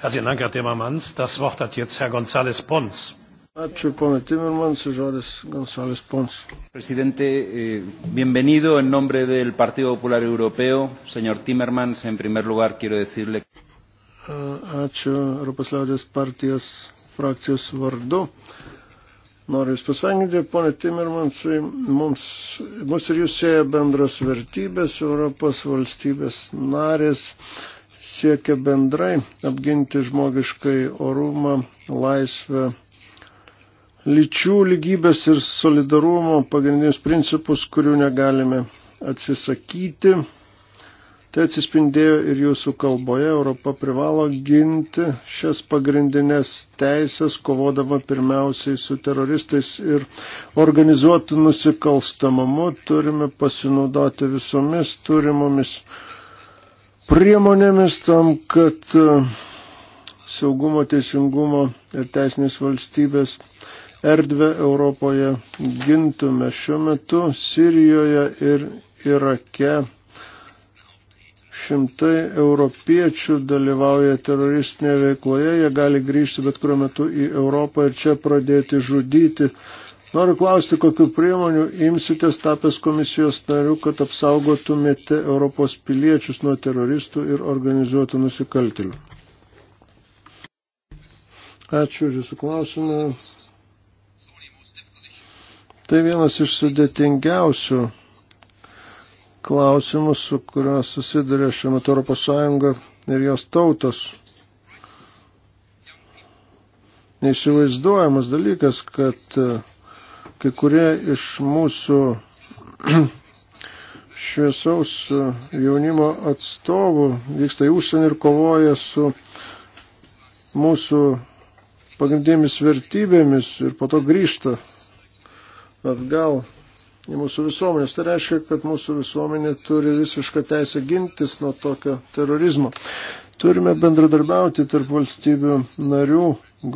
Herzlichen Dank, Herr Timmermans. Das Wort hat jetzt Herr González Pons. Ačiū, ponai Timmermans, žodis González Pons. Presidente, eh, bienvenido en nombre del Partido Popular Europeo. Señor Timmermans, en primer lugar quiero decirle. Ačiū, Europos liaudės partijos frakcijos vardu. Noriu Jūs pasveikinti, ponė Timirmansai, eh, mums, mus ir Jūs sieja bendros vertybės, Europos valstybės narės siekia bendrai apginti žmogiškai orumą, laisvę, lyčių lygybės ir solidarumo pagrindinius principus, kurių negalime atsisakyti. Tai atsispindėjo ir jūsų kalboje. Europa privalo ginti šias pagrindinės teisės, kovodama pirmiausiai su teroristais ir organizuotų nusikalstamamu. Turime pasinaudoti visomis turimomis priemonėmis tam, kad e, saugumo, teisingumo ir teisinės valstybės erdvę Europoje gintume. Šiuo metu Sirijoje ir Irake šimtai europiečių dalyvauja teroristinėje veikloje, jie gali grįžti bet kuriuo metu į Europą ir čia pradėti žudyti Noriu klausti, kokiu priemonių imsitės tapęs komisijos nariu, kad apsaugotumėte Europos piliečius nuo teroristų ir organizuotų nusikaltelių. Ačiū už Jūsų klausimą. Tai vienas iš sudėtingiausių klausimų, su kuriuo susiduria šiuo metu Europos Sąjunga ir jos tautos neįsivaizduojamas dalykas, kad Kai kurie iš mūsų šviesaus jaunimo atstovų vyksta į užsienį ir kovoja su mūsų pagrindėmis vertybėmis ir po to grįžta atgal į mūsų visuomenės. Tai reiškia, kad mūsų visuomenė turi visišką teisę gintis nuo tokio terorizmo. Turime bendradarbiauti tarp valstybių narių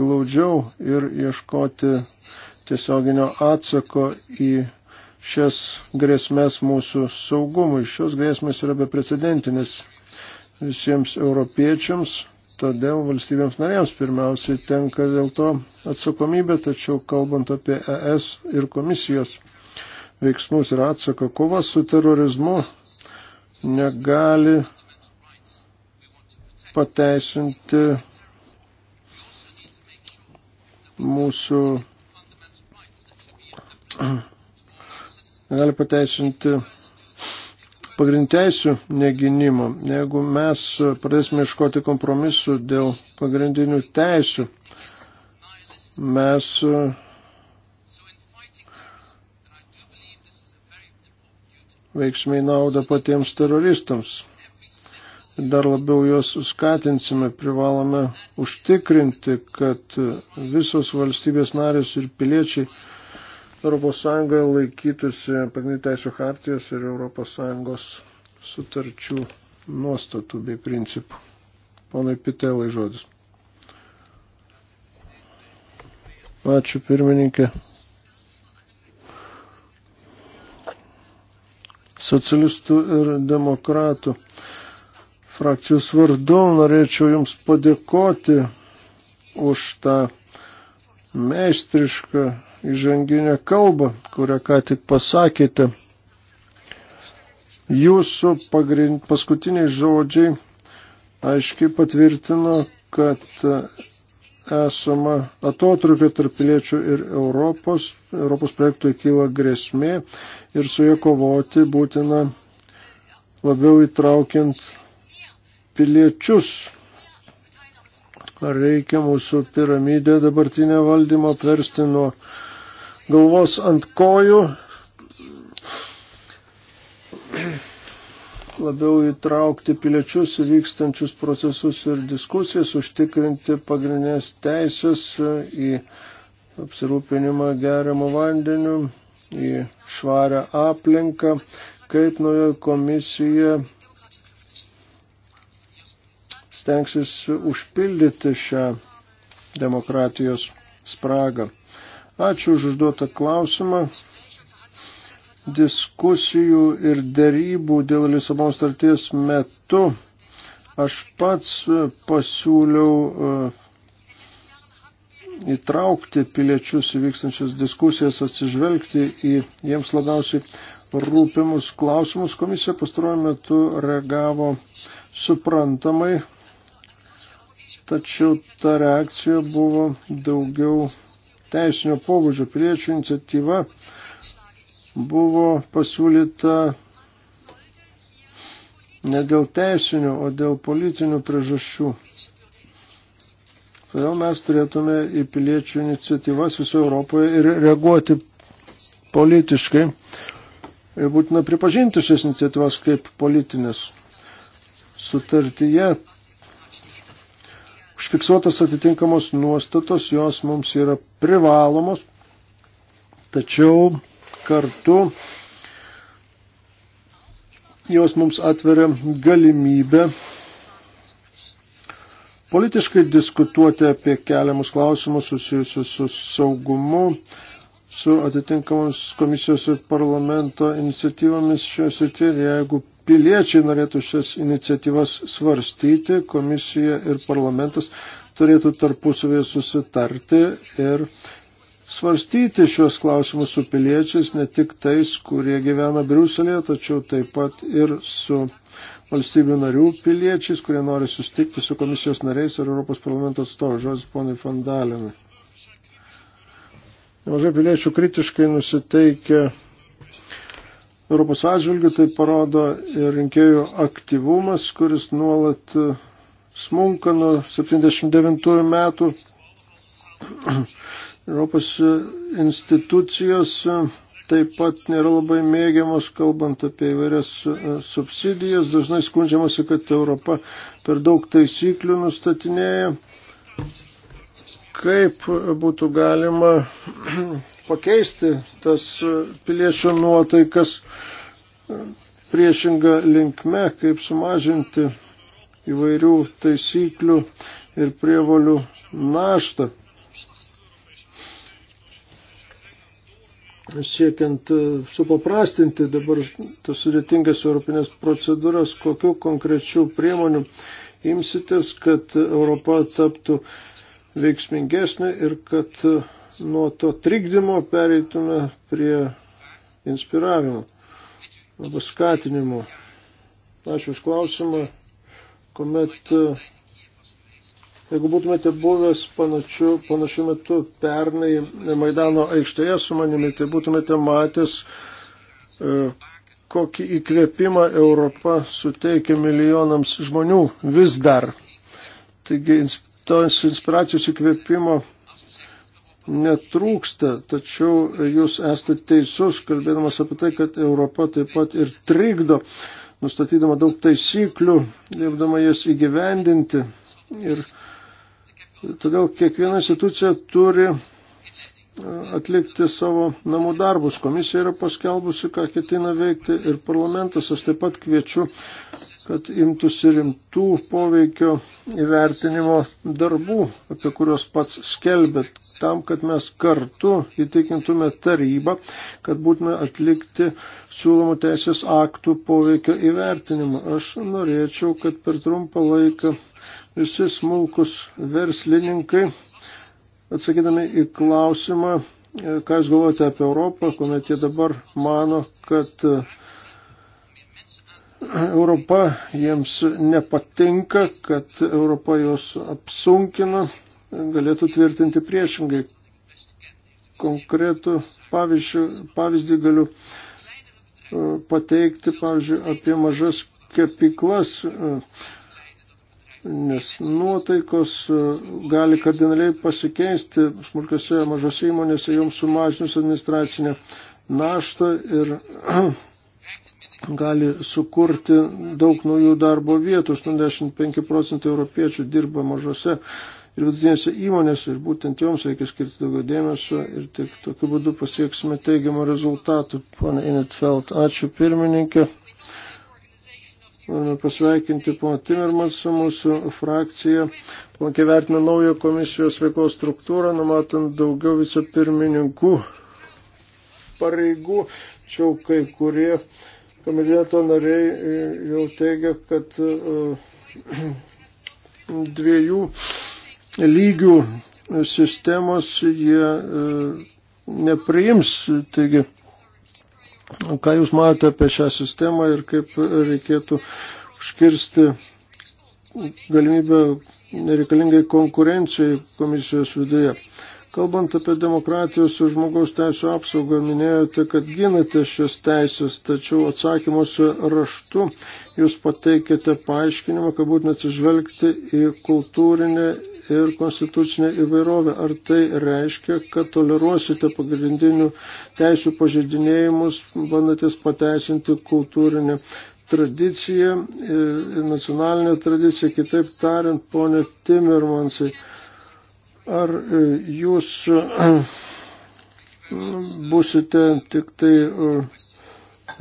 glaudžiau ir ieškoti tiesioginio atsako į šias grėsmės mūsų saugumui. Šios grėsmės yra beprecedentinės visiems europiečiams, todėl valstybėms narėms pirmiausiai tenka dėl to atsakomybė, tačiau kalbant apie ES ir komisijos veiksmus ir atsaką, kova su terorizmu negali pateisinti mūsų negali pateisinti pagrindteisių neginimo. Jeigu mes pradėsime iškoti kompromisų dėl pagrindinių teisių, mes uh, veiksmai naudą patiems teroristams. Dar labiau juos skatinsime, privalome užtikrinti, kad visos valstybės narės ir piliečiai ES laikytųsi pagrindinių teisų hartijos ir ES sutarčių nuostatų bei principų. Ponai Pitelai žodis. Ačiū pirmininkė. Socialistų ir demokratų frakcijos vardu norėčiau Jums padėkoti už tą meistrišką įžanginę kalbą, kurią ką tik pasakėte. Jūsų pagrind, paskutiniai žodžiai aiškiai patvirtino, kad e, esama atotrukio tarp piliečių ir Europos. Europos projektui kyla grėsmė ir su jie kovoti būtina labiau įtraukiant piliečius. Ar reikia mūsų piramidę dabartinę valdymą persti nuo galvos ant kojų, labiau įtraukti piliečius į vykstančius procesus ir diskusijas, užtikrinti pagrindinės teisės į apsirūpinimą geriamų vandenių, į švarę aplinką, kaip naujoji komisija stengsis užpildyti šią demokratijos spragą. Ačiū už užduotą klausimą. Diskusijų ir dėrybų dėl Lisabonos starties metu aš pats pasiūliau e, įtraukti piliečius įvykstančias diskusijas, atsižvelgti į jiems labiausiai rūpimus klausimus. Komisija pastaruoju metu reagavo suprantamai, tačiau ta reakcija buvo daugiau teisinio pobūdžio priečių iniciatyva buvo pasiūlyta ne dėl teisinių, o dėl politinių priežasčių. Todėl mes turėtume į piliečių iniciatyvas visoje Europoje ir reaguoti politiškai. Ir būtina pripažinti šias iniciatyvas kaip politinės. Sutartyje užfiksuotos atitinkamos nuostatos, jos mums yra privalomos, tačiau kartu jos mums atveria galimybę politiškai diskutuoti apie keliamus klausimus susijusius su saugumu, su atitinkamos komisijos ir parlamento iniciatyvomis šioje srityje. Jeigu piliečiai norėtų šias iniciatyvas svarstyti, komisija ir parlamentas turėtų tarpusavėje susitarti ir svarstyti šios klausimus su piliečiais, ne tik tais, kurie gyvena Briuselėje, tačiau taip pat ir su valstybių narių piliečiais, kurie nori sustikti su komisijos nariais ir Europos parlamento atstovais. Žodis ponai Fandalinui. Nemažai piliečių kritiškai nusiteikia Europos atžvilgių, tai parodo ir rinkėjų aktyvumas, kuris nuolat e, smunka nuo 79 metų. Europos e, institucijos e, taip pat nėra labai mėgiamos, kalbant apie įvairias subsidijas. Dažnai skundžiamasi, kad Europa per daug taisyklių nustatinėja. Kaip būtų galima pakeisti tas piliečių nuotaikas priešingą linkme, kaip sumažinti įvairių taisyklių ir prievolių naštą. Siekiant e, supaprastinti dabar tas sudėtingas europinės procedūras, kokiu konkrečiu priemoniu imsitės, kad Europa taptų veiksmingesnė ir kad nuo to trikdymo pereitume prie inspiravimo arba skatinimo. Ačiū už klausimą. Komet, jeigu būtumėte buvęs panašiu, panašiu metu pernai Maidano aikštėje su manimi, tai būtumėte matęs, e, kokį įkvėpimą Europa suteikia milijonams žmonių vis dar. Taigi tos inspiracijos įkvėpimo netrūksta, tačiau jūs esate teisus, kalbėdamas apie tai, kad Europa taip pat ir trikdo, nustatydama daug taisyklių, liepdama jas įgyvendinti. Ir todėl kiekviena institucija turi atlikti savo namų darbus. Komisija yra paskelbusi, ką ketina veikti ir parlamentas. Aš taip pat kviečiu, kad imtųsi rimtų poveikio įvertinimo darbų, apie kuriuos pats skelbėt, tam, kad mes kartu įtikintume tarybą, kad būtume atlikti siūlomų teisės aktų poveikio įvertinimą. Aš norėčiau, kad per trumpą laiką visi smulkus verslininkai atsakydami į klausimą, e, ką jūs galvojate apie Europą, kuomet jie dabar mano, kad e, Europa jiems nepatinka, kad Europa juos apsunkina, galėtų tvirtinti priešingai. Konkretų pavyzdžių, pavyzdį galiu e, pateikti, pavyzdžiui, apie mažas kepiklas, nes nuotaikos e, gali kardinaliai pasikeisti smulkiose mažose įmonėse, joms sumažinus administracinę naštą ir gali sukurti daug naujų darbo vietų. 85 procentai europiečių dirba mažose ir vidutinėse įmonėse ir būtent joms reikia skirti daugiau dėmesio ir tik tokiu būdu pasieksime teigiamą rezultatų. Pane Inetfeld, ačiū pirmininkė. Norime pasveikinti pono Timirmas su mūsų frakcija. Palankiai vertina naują komisijos veiklos struktūrą, numatant daugiau vicepirmininkų pareigų. Čia kai kurie komiteto nariai e, jau teigia, kad e, dviejų lygių sistemos jie e, nepriims. Taigi, Ką Jūs matote apie šią sistemą ir kaip reikėtų užkirsti galimybę nereikalingai konkurencijai komisijos viduje? Kalbant apie demokratijos ir žmogaus teisų apsaugą, minėjote, kad ginate šias teisės, tačiau atsakymuose raštu jūs pateikėte paaiškinimą, kad būtina atsižvelgti į kultūrinę ir konstitucinę įvairovę. Ar tai reiškia, kad toleruosite pagrindinių teisų pažeidinėjimus, bandatės pateisinti kultūrinę tradiciją, e, nacionalinę tradiciją, kitaip tariant, ponė Timirmansai, ar e, jūs e, būsite tik tai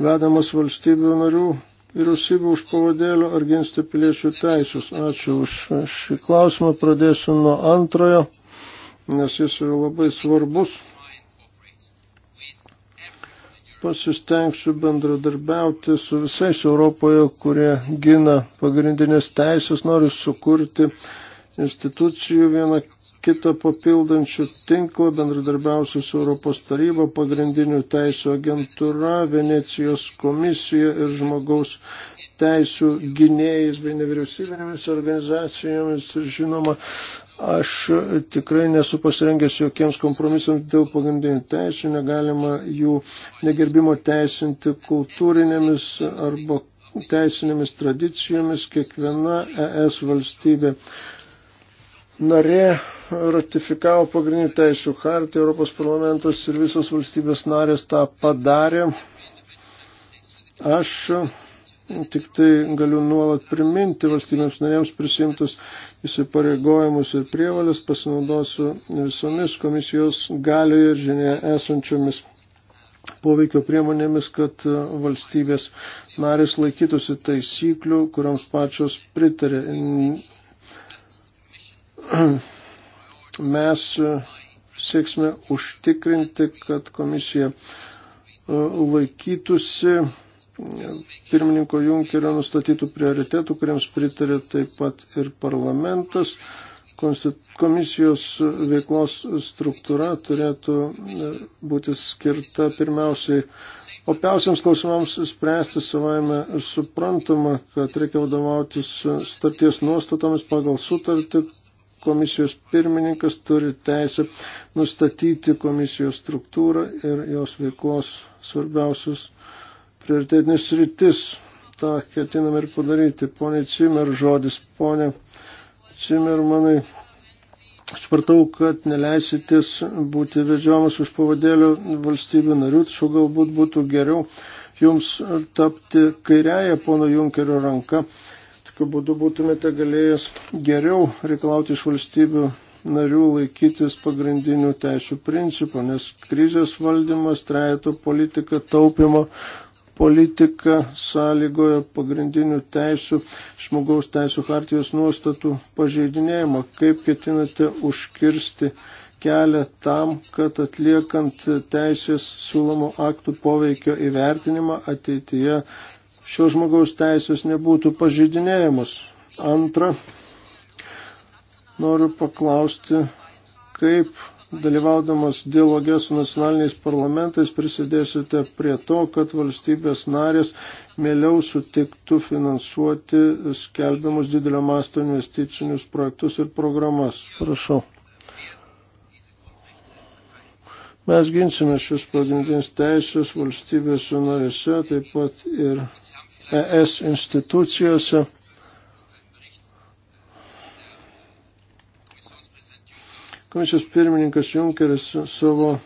vedamas valstybių narių vyriausybę už pavadėlių ar ginsti piliečių teisės. Ačiū už šį klausimą. Pradėsiu nuo antrojo, nes jis yra labai svarbus. Pasistengsiu bendradarbiauti su visais Europoje, kurie gina pagrindinės teisės, noriu sukurti institucijų vieną kitą papildančių tinklą, bendradarbiausių su Europos taryba, pagrindinių teisų agentūra, Venecijos komisija ir žmogaus teisų gynėjais bei nevyriausybinėmis organizacijomis. Ir žinoma, aš tikrai nesu pasirengęs jokiems kompromisams dėl pagrindinių teisų, negalima jų negerbimo teisinti kultūrinėmis arba teisinėmis tradicijomis. Kiekviena ES valstybė narė ratifikavo pagrindinių teisų hartį, Europos parlamentas ir visos valstybės narės tą padarė. Aš tik tai galiu nuolat priminti valstybėms narėms prisimtus įsipareigojimus ir prievalės, pasinaudosiu visomis komisijos galioje ir žinia esančiomis poveikio priemonėmis, kad valstybės narės laikytųsi taisyklių, kuriams pačios pritarė. mes e, sieksime užtikrinti, kad komisija e, laikytųsi e, pirmininko Junkerio nustatytų prioritetų, kuriems pritarė taip pat ir parlamentas. Komisijos veiklos struktūra turėtų būti skirta pirmiausiai opiausiams klausimams spręsti savaime suprantama, kad reikia vadovautis starties nuostatomis pagal sutartį, komisijos pirmininkas turi teisę nustatyti komisijos struktūrą ir jos veiklos svarbiausius prioritetinės rytis. Ta ketinam ir padaryti. Pone Cimer žodis, pone Cimer, manai, aš partau, kad neleisitės būti vedžiomas už pavadėlio valstybių narių, tačiau galbūt būtų geriau jums tapti kairiaja pono Junkerio ranka Tokiu būdu būtumėte galėjęs geriau reikalauti iš valstybių narių laikytis pagrindinių teisų principų, nes krizės valdymas, trejato politika, taupimo politika sąlygoja pagrindinių teisų, žmogaus teisų hartijos nuostatų pažeidinėjimą. Kaip ketinate užkirsti kelią tam, kad atliekant teisės siūlomų aktų poveikio įvertinimą ateityje šios žmogaus teisės nebūtų pažydinėjimus. Antra, noriu paklausti, kaip dalyvaudamas dialogė su nacionaliniais parlamentais prisidėsite prie to, kad valstybės narės mėliau sutiktų finansuoti skelbiamus didelio masto investicinius projektus ir programas. Prašau. Mes ginsime šios pagrindinės teisės valstybėse narėse, taip pat ir ES institucijose. Komisijos pirmininkas Junkeris savo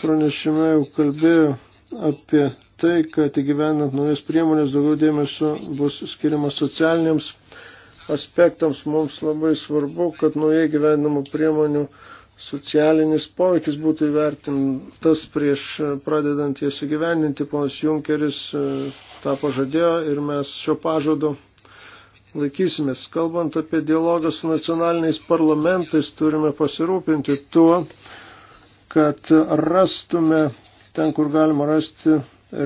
pranešime jau kalbėjo apie tai, kad įgyvenant naujas priemonės daugiau dėmesio bus skiriama socialiniams aspektams. Mums labai svarbu, kad naujai gyvenimo priemonių socialinis poveikis būtų įvertintas prieš pradedant jas įgyveninti. Ponas Junkeris e, tą pažadėjo ir mes šio pažado laikysimės. Kalbant apie dialogą su nacionaliniais parlamentais, turime pasirūpinti tuo, kad rastume ten, kur galima rasti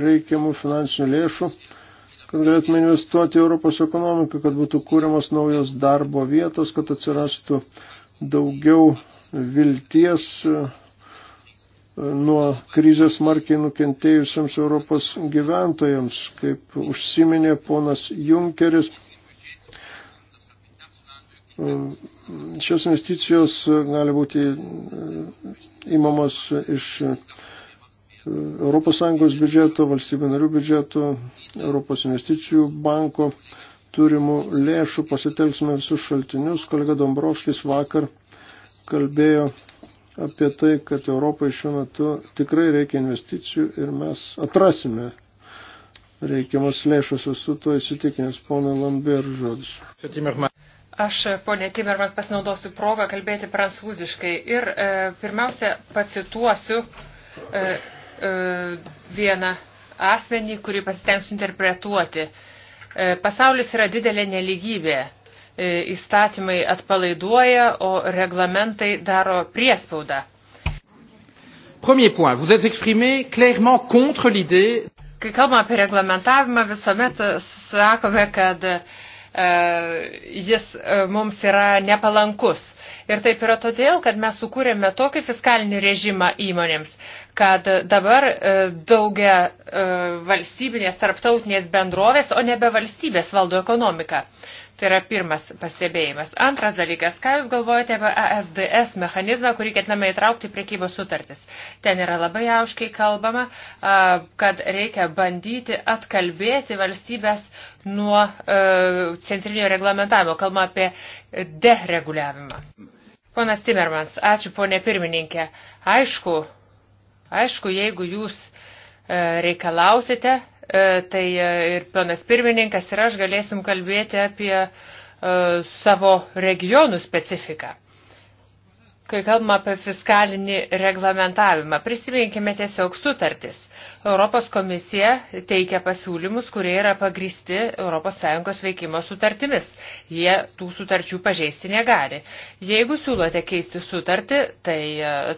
reikiamų finansinių lėšų, kad galėtume investuoti į Europos ekonomiką, kad būtų kūriamos naujos darbo vietos, kad atsirastų uh, daugiau vilties e, nuo krizės markiai nukentėjusiems Europos gyventojams, kaip užsiminė ponas Junkeris. E, šios investicijos e, gali būti įmamos iš ES biudžeto, valstybių narių biudžeto, Europos investicijų banko turimų lėšų pasitelksime visus šaltinius. Kolega Dombrovskis vakar kalbėjo apie tai, kad Europai šiuo metu tikrai reikia investicijų ir mes atrasime reikiamas lėšas esu tuo įsitikinęs, ponai Lambert žodis. Aš, ponė Timerman, pasinaudosiu progą kalbėti prancūziškai ir e, pirmiausia pacituosiu e, e, vieną asmenį, kurį pasistengsiu interpretuoti. E, E, pasaulis yra didelė neligybė. E, įstatymai atpalaiduoja, o reglamentai daro priespaudą. Premier point, vous êtes exprimé clairement contre l'idée. Kai kalbame apie reglamentavimą, visuomet sakome, kad uh, E, jis e, mums yra nepalankus. Ir taip yra todėl, kad mes sukūrėme tokį fiskalinį režimą įmonėms, kad dabar e, daugia valstybinės tarptautinės bendrovės, o nebe valstybės valdo ekonomiką. Tai yra pirmas pastebėjimas. Antras dalykas, ką Jūs galvojate apie ASDS mechanizmą, kurį ketiname įtraukti priekybos sutartis? Ten yra labai aiškiai kalbama, kad reikia bandyti atkalbėti valstybės nuo e, centrinio reglamentavimo. Kalbama apie dereguliavimą. Ponas Timermans, ačiū ponė pirmininkė. Aišku, aišku, jeigu Jūs e, reikalausite E, tai e, ir ponas pirmininkas ir aš galėsim kalbėti apie e, savo regionų specifiką. Kai kalbama apie fiskalinį reglamentavimą, prisiminkime tiesiog sutartis. Europos komisija teikia pasiūlymus, kurie yra pagristi ES veikimo sutartimis. Jie tų sutarčių pažeisti negali. Jeigu siūlote keisti sutartį, tai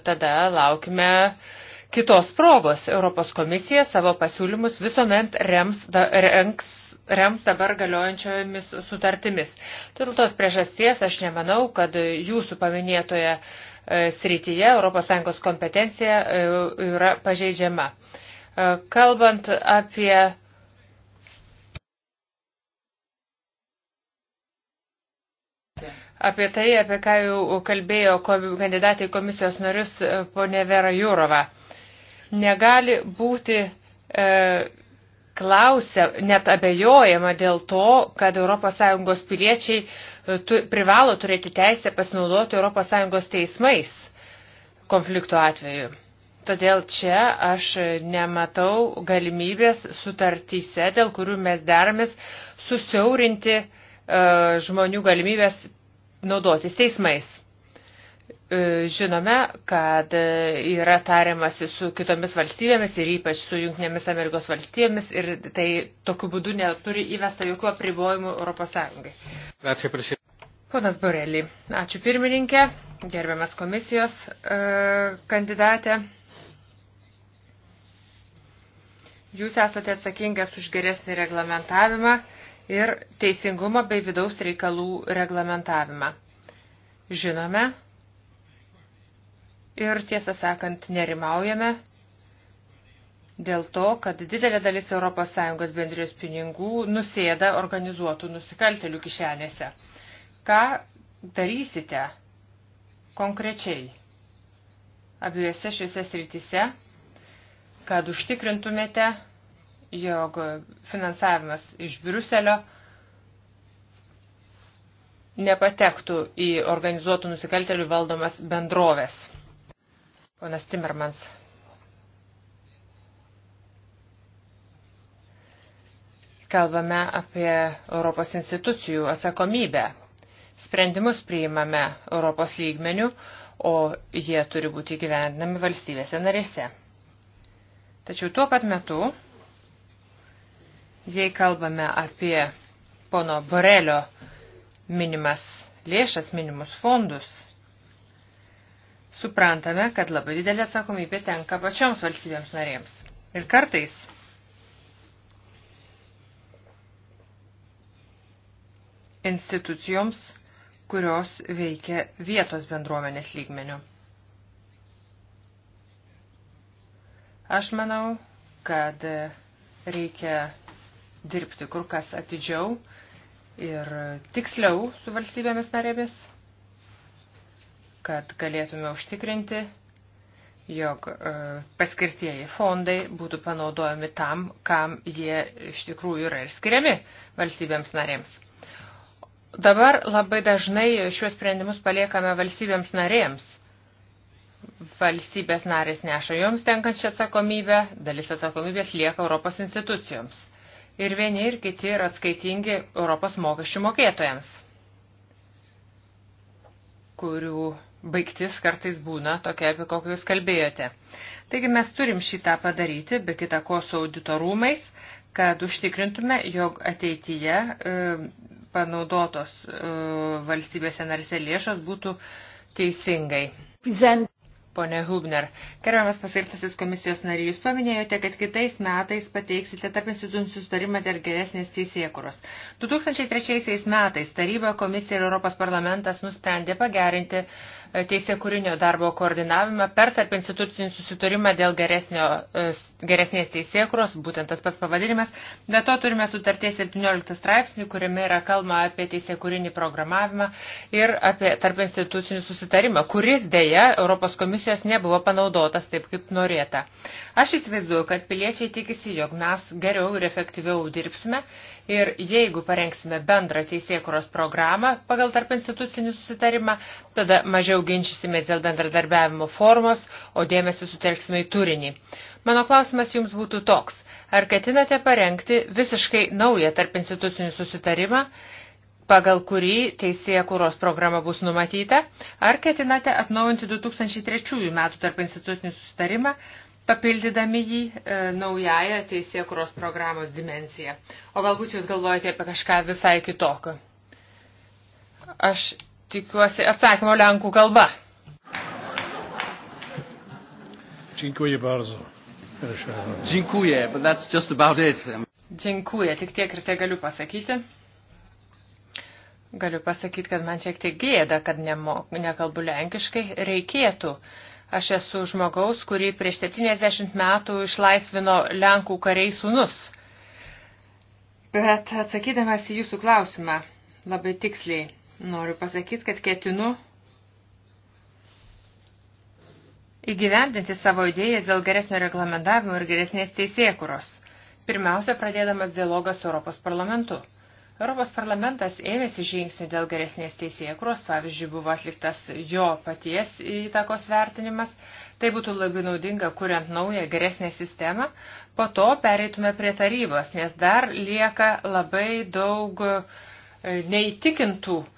tada laukime uh, kitos progos. Europos komisija savo pasiūlymus visuomet rems, da, renks rems dabar galiojančiomis sutartimis. Dėl tos priežasties aš nemanau, kad jūsų paminėtoje e, srityje ES kompetencija e, yra pažeidžiama. E, kalbant apie apie tai, apie ką jau kalbėjo kandidatai komisijos narius ponė Vera Jūrova. Negali būti e, klausia, net abejojama dėl to, kad ES piliečiai e, tu, privalo turėti teisę pasinaudoti ES teismais konflikto atveju. Todėl čia aš nematau galimybės sutartyse, dėl kurių mes deramės, susiaurinti e, žmonių galimybės naudotis teismais. E, žinome, kad yra tariamasi su kitomis valstybėmis ir ypač su Junktinėmis Amerikos valstybėmis ir tai tokiu būdu neturi įvesta jokių apribojimų Europos Sąjungai. Ačiū, Ponas Borelį, ačiū pirmininkė, gerbiamas komisijos e, kandidatė. Jūs esate atsakingas už geresnį reglamentavimą ir teisingumo bei vidaus reikalų reglamentavimą. Žinome, ir tiesą sakant nerimaujame dėl to, kad didelė dalis ES bendrijos pinigų nusėda organizuotų nusikaltelių kišenėse. Ką darysite konkrečiai abiejose šiuose srityse, kad užtikrintumėte, jog finansavimas iš Briuselio nepatektų į organizuotų nusikaltelių valdomas bendrovės. Ponas Timmermans. Kalbame apie Europos institucijų atsakomybę. Sprendimus priimame Europos lygmenių, o jie turi būti gyvendinami valstybėse narėse. Tačiau tuo pat metu, jei kalbame apie pono Borelio minimas lėšas, minimus fondus, suprantame, kad labai didelė atsakomybė tenka pačioms valstybėms narėms. Ir kartais institucijoms, kurios veikia vietos bendruomenės lygmeniu. Aš manau, kad reikia dirbti kur kas atidžiau ir tiksliau su valstybėmis narėmis kad galėtume užtikrinti, jog e, paskirtieji fondai būtų panaudojami tam, kam jie iš tikrųjų yra ir skiriami valstybėms narėms. Dabar labai dažnai šiuos sprendimus paliekame valstybėms narėms valstybės narės neša joms tenkančią atsakomybę, dalis atsakomybės lieka Europos institucijoms. Ir vieni ir kiti yra atskaitingi Europos mokesčių mokėtojams, kurių baigtis kartais būna tokia, apie kokią jūs kalbėjote. Taigi mes turim šitą padaryti, be kita ko su auditorumais, kad užtikrintume, jog ateityje e, panaudotos e, valstybėse narise lėšos būtų teisingai. Present. Pone Hubner, gerbiamas paskirtasis komisijos narys, jūs paminėjote, kad kitais metais pateiksite tarp institucijų sustarimą dėl geresnės teisėkuros. 2003 metais taryba, komisija ir Europos parlamentas nusprendė pagerinti teisė kūrinio darbo koordinavimą per tarp institucinį susitarimą dėl geresnio, e, geresnės teisėkuros, būtent tas pats pavadinimas. Be to turime sutarties 17 straipsnį, kuriame yra kalba apie teisė kūrinį programavimą ir apie tarp institucinį susitarimą, kuris dėja Europos komisijos nebuvo panaudotas taip, kaip norėta. Aš įsivaizduoju, kad piliečiai tikisi, jog mes geriau ir efektyviau dirbsime Ir jeigu parengsime bendrą teisėkuros programą pagal tarp institucinį susitarimą, tada mažiau ginčysimės dėl bendradarbiavimo formos, o dėmesį sutelksime į turinį. Mano klausimas jums būtų toks. Ar ketinate parengti visiškai naują tarp institucinį susitarimą, pagal kurį teisėkuros programa bus numatyta, ar ketinate atnaujinti 2003 metų tarp institucinį susitarimą, papildydami jį e, naująją teisėkuros programos dimenciją. O galbūt jūs galvojate apie kažką visai kitokio. Aš tikiuosi atsakymo lenkų kalba. Dziękuję bardzo. Dziękuję, but that's just about it. Dziękuję, tik tiek ir tai galiu pasakyti. Galiu pasakyti, kad man šiek tiek gėda, kad nemo, nekalbu lenkiškai. Reikėtų uh, Aš esu žmogaus, kurį prieš 70 metų išlaisvino Lenkų kariai sunus. Bet atsakydamas į jūsų klausimą labai tiksliai noriu pasakyti, kad ketinu įgyvendinti savo idėjas dėl geresnio reglamentavimo ir geresnės teisėkuros, pirmiausia pradėdamas dialogą su Europos parlamentu. Europos parlamentas ėmėsi žingsnių dėl geresnės teisėkros, pavyzdžiui, buvo atliktas jo paties įtakos vertinimas. Tai būtų labai naudinga, kuriant naują geresnę sistemą. Po to pereitume prie tarybos, nes dar lieka labai daug e, neįtikintų e,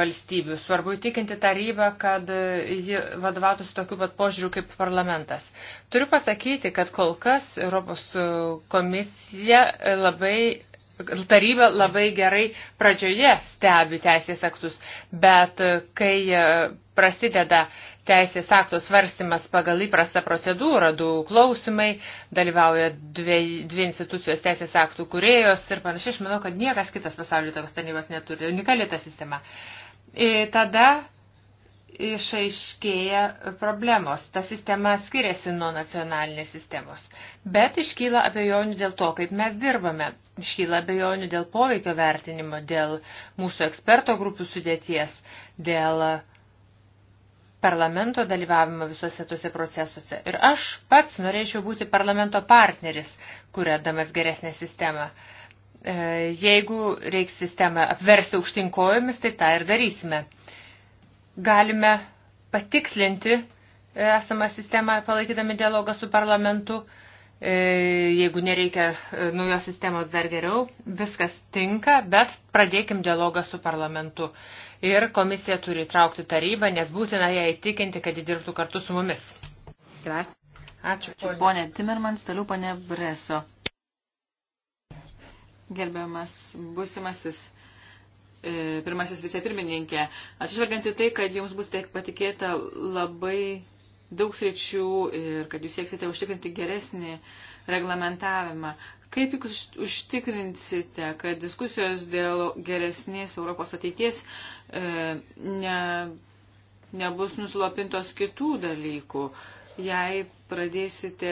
valstybių. Svarbu įtikinti tarybą, kad e, ji vadovautųsi tokiu pat požiūriu kaip parlamentas. Turiu pasakyti, kad kol kas Europos komisija labai taryba labai gerai pradžioje stebi teisės aktus, bet e, kai e, prasideda teisės aktų svarstymas pagal įprastą procedūrą, du klausimai, dalyvauja dvi, dvi institucijos teisės aktų kuriejos ir panašiai, aš manau, kad niekas kitas pasaulio tokios tarnybos neturi, unikali ta sistema. Ir e, tada išaiškėja problemos. Ta sistema skiriasi nuo nacionalinės sistemos. Bet iškyla abejonių dėl to, kaip mes dirbame. Iškyla abejonių dėl poveikio vertinimo, dėl mūsų eksperto grupių sudėties, dėl parlamento dalyvavimo visuose tuose procesuose. Ir aš pats norėčiau būti parlamento partneris, kuriadamas geresnę sistemą. E, jeigu reiks sistemą apversi aukštinkojomis, tai tą ir darysime galime patikslinti e, esamą sistemą, palaikydami dialogą su parlamentu. E, jeigu nereikia e, naujos sistemos dar geriau, viskas tinka, bet pradėkim dialogą su parlamentu. Ir komisija turi traukti tarybą, nes būtina ją įtikinti, kad ji dirbtų kartu su mumis. Ačiū. Ačiū ponė Timermans, toliau ponė Breso. Gerbiamas būsimasis E, pirmasis vicepirmininkė. Atsižvelgiant į tai, kad jums bus tiek patikėta labai daug sričių ir kad jūs sieksite užtikrinti geresnį reglamentavimą. Kaip jūs užtikrinsite, kad diskusijos dėl geresnės Europos ateities e, ne, nebus nuslopintos kitų dalykų, jei pradėsite,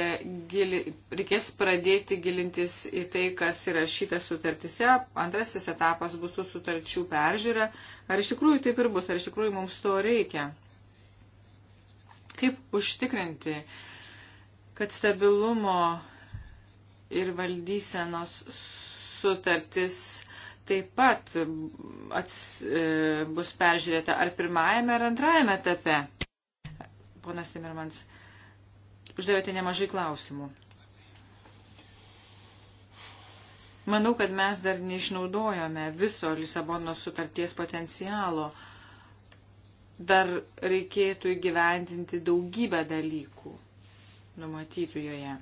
gili, reikės pradėti gilintis į tai, kas yra šita sutartise. Antrasis etapas bus tų sutarčių peržiūra. Ar iš tikrųjų taip ir bus, ar iš tikrųjų mums to reikia? Kaip užtikrinti, kad stabilumo ir valdysenos sutartis taip pat ats, e, bus peržiūrėta ar pirmajame, ar antrajame etape? Ponas Timirmans, uždavėte nemažai klausimų. Manau, kad mes dar neišnaudojome viso Lisabono sutarties potencialo. Dar reikėtų įgyvendinti daugybę dalykų numatytų joje.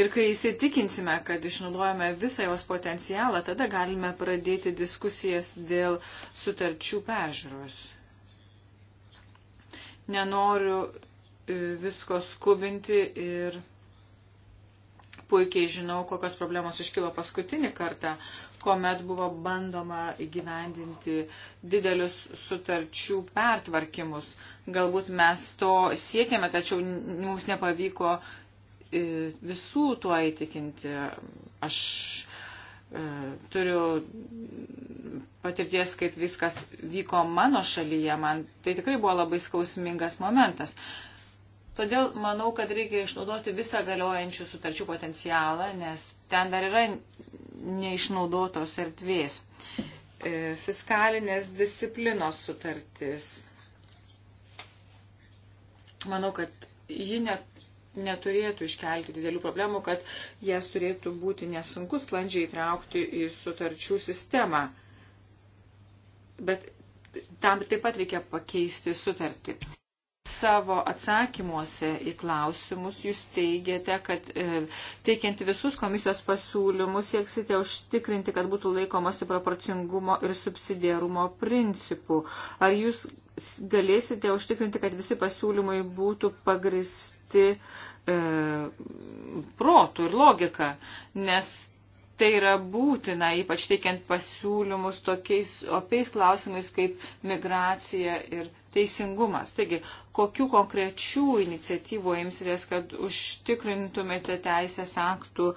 Ir kai įsitikinsime, kad išnaudojame visą jos potencialą, tada galime pradėti diskusijas dėl sutarčių pežros. Nenoriu e, visko skubinti ir puikiai žinau, kokios problemos iškilo paskutinį kartą, kuomet buvo bandoma įgyvendinti didelius sutarčių pertvarkimus. Galbūt mes to siekėme, tačiau mums nepavyko e, visų tuo įtikinti. Aš E, turiu patirties, kaip viskas vyko mano šalyje, man tai tikrai buvo labai skausmingas momentas. Todėl manau, kad reikia išnaudoti visą galiojančių sutarčių potencialą, nes ten dar yra neišnaudotos erdvės. E, fiskalinės disciplinos sutartis. Manau, kad ji net neturėtų iškelti didelių problemų, kad jas turėtų būti nesunku sklandžiai įtraukti į sutarčių sistemą. Bet tam taip pat reikia pakeisti sutartį. Savo atsakymuose į klausimus jūs teigiate, kad e, teikiant visus komisijos pasiūlymus sieksite užtikrinti, kad būtų laikomasi proporcingumo ir subsidiarumo principų. Ar jūs galėsite užtikrinti, kad visi pasiūlymai būtų pagristi e, protų ir logika, nes tai yra būtina, ypač teikiant pasiūlymus tokiais opiais klausimais kaip migracija ir teisingumas. Taigi, kokiu konkrečių iniciatyvų imsitės, kad užtikrintumėte teisės aktų e,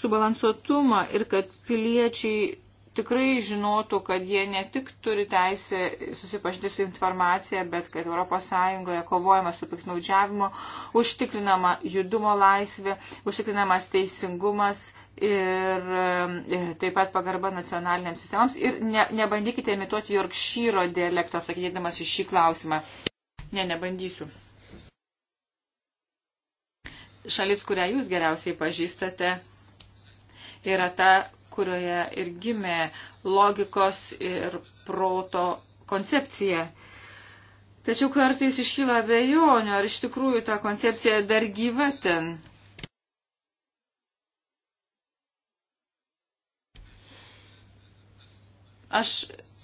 subalansuotumą ir kad piliečiai tikrai žinotų, kad jie ne tik turi teisę susipažinti su informacija, bet kad ES kovojama su piknaudžiavimu, užtikrinama judumo laisvė, užtikrinamas teisingumas ir taip pat pagarba nacionaliniams sistemams. Ir ne, nebandykite imituoti Jorkšyro dialekto, sakydamas į šį klausimą. Ne, nebandysiu. Šalis, kurią jūs geriausiai pažįstate, yra ta, kurioje ir gimė logikos ir proto koncepcija. Tačiau kartais iškyla abejonių, ar iš tikrųjų ta koncepcija dar gyva ten. Aš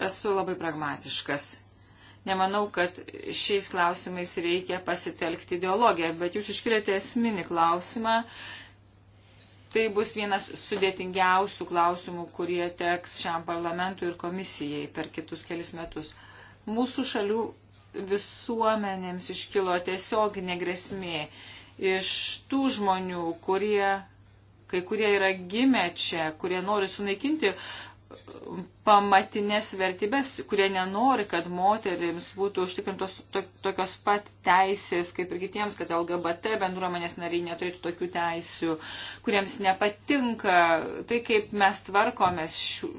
esu labai pragmatiškas. Nemanau, kad šiais klausimais reikia pasitelkti ideologiją, bet jūs iškirėte esminį klausimą tai bus vienas sudėtingiausių klausimų, kurie teks šiam parlamentui ir komisijai per kitus kelis metus. Mūsų šalių visuomenėms iškilo tiesioginė grėsmė iš tų žmonių, kurie, kai kurie yra gimę čia, kurie nori sunaikinti pamatinės vertybės, kurie nenori, kad moterims būtų užtikrintos tokios pat teisės kaip ir kitiems, kad LGBT bendruomenės nariai neturėtų tokių teisių, kuriems nepatinka tai, kaip mes tvarkomės šių,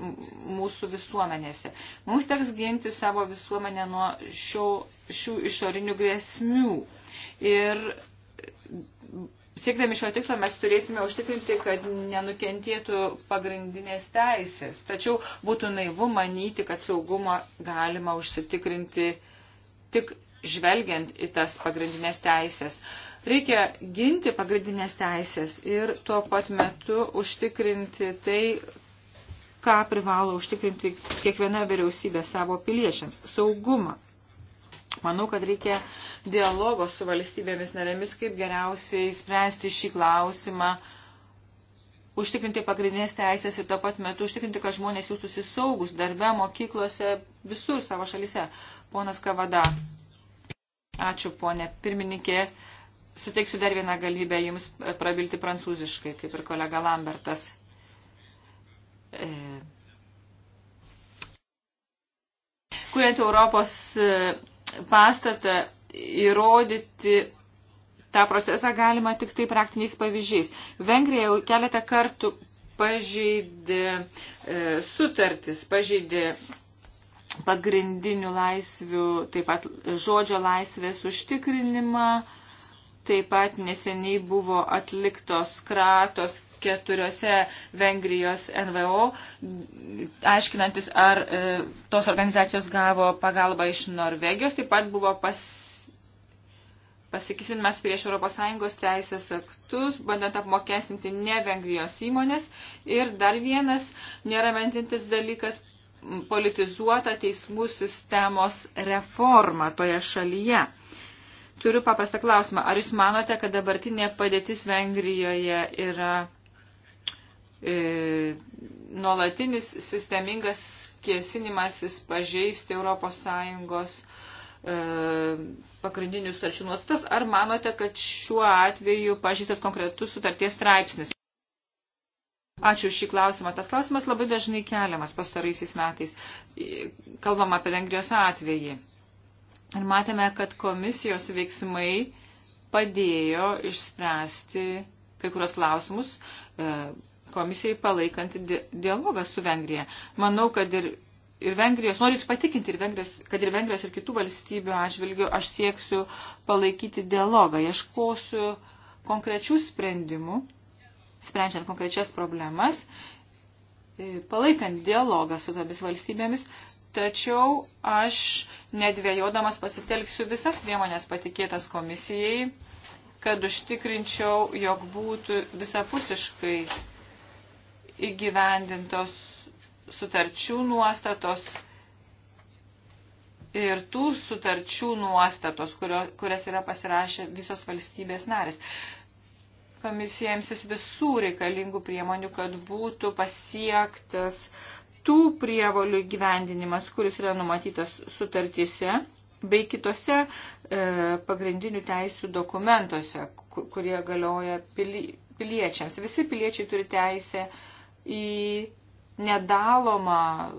mūsų visuomenėse. Mums teks ginti savo visuomenę nuo šio, šių išorinių grėsmių. Ir Siekdami šio tikslo mes turėsime užtikrinti, kad nenukentėtų pagrindinės teisės. Tačiau būtų naivu manyti, kad saugumą galima užsitikrinti tik žvelgiant į tas pagrindinės teisės. Reikia ginti pagrindinės teisės ir tuo pat metu užtikrinti tai, ką privalo užtikrinti kiekviena vyriausybė savo piliečiams - saugumą. Manau, kad reikia dialogo su valstybėmis narėmis, kaip geriausiai spręsti šį klausimą, užtikrinti pagrindinės teisės ir tuo pat metu užtikrinti, kad žmonės jų susisaugus darbe, mokyklose, visur savo šalise. Ponas Kavada. Ačiū, ponė pirmininkė. Suteiksiu dar vieną galybę jums prabilti prancūziškai, kaip ir kolega Lambertas. E... Kuriant Europos pastatą įrodyti tą procesą galima tik tai praktiniais pavyzdžiais. Vengrija jau keletą kartų pažeidė e, sutartis, pažeidė pagrindinių laisvių, taip pat žodžio laisvės užtikrinimą, Taip pat neseniai buvo atliktos kratos keturiose Vengrijos NVO, aiškinantis, ar e, tos organizacijos gavo pagalbą iš Norvegijos. Taip pat buvo pas, pasikisinimas prieš ES teisės aktus, bandant apmokestinti ne Vengrijos įmonės. Ir dar vienas neramentintis dalykas – politizuota teismų sistemos reforma toje šalyje. Turiu paprastą klausimą. Ar jūs manote, kad dabartinė padėtis Vengrijoje yra e, nuolatinis sistemingas kėsinimasis pažeisti ES e, pagrindinių sutarčių nuostatas, ar manote, kad šiuo atveju pažįstas konkretus sutarties straipsnis? Ačiū šį klausimą. Tas klausimas labai dažnai keliamas pastaraisiais metais. Kalbam apie Vengrijos atvejį. Ir matėme, kad komisijos veiksmai padėjo išspręsti kai kurios klausimus e, komisijai palaikant dialogą su Vengrija. Manau, kad ir, ir Vengrijos, noriu jūs patikinti, ir Vengrijos, kad ir Vengrijos ir kitų valstybių atžvilgių aš sieksiu palaikyti dialogą, ieškosiu konkrečių sprendimų, sprendžiant konkrečias problemas, e, palaikant dialogą su tomis valstybėmis, tačiau aš nedvėjodamas pasitelksiu visas priemonės patikėtas komisijai, kad užtikrinčiau, jog būtų visapusiškai įgyvendintos sutarčių nuostatos ir tų sutarčių nuostatos, kurio, kurias yra pasirašę visos valstybės narės. Komisija imsis visų reikalingų priemonių, kad būtų pasiektas tų prievolių gyvendinimas, kuris yra numatytas sutartyse bei kitose e, pagrindinių teisų dokumentuose, kurie galioja pili, piliečiams. Visi piliečiai turi teisę į nedalomą e,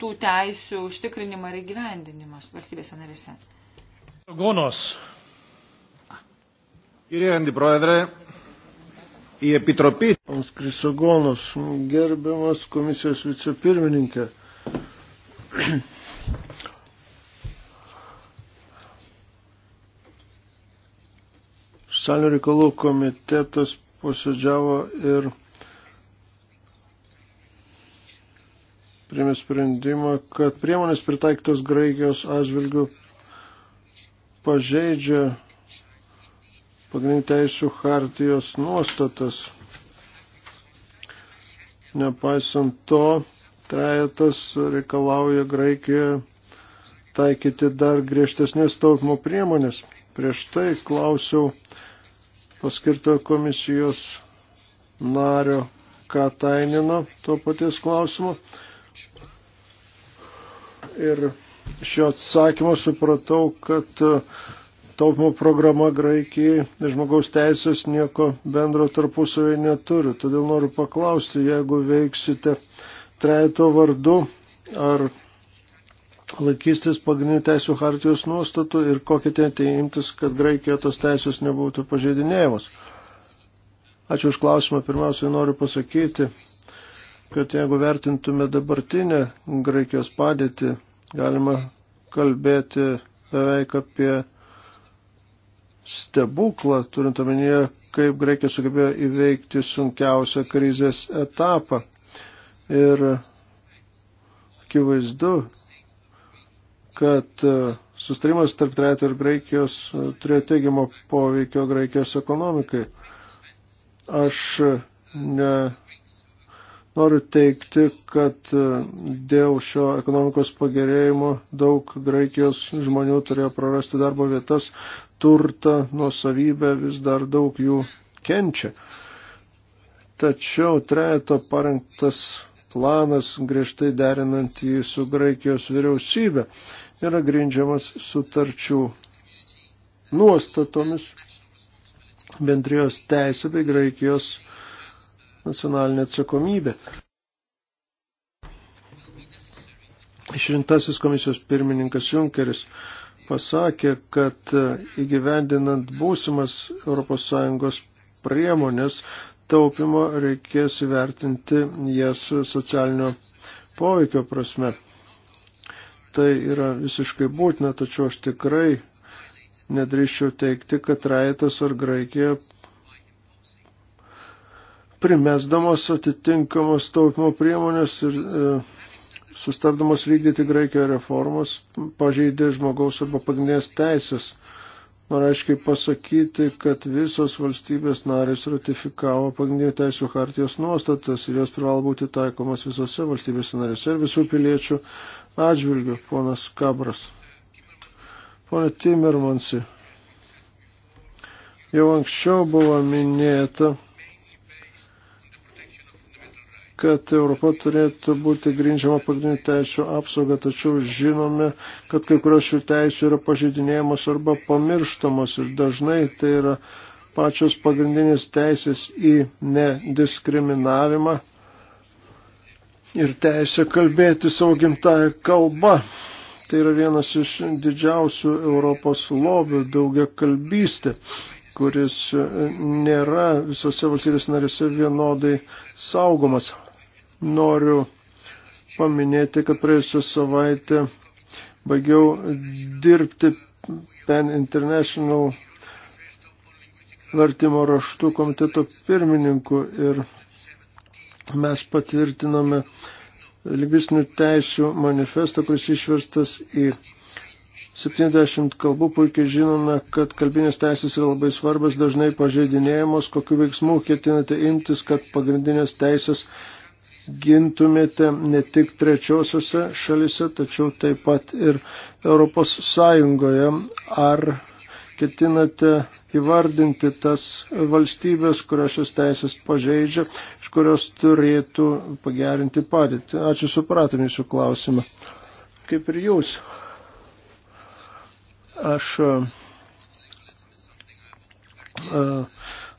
tų teisių užtikrinimą ir įgyvendinimas valstybėse narise. Gonos. Κύριε Αντιπρόεδρε, į Epitropį. Pons Krisogonas, gerbiamas komisijos vicepirmininkė. Salio reikalų komitetas posėdžiavo ir priėmė sprendimą, kad priemonės pritaikytos Graikijos atžvilgių pažeidžia pagrindinių teisų hartijos nuostatas. Nepaisant to, trejetas reikalauja Graikijoje taikyti dar griežtesnės taupimo priemonės. Prieš tai klausiau paskirto komisijos nario Katainino to paties klausimo. Ir šio atsakymo supratau, kad uh, taupimo programa Graikijai žmogaus teisės nieko bendro tarpusavėje neturi. Todėl noriu paklausti, jeigu veiksite trejato vardu, ar laikysitės pagrindinių teisų hartijos nuostatų ir kokie tentai imtis, kad Graikijoje tos teisės nebūtų pažeidinėjamos. Ačiū už klausimą. Pirmiausiai noriu pasakyti, kad jeigu vertintume dabartinę Graikijos padėtį, galima kalbėti beveik apie stebuklą, turint omenyje, kaip Graikija sugebėjo įveikti sunkiausią krizės etapą. Ir akivaizdu, kad e, sustarimas tarp Trejato ir Graikijos e, turėjo teigiamo poveikio Graikijos ekonomikai. Aš e, ne Noriu teikti, kad e, dėl šio ekonomikos pagerėjimo daug Graikijos žmonių turėjo prarasti darbo vietas, turtą, nuosavybę, vis dar daug jų kenčia. Tačiau trejato parengtas planas, griežtai derinant jį su Graikijos vyriausybė, yra grindžiamas sutarčių nuostatomis bendrijos teisė bei Graikijos nacionalinė atsakomybė. Išrintasis komisijos pirmininkas Junkeris pasakė, kad įgyvendinant būsimas ES priemonės taupimo reikės įvertinti jas socialinio poveikio prasme. Tai yra visiškai būtina, tačiau aš tikrai nedrįščiau teikti, kad Raitas ar Graikija primesdamos atitinkamos taupimo priemonės ir e, sustardamos vykdyti Graikijoje reformas, pažeidė žmogaus arba pagrindinės teisės. Noriu aiškiai pasakyti, kad visos valstybės narės ratifikavo pagrindinių teisų hartijos nuostatas ir jos privalo būti taikomas visose valstybėse narėse ir visų piliečių atžvilgių, ponas Kabras. Pone Timirmansi, jau anksčiau buvo minėta, kad Europa turėtų būti grindžiama pagrindinių teisų apsauga, tačiau žinome, kad kai kurios šių teisų yra pažydinėjamos arba pamirštamos ir dažnai tai yra pačios pagrindinės teisės į nediskriminavimą ir teisę kalbėti savo gimtają kalbą. Tai yra vienas iš didžiausių Europos lobių daugia kalbystė, kuris nėra visose valstybės narėse vienodai saugomas noriu paminėti, kad praėjusią savaitę baigiau dirbti Pen International vertimo raštų komiteto pirmininku ir mes patvirtinome lingvistinių teisių manifestą, kuris išverstas į 70 kalbų puikiai žinome, kad kalbinės teisės yra labai svarbas, dažnai pažeidinėjamos, kokiu veiksmu ketinate imtis, kad pagrindinės teisės gintumėte ne tik trečiosiose šalise, tačiau taip pat ir Europos Sąjungoje. Ar ketinate įvardinti tas valstybės, kurios šios teisės pažeidžia, iš kurios turėtų pagerinti padėtį? Ačiū supratom jūsų klausimą. Kaip ir jūs. Aš e,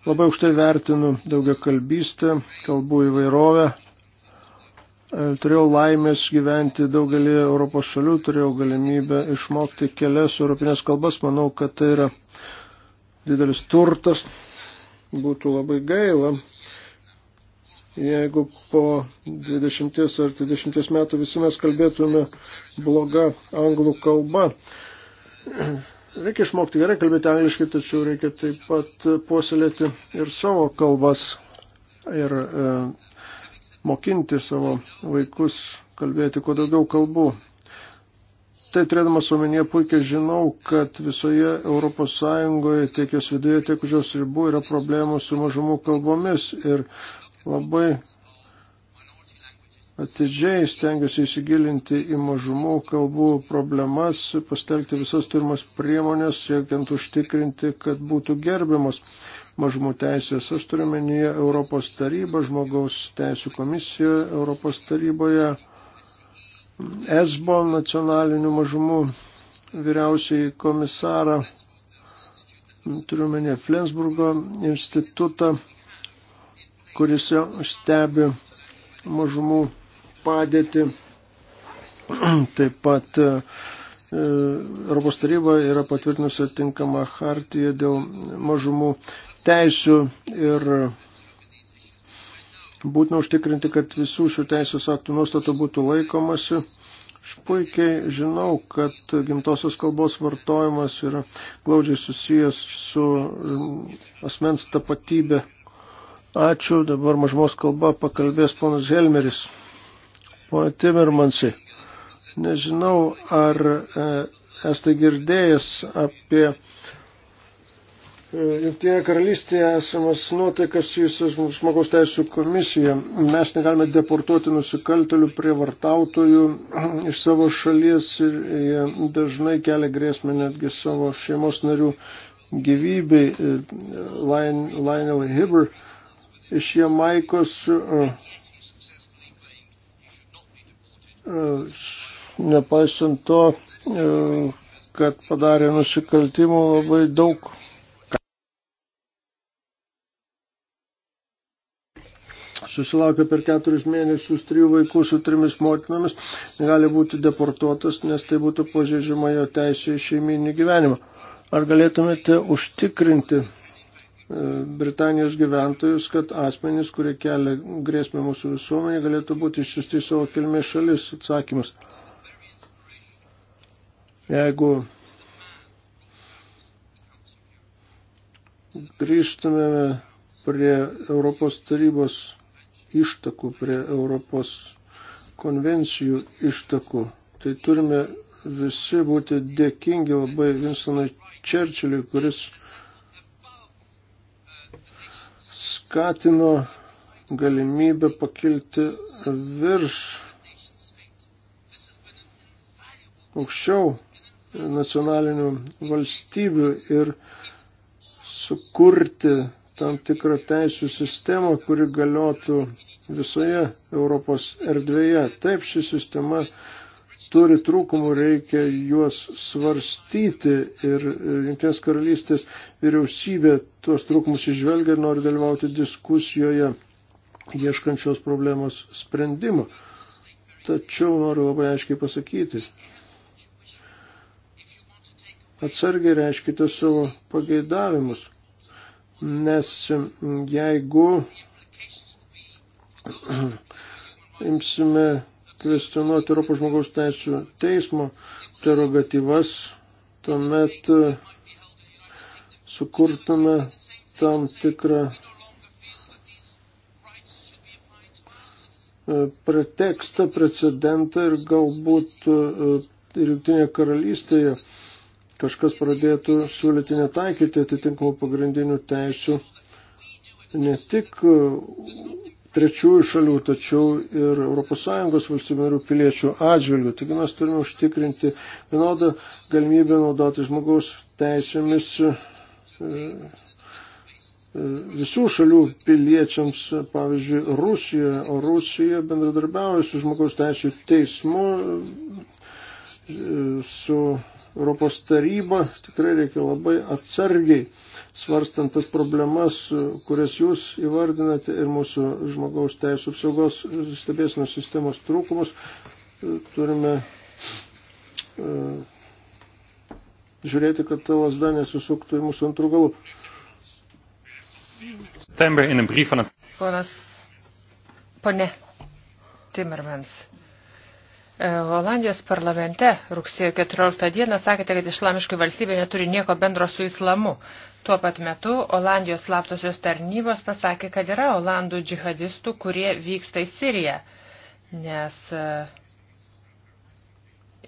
Labai aukštai vertinu daugia kalbystę, kalbų įvairovę, E, turėjau laimės gyventi daugelį Europos šalių, turėjau galimybę išmokti kelias europinės kalbas. Manau, kad tai yra didelis turtas. Būtų labai gaila, jeigu po 20 ar 30 metų visi mes kalbėtume bloga anglų kalba. Reikia išmokti gerai kalbėti angliškai, tačiau reikia taip pat puoselėti ir savo kalbas. Ir e, mokinti savo vaikus kalbėti kuo daugiau kalbų. Tai turėdamas omenyje puikiai žinau, kad visoje Europos Sąjungoje tiek jos viduje, tiek už jos ribų yra problemų su mažumų kalbomis ir labai atidžiai stengiuosi įsigilinti į mažumų kalbų problemas, pastelgti visas turimas priemonės, siekiant užtikrinti, kad būtų gerbiamos mažumų teisės. Aš turiu menyje Europos tarybą, žmogaus teisų komisiją Europos taryboje, ESBO nacionalinių mažumų vyriausiai komisarą, turiu menyje Flensburgo institutą, kuris stebi mažumų padėtį. Taip pat e, Europos taryba yra patvirtinusi atinkamą hartiją dėl mažumų teisių ir būtina užtikrinti, kad visų šių teisės aktų nuostatų būtų laikomasi. Aš puikiai žinau, kad gimtosios kalbos vartojimas yra glaudžiai susijęs su asmens tapatybė. Ačiū, dabar mažmos kalba pakalbės ponas Helmeris. Pone Timermansai, nežinau, ar e, esate girdėjęs apie Jungtinėje karalystėje esamas nuotaikas susijusios žmogaus teisų komisija. Mes negalime deportuoti nusikaltelių, prievartautojų iš savo šalies ir jie dažnai kelia grėsmę netgi savo šeimos narių gyvybei. Lionel Hibber iš Jamaikos nepaisant to, kad padarė nusikaltimų labai daug susilaukia per keturis mėnesius trijų vaikų su trimis motinomis, gali būti deportuotas, nes tai būtų pažeidžiama jo teisė į šeiminį gyvenimą. Ar galėtumėte užtikrinti e, Britanijos gyventojus, kad asmenys, kurie kelia grėsmę mūsų visuomenė, galėtų būti išsiusti savo kilmės šalis? Atsakymas. Jeigu grįžtumėme prie Europos tarybos ištakų, prie Europos konvencijų ištakų. Tai turime visi būti dėkingi labai Vinsonui Čerčiliui, kuris skatino galimybę pakilti virš aukščiau nacionalinių valstybių ir sukurti tam tikrą teisų sistemą, kuri galiotų visoje Europos erdvėje. Taip, ši sistema turi trūkumų, reikia juos svarstyti ir e, Junktinės karalystės vyriausybė tuos trūkumus išvelgia ir nori dalyvauti diskusijoje ieškančios problemos sprendimo. Tačiau noriu labai aiškiai pasakyti. Atsargiai reiškite savo pageidavimus nes jeigu imsime kvestionuoti Europos žmogaus teisų teismo prerogatyvas, tuomet e, sukurtume tam tikrą e, pretekstą, precedentą ir galbūt e, ir Junktinėje karalystėje kažkas pradėtų siūlyti netaikyti atitinkamų pagrindinių teisų ne tik uh, trečiųjų šalių, tačiau ir ES valstybinarių piliečių atžvilgių. Taigi mes turime užtikrinti vienodą galimybę naudoti žmogaus teisėmis uh, uh, visų šalių piliečiams, pavyzdžiui, Rusijoje, o Rusija bendradarbiauja su žmogaus teisų teismu, su Europos taryba tikrai reikia labai atsargiai svarstant tas problemas, kurias jūs įvardinate ir mūsų žmogaus teisų apsaugos stebėsinos sistemos trūkumus. Turime e, žiūrėti, kad ta lasda nesusuktų į mūsų antrų galų. Ponas, pone Timmermans E, Olandijos parlamente rugsėjo 14 dieną sakėte, kad islamiškai valstybė neturi nieko bendro su islamu. Tuo pat metu Olandijos slaptosios tarnybos pasakė, kad yra Olandų džihadistų, kurie vyksta į Siriją, nes e,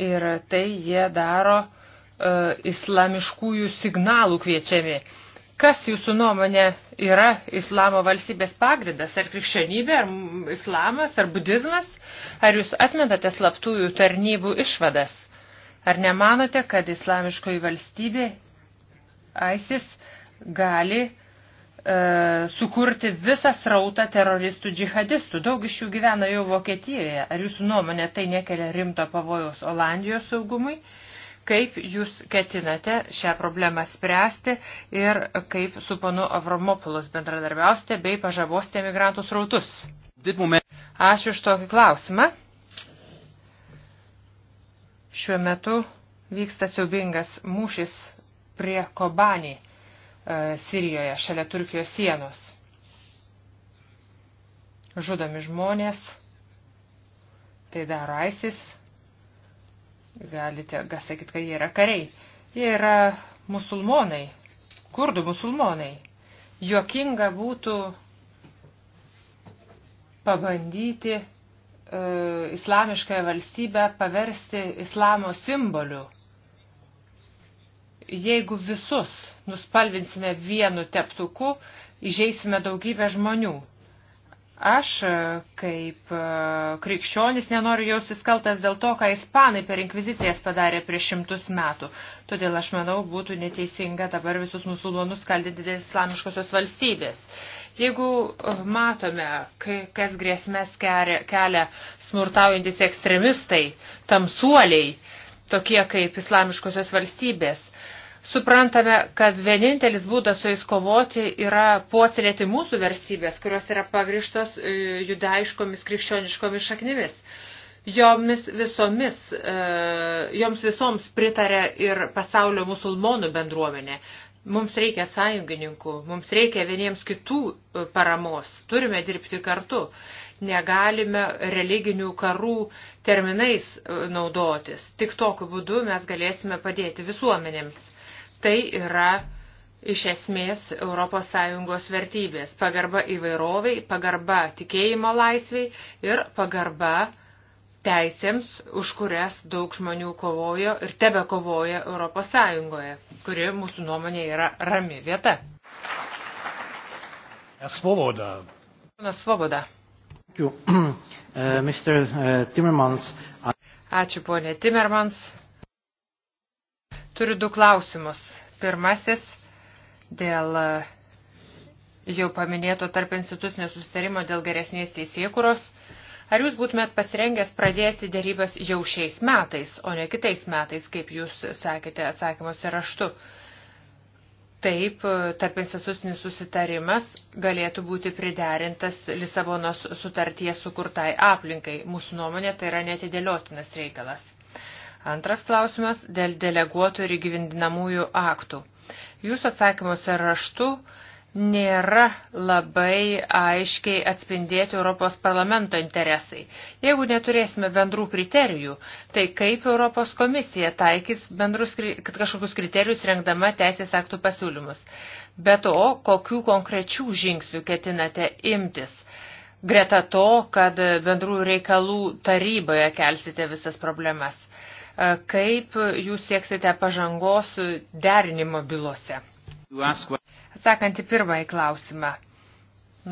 ir tai jie daro uh, islamiškųjų signalų kviečiami. Uh, Kas jūsų nuomonė yra islamo valstybės pagrindas? Ar krikščionybė, ar islamas, ar budizmas? Ar jūs atmetate slaptųjų tarnybų išvadas? Ar nemanote, kad islamiškoji valstybė ISIS gali e, sukurti visą srautą teroristų džihadistų? Daug iš jų gyvena jau Vokietijoje. Ar jūsų nuomonė tai nekelia rimto pavojaus Olandijos saugumui? E, Kaip jūs ketinate šią problemą spręsti ir kaip su panu Avramopulos bendradarbiausite bei pažavosite migrantų srautus? Ačiū už tokį klausimą. Šiuo metu vyksta siaubingas mūšis prie Kobanį e, Sirijoje, šalia Turkijos sienos. Žudomi žmonės, tai daro ISIS, Galite gal sakyti, kad jie yra kariai. Jie yra musulmonai, kurdų musulmonai. Jokinga būtų pabandyti e, islamiškąją valstybę paversti islamo simboliu. Jeigu visus nuspalvinsime vienu teptuku, įžeisime daugybę žmonių. Aš e, kaip e, krikščionis nenoriu jaustis kaltas dėl to, ką ispanai per inkvizicijas padarė prieš šimtus metų. Todėl aš manau, būtų neteisinga dabar visus musulmonus skaldyti dėl islamiškosios valstybės. Jeigu e, matome, kas grėsmės kelia smurtaujantis ekstremistai, tamsuoliai, tokie kaip islamiškosios valstybės, Suprantame, kad vienintelis būdas su jais kovoti yra puoselėti mūsų versybės, kurios yra pagrištos e, judaiškomis krikščioniškomis šaknimis. Jomis visomis, e, joms visoms pritarė ir pasaulio musulmonų bendruomenė. Mums reikia sąjungininkų, mums reikia vieniems kitų e, paramos, turime dirbti kartu negalime religinių karų terminais naudotis. Tik tokiu būdu mes galėsime padėti visuomenėms. Tai yra iš esmės ES vertybės. Pagarba įvairoviai, pagarba tikėjimo laisviai ir pagarba teisėms, už kurias daug žmonių kovojo ir tebe kovoja ES, kuri mūsų nuomonė yra rami vieta. Svoboda. Svoboda. Ačiū, uh, ponė uh, Timmermans. Ačiū, ponė Timmermans. Turiu du klausimus. Pirmasis dėl e, jau paminėto tarp institucinio sustarimo dėl geresnės teisėkuros. Ar jūs būtumėt pasirengęs pradėti dėrybas jau šiais metais, o ne kitais metais, kaip jūs sakėte atsakymuose raštu? Taip, e, tarp institucinis susitarimas galėtų būti priderintas Lisabonos sutarties sukurtai aplinkai. Mūsų nuomonė tai yra netidėliotinas reikalas. Antras klausimas – dėl deleguotų ir įgyvendinamųjų aktų. Jūsų atsakymuose raštu nėra labai aiškiai atspindėti Europos parlamento interesai. Jeigu neturėsime bendrų kriterijų, tai kaip Europos komisija taikys bendrus, kažkokius kriterijus rengdama teisės aktų pasiūlymus? Be to, kokių konkrečių žingsnių ketinate imtis? Greta to, kad bendrų reikalų taryboje kelsite visas problemas – E, kaip jūs sieksite pažangos derinimo bylose? Atsakant į pirmąjį klausimą.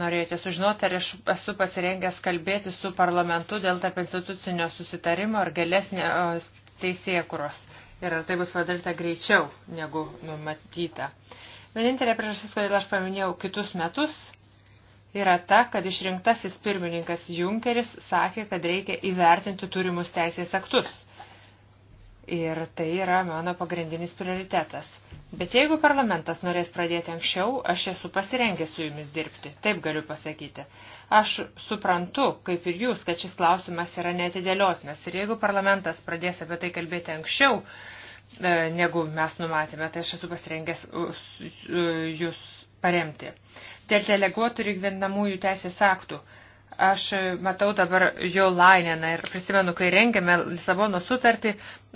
Norėjote sužinoti, ar aš esu pasirengęs kalbėti su parlamentu dėl tarp institucinio susitarimo ar galesnės teisėkuros ir ar tai bus padaryta greičiau negu numatyta. Vienintelė priežastis, kodėl aš paminėjau kitus metus, yra ta, kad išrinktasis pirmininkas Junkeris sakė, kad reikia įvertinti turimus teisės aktus. Ir tai yra mano pagrindinis prioritetas. Bet jeigu parlamentas norės pradėti anksčiau, aš esu pasirengęs su jumis dirbti, taip galiu pasakyti. Aš suprantu, kaip ir jūs, kad šis klausimas yra netidėliotinas. Ir jeigu parlamentas pradės apie tai kalbėti anksčiau, e, negu mes numatėme, tai aš esu pasirengęs jūs paremti. Dėl deleguotų ir gyvenamųjų teisės aktų Aš matau dabar jo Laineną ir prisimenu, kai rengėme Lisabono sutartį,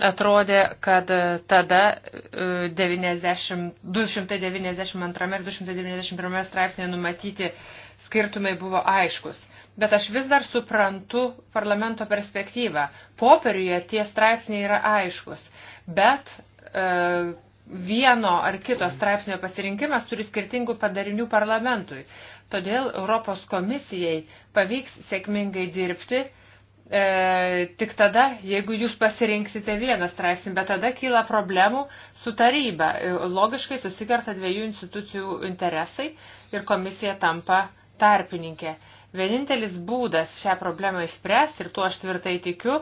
atrodė, kad tada 90, e, 292 ir 291 straipsnė numatyti skirtumai buvo aiškus. Bet aš vis dar suprantu parlamento perspektyvą. Popieriuje tie straipsniai yra aiškus, bet e, vieno ar kito straipsnio pasirinkimas turi skirtingų padarinių parlamentui. Todėl Europos komisijai pavyks sėkmingai dirbti e, tik tada, jeigu jūs pasirinksite vieną straipsnį, bet tada kyla problemų su taryba. E, logiškai susikerta dviejų institucijų interesai ir komisija tampa tarpininkė. Vienintelis būdas šią problemą išspręsti, ir tuo aš tvirtai tikiu,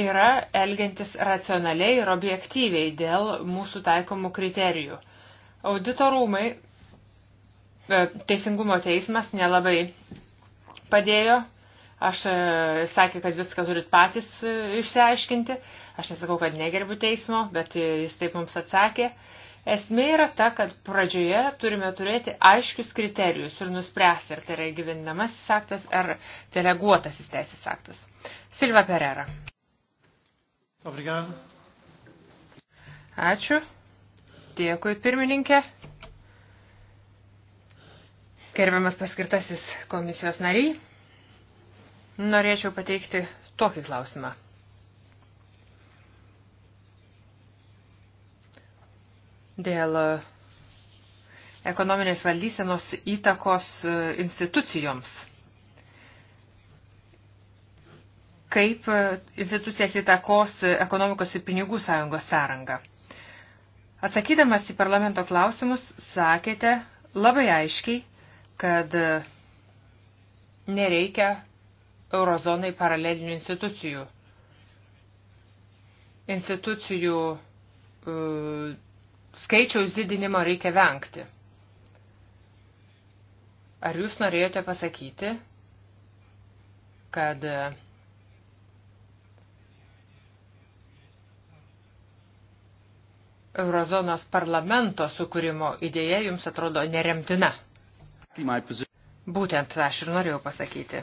yra elgiantis racionaliai ir objektyviai dėl mūsų taikomų kriterijų. Auditorumai, e, teisingumo teismas nelabai padėjo. Aš e, sakė, kad viską turit patys e, išsiaiškinti. Aš nesakau, kad negerbiu teismo, bet jis taip mums atsakė. Esmė yra ta, kad pradžioje turime turėti aiškius kriterijus ir nuspręsti, ar tai yra gyvenamasis aktas, ar deleguotasis teisės aktas. Silva Perera. Obrigado. Ačiū. Dėkui, pirmininkė. Gerbiamas paskirtasis komisijos nariai, norėčiau pateikti tokį klausimą. Dėl ekonominės valdysenos įtakos e, institucijoms – kaip e, institucijas įtakos ekonomikos ir pinigų sąjungos sąrangą. Atsakydamas į parlamento klausimus, sakėte labai aiškiai, kad e, nereikia eurozonai paralelinių institucijų. Institucijų uh, skaičiaus didinimo reikia vengti. Ar jūs norėjote pasakyti, kad uh, Eurozonos parlamento sukūrimo idėja jums atrodo neremtina. Būtent tą aš ir norėjau pasakyti.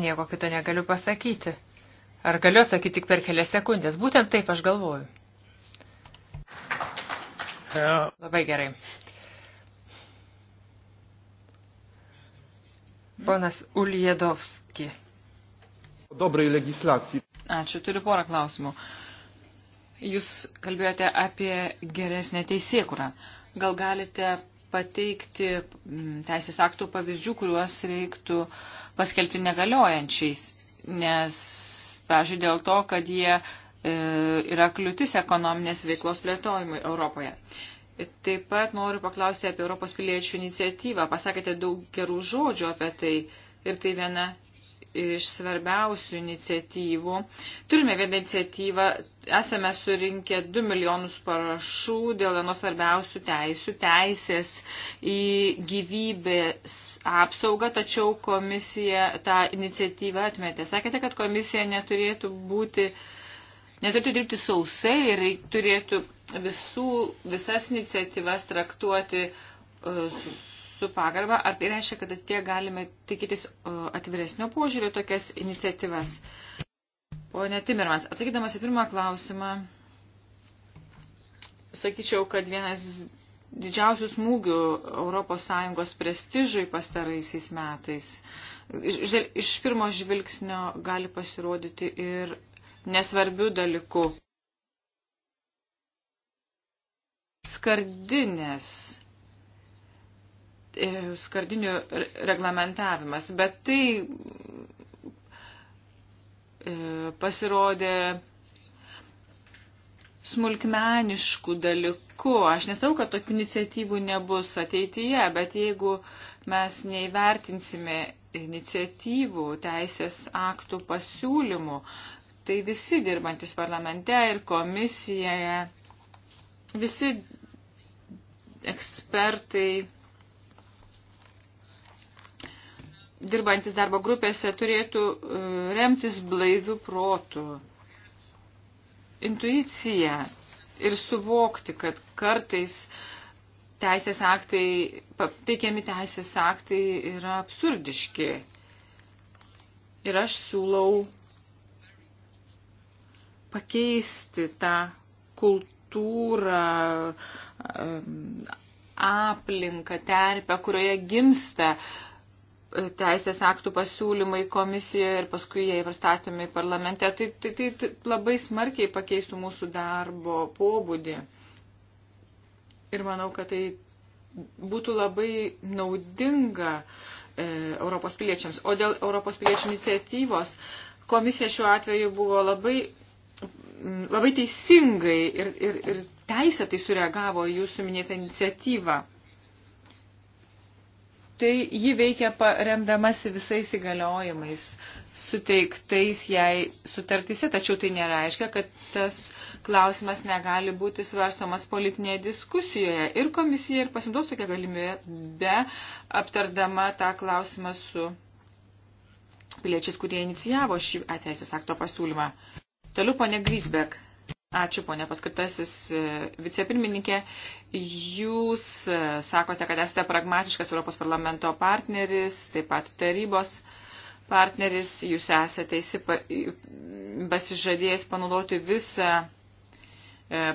Nieko kito negaliu pasakyti. Ar galiu atsakyti tik per kelias sekundės? Būtent taip aš galvoju. Labai gerai. Ponas Uljedovski. Dobrai legislacijai. Ačiū, turiu porą klausimų. Uh, Jūs kalbėjote apie geresnę teisėkurą. Gal galite pateikti mm, teisės aktų pavyzdžių, kuriuos reiktų paskelbti negaliojančiais, nes, pažiūrėjau, dėl to, kad jie e, yra kliūtis ekonominės veiklos plėtojimui Europoje. Taip pat noriu paklausti apie Europos piliečių iniciatyvą. Pasakėte daug gerų žodžių apie tai ir tai viena iš svarbiausių iniciatyvų. Turime vieną iniciatyvą, esame surinkę 2 milijonus parašų dėl vienos svarbiausių teisų, teisės į gyvybės apsaugą, tačiau komisija tą iniciatyvą atmetė. Sakėte, kad komisija neturėtų būti. Neturėtų dirbti sausai ir turėtų visų, visas iniciatyvas traktuoti uh, su pagarba, ar tai reiškia, kad tie galime tikėtis atviresnio požiūrio tokias iniciatyvas? Pone Timirmans, atsakydamas į pirmą klausimą, sakyčiau, kad vienas didžiausių smūgių ES prestižui pastaraisiais metais iš, iš pirmo žvilgsnio gali pasirodyti ir nesvarbių dalykų. Skardinės E, skardinių reglamentavimas, bet tai e, pasirodė smulkmeniškų dalykų. Aš nesau, kad tokių iniciatyvų nebus ateityje, bet jeigu mes neįvertinsime iniciatyvų, teisės aktų pasiūlymų, tai visi dirbantis parlamente ir komisijoje, visi ekspertai dirbantis darbo grupėse turėtų e, remtis blaivių protų, intuicija ir suvokti, kad kartais teisės aktai, teikiami teisės aktai yra absurdiški. Ir aš siūlau pakeisti tą kultūrą, aplinką, terpę, kurioje gimsta uh, teisės aktų pasiūlymai komisijoje ir paskui jie pristatymai parlamente. Tai, tai, tai, tai labai smarkiai pakeistų mūsų darbo pobūdį. Ir manau, kad tai būtų labai naudinga e, Europos piliečiams. O dėl Europos piliečių iniciatyvos komisija šiuo atveju buvo labai, labai teisingai ir, ir, ir teisėtai sureagavo jūsų minėtą iniciatyvą. Tai ji veikia paremdamasi visais įgaliojimais suteiktais jai sutartysi, tačiau tai nereiškia, kad tas klausimas negali būti svarstomas politinėje diskusijoje. Ir komisija ir pasinaudos tokia galimybė, aptardama tą klausimą su piliečiais, kurie inicijavo šį ateisės akto pasiūlymą. Toliau ponė Grisbek. Ačiū, ponė paskirtasis e, vicepirmininkė. Jūs e, sakote, kad esate pragmatiškas Europos parlamento partneris, taip pat tarybos partneris, jūs esate įsipa, basižadėjęs panaudoti visą e,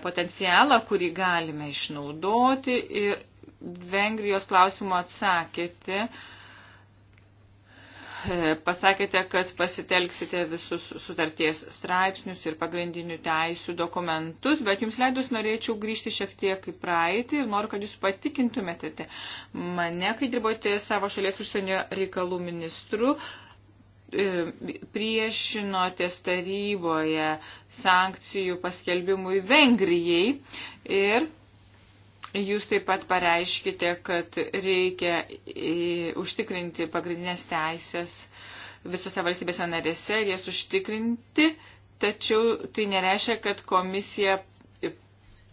potencialą, kurį galime išnaudoti ir Vengrijos klausimą atsakėte. Uh, E, pasakėte, kad pasitelksite visus sutarties straipsnius ir pagrindinių teisų dokumentus, bet jums leidus norėčiau grįžti šiek tiek į praeitį ir noriu, kad jūs patikintumėte mane, kai dirbote savo šalies užsienio reikalų ministru, e, priešinotės taryboje sankcijų paskelbimui Vengrijai ir Jūs taip pat pareiškite, kad reikia e, užtikrinti pagrindinės teisės visose valstybėse narėse, jas užtikrinti, tačiau tai nereiškia, kad komisija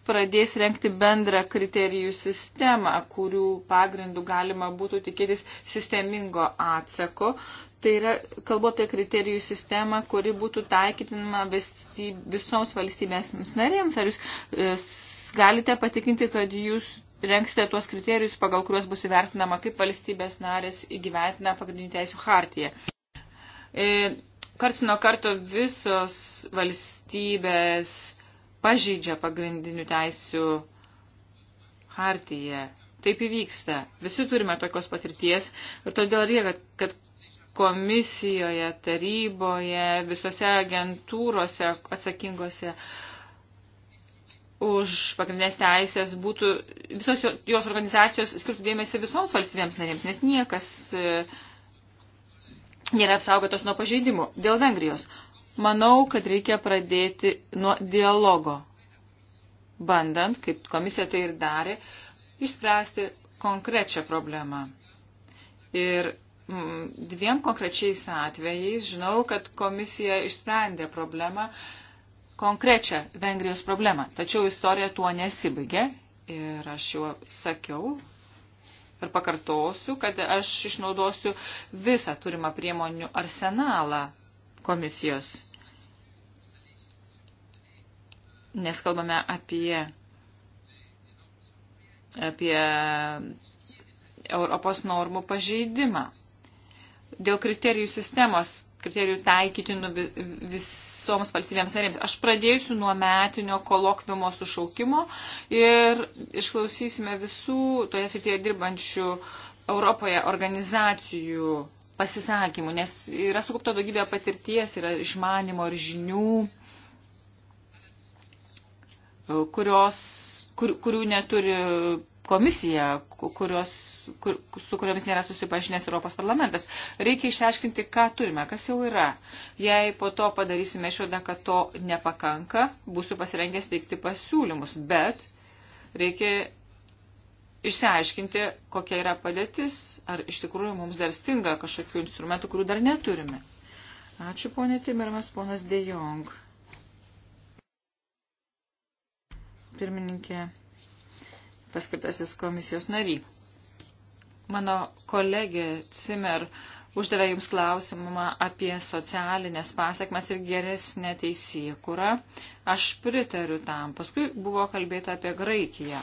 pradės renkti bendrą kriterijų sistemą, kurių pagrindų galima būtų tikėtis sistemingo atsako, Tai yra, kalbu apie kriterijų sistemą, kuri būtų taikytinama valstyb, visoms valstybėms narėms. Ar jūs e, galite patikinti, kad jūs rengsite tuos kriterijus, pagal kuriuos bus įvertinama, kaip valstybės narės įgyventina pagrindinių teisų hartiją? E, karts nuo karto visos valstybės pažydžia pagrindinių teisių hartiją. Taip įvyksta. Visi turime tokios patirties ir todėl reikia, kad, kad komisijoje, taryboje, visose agentūrose atsakingose už pagrindinės teisės būtų, visos jos organizacijos skirtų dėmesį visoms valstybėms narėms, nes niekas e, nėra apsaugotas nuo pažeidimų. Dėl Vengrijos. Manau, kad reikia pradėti nuo dialogo, bandant, kaip komisija tai ir darė, išspręsti konkrečią problemą. Ir Mm, dviem konkrečiais atvejais žinau, kad komisija išsprendė problemą, konkrečią Vengrijos problemą. Tačiau istorija tuo nesibaigė ir aš jau sakiau ir pakartosiu, kad aš išnaudosiu visą turimą priemonių arsenalą komisijos. Nes kalbame apie, apie Europos normų pažeidimą dėl kriterijų sistemos, kriterijų taikytinų visoms valstybėms narėms. Aš pradėsiu nuo metinio kolokvimo sušaukimo ir išklausysime visų toje srityje dirbančių Europoje organizacijų pasisakymų, nes yra sukaupta daugybė patirties, yra išmanimo ir žinių, kurios, kur, kurių neturi komisija, kurios kur, su kuriomis nėra susipažinęs Europos parlamentas. Reikia išsiaiškinti, ką turime, kas jau yra. Jei po to padarysime išvadą, kad to nepakanka, būsiu pasirengęs teikti pasiūlymus, bet reikia išsiaiškinti, kokia yra padėtis, ar iš tikrųjų mums dar stinga kažkokių instrumentų, kurių dar neturime. Ačiū, ponė Timirmas, ponas De Jong. Pirmininkė, paskirtasis komisijos nariai. Mano kolegė Cimer uždavė Jums klausimą apie socialinės pasiekmes ir geresnę teisėkurą. Aš pritariu tam. Paskui buvo kalbėta apie Graikiją.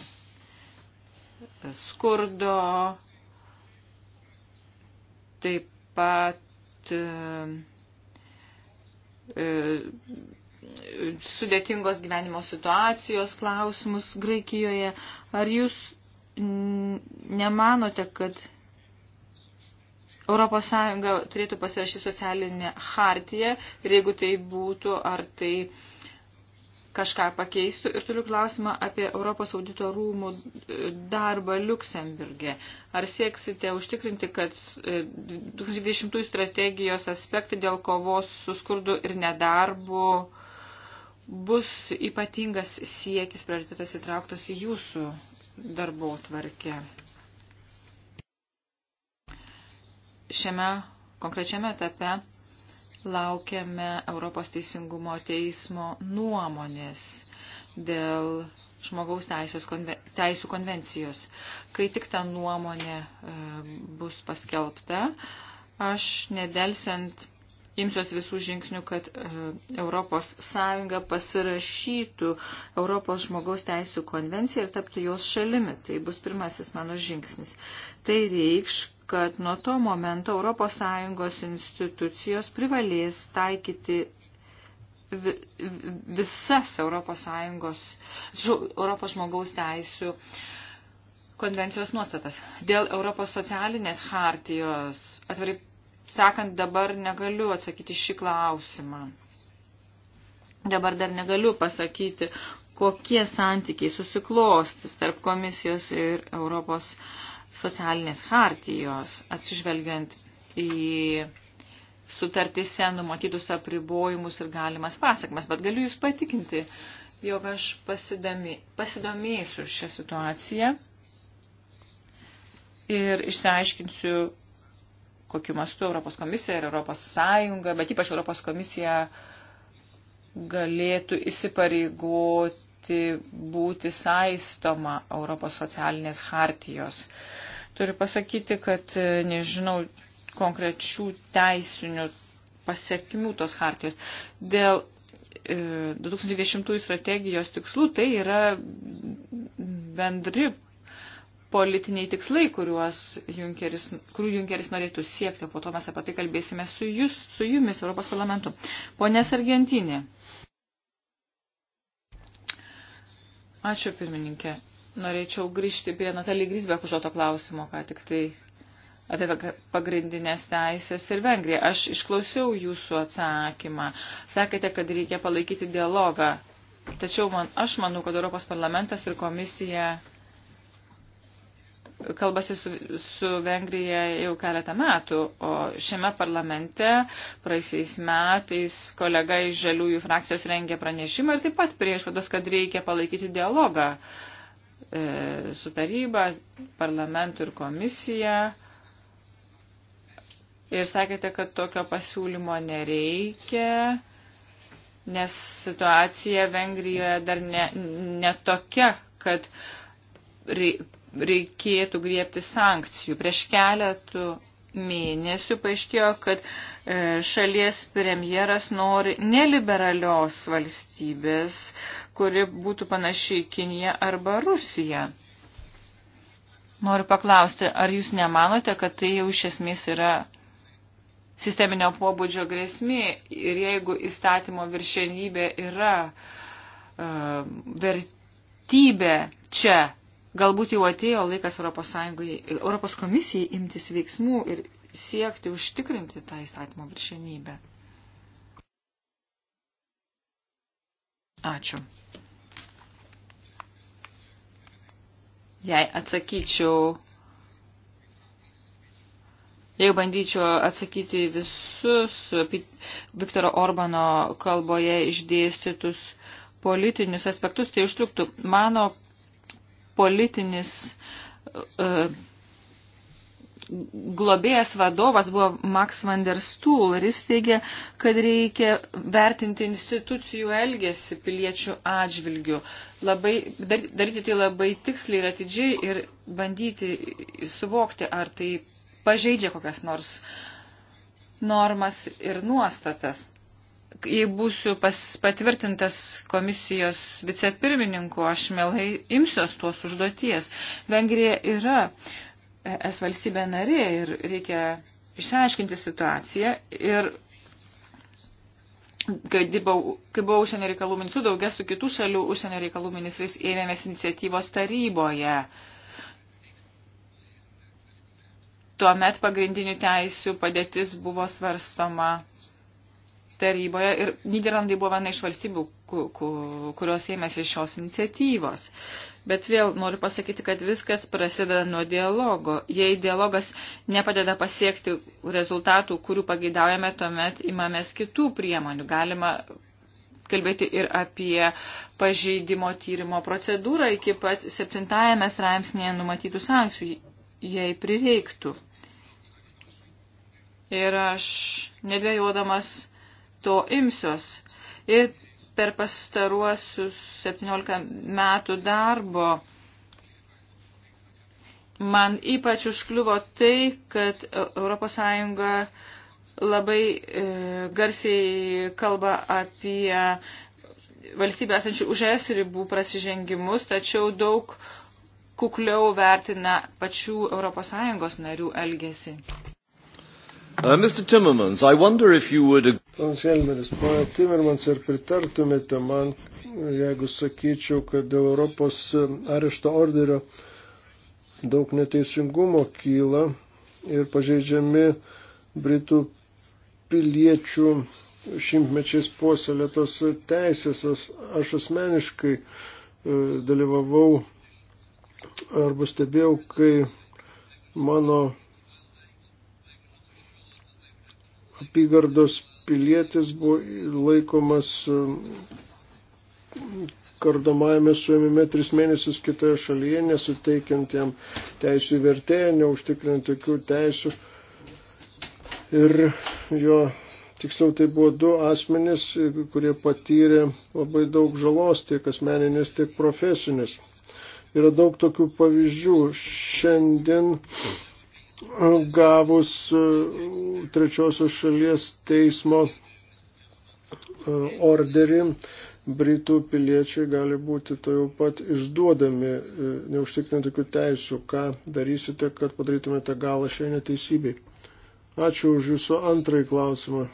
Skurdo, taip pat e, e, sudėtingos gyvenimo situacijos klausimus Graikijoje. Ar jūs nemanote, kad ES turėtų pasirašyti socialinę hartiją ir jeigu tai būtų, ar tai kažką pakeistų. Ir turiu klausimą apie Europos audito rūmų darbą Luksemburgė. Ar sieksite užtikrinti, kad 2020 e, strategijos aspektai dėl kovos su skurdu ir nedarbu bus ypatingas siekis prioritetas įtrauktas į jūsų darbo tvarkę. Šiame konkrečiame etape laukiame Europos teisingumo teismo nuomonės dėl žmogaus teisės, konve, teisų konvencijos. Kai tik ta nuomonė e, bus paskelbta, aš nedelsiant imsiuos visų žingsnių, kad e, Europos Sąjunga pasirašytų Europos žmogaus teisų konvenciją ir taptų jos šalimi. Tai bus pirmasis mano žingsnis. Tai reikš, kad nuo to momento Europos Sąjungos institucijos privalės taikyti visas Europos Sąjungos, Europos žmogaus teisų konvencijos nuostatas. Dėl Europos socialinės hartijos atvirai sakant, dabar negaliu atsakyti šį klausimą. Dabar dar negaliu pasakyti, kokie santykiai susiklostys tarp komisijos ir Europos socialinės hartijos, atsižvelgiant į sutartise numatytus apribojimus ir galimas pasakmas, bet galiu Jūs patikinti, jog aš pasidami, pasidomėsiu šią situaciją ir išsiaiškinsiu, kokiu mastu Europos komisija ir Europos Sąjunga, bet ypač Europos komisija galėtų įsipareigoti būti saistoma Europos socialinės hartijos. Turiu pasakyti, kad e, nežinau konkrečių teisinių pasiekmių tos hartijos. Dėl 2020 e, strategijos tikslų tai yra bendri politiniai tikslai, Junkeris, kurių Junkeris norėtų siekti, po to mes apie tai kalbėsime su, jūs, su jumis Europos parlamentu. Pone Sargentinė. Ačiū pirmininkė. Norėčiau grįžti prie Natalį Grisbek užduoto klausimo, ką tik tai apie pagrindinės teisės ir Vengriją. Aš išklausiau jūsų atsakymą. Sakėte, kad reikia palaikyti dialogą. Tačiau man, aš manau, kad Europos parlamentas ir komisija kalbasi su, su Vengrija jau keletą metų, o šiame parlamente praeisiais metais kolega iš Žaliųjų frakcijos rengė pranešimą ir taip pat prieš vados, kad reikia palaikyti dialogą e, su taryba, parlamentu ir komisija. Ir sakėte, kad tokio pasiūlymo nereikia, nes situacija Vengrijoje dar netokia, ne, ne tokia, kad reikėtų griebti sankcijų. Prieš keletų mėnesių paaiškėjo, kad e, šalies premjeras nori neliberalios valstybės, kuri būtų panašiai Kinija arba Rusija. Noriu paklausti, ar jūs nemanote, kad tai jau iš esmės yra sisteminio pobūdžio grėsmė ir jeigu įstatymo viršenybė yra uh, vertybė čia, Galbūt jau atėjo laikas Europos, Europos komisijai imtis veiksmų ir siekti užtikrinti tą įstatymo viršenybę. Ačiū. Jei atsakyčiau, jei bandyčiau atsakyti visus Viktoro Orbano kalboje išdėstytus politinius aspektus, tai užtruktų. Mano politinis uh, globėjas vadovas buvo Max van der Stuhl ir jis teigė, kad reikia vertinti institucijų elgesį piliečių atžvilgių, labai, dar, daryti tai labai tiksliai ir atidžiai ir bandyti suvokti, ar tai pažeidžia kokias nors normas ir nuostatas jei būsiu pas, patvirtintas komisijos vicepirmininku, aš mielai imsiuos tuos užduoties. Vengrija yra e, es valstybė narė ir reikia išsiaiškinti situaciją. Ir kai, dibau, kai buvau užsienio reikalų ministru, daugia su kitų šalių užsienio reikalų ministrais ėmėmės iniciatyvos taryboje. Tuomet pagrindinių teisių padėtis buvo svarstoma taryboje ir Niderlandai buvo viena iš valstybių, kurios ėmėsi šios iniciatyvos. Bet vėl noriu pasakyti, kad viskas prasideda nuo dialogo. Jei dialogas nepadeda pasiekti rezultatų, kurių pageidaujame, tuomet imamės kitų priemonių. Galima kalbėti ir apie pažeidimo tyrimo procedūrą iki pat septintajame straipsnėje numatytų sankcijų, jei prireiktų. Ir aš nedvėjodamas to imsios. Ir per pastaruosius 17 metų darbo man ypač užkliuvo tai, kad ES labai e, garsiai kalba apie valstybę esančių už es ribų prasižengimus, tačiau daug kukliau vertina pačių ES narių elgesį. Uh, Mr. Timmermans, I wonder if you would... Pons Helmeris, pana Timmermans, ar pritartumėte man, jeigu sakyčiau, kad dėl Europos e, arešto orderio daug neteisingumo kyla ir pažeidžiami Britų piliečių šimtmečiais puoselėtos teisės. Aš asmeniškai e, dalyvavau arba stebėjau, kai mano apygardos pilietis buvo laikomas e, kardomajame suėmime tris mėnesius kitoje šalyje, nesuteikiant jam teisų vertėją, neužtikrinant tokių teisų. Ir jo, tiksliau tai buvo du asmenys, kurie patyrė labai daug žalos, tiek asmeninės, tiek profesinės. Yra daug tokių pavyzdžių. Šiandien uh, gavus e, trečiosios šalies teismo e, orderį, Britų piliečiai gali būti to jau pat išduodami, e, neužtikrinti tokių teisų, ką darysite, kad padarytumėte galą šiai neteisybei. Ačiū už Jūsų antrąjį klausimą.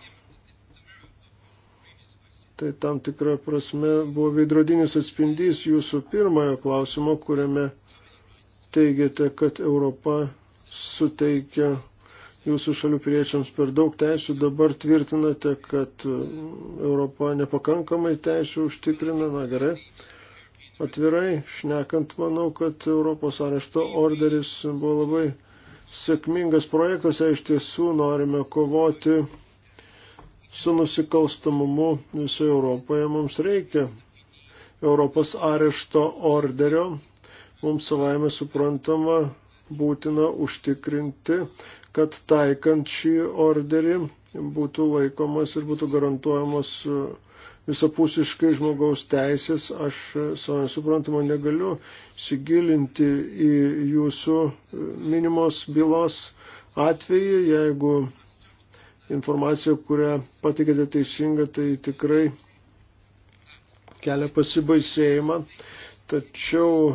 Tai tam tikrą prasme buvo veidrodinis atspindys Jūsų pirmojo klausimo, kuriame teigiate, kad Europa suteikia jūsų šalių piliečiams per daug teisų, dabar tvirtinate, kad Europa nepakankamai teisų užtikrina, na gerai. Atvirai šnekant, manau, kad Europos arešto orderis buvo labai sėkmingas projektas, jei iš tiesų norime kovoti su nusikalstamumu visoje Europoje, mums reikia Europos arešto orderio, mums savaime suprantama būtina užtikrinti, kad taikant šį orderį būtų laikomas ir būtų garantuojamos e, visapusiškai žmogaus teisės. Aš e, savai suprantama negaliu sigilinti į jūsų e, minimos bylos atvejį, jeigu informacija, kurią patikėte teisinga, tai tikrai kelia pasibaisėjimą. Tačiau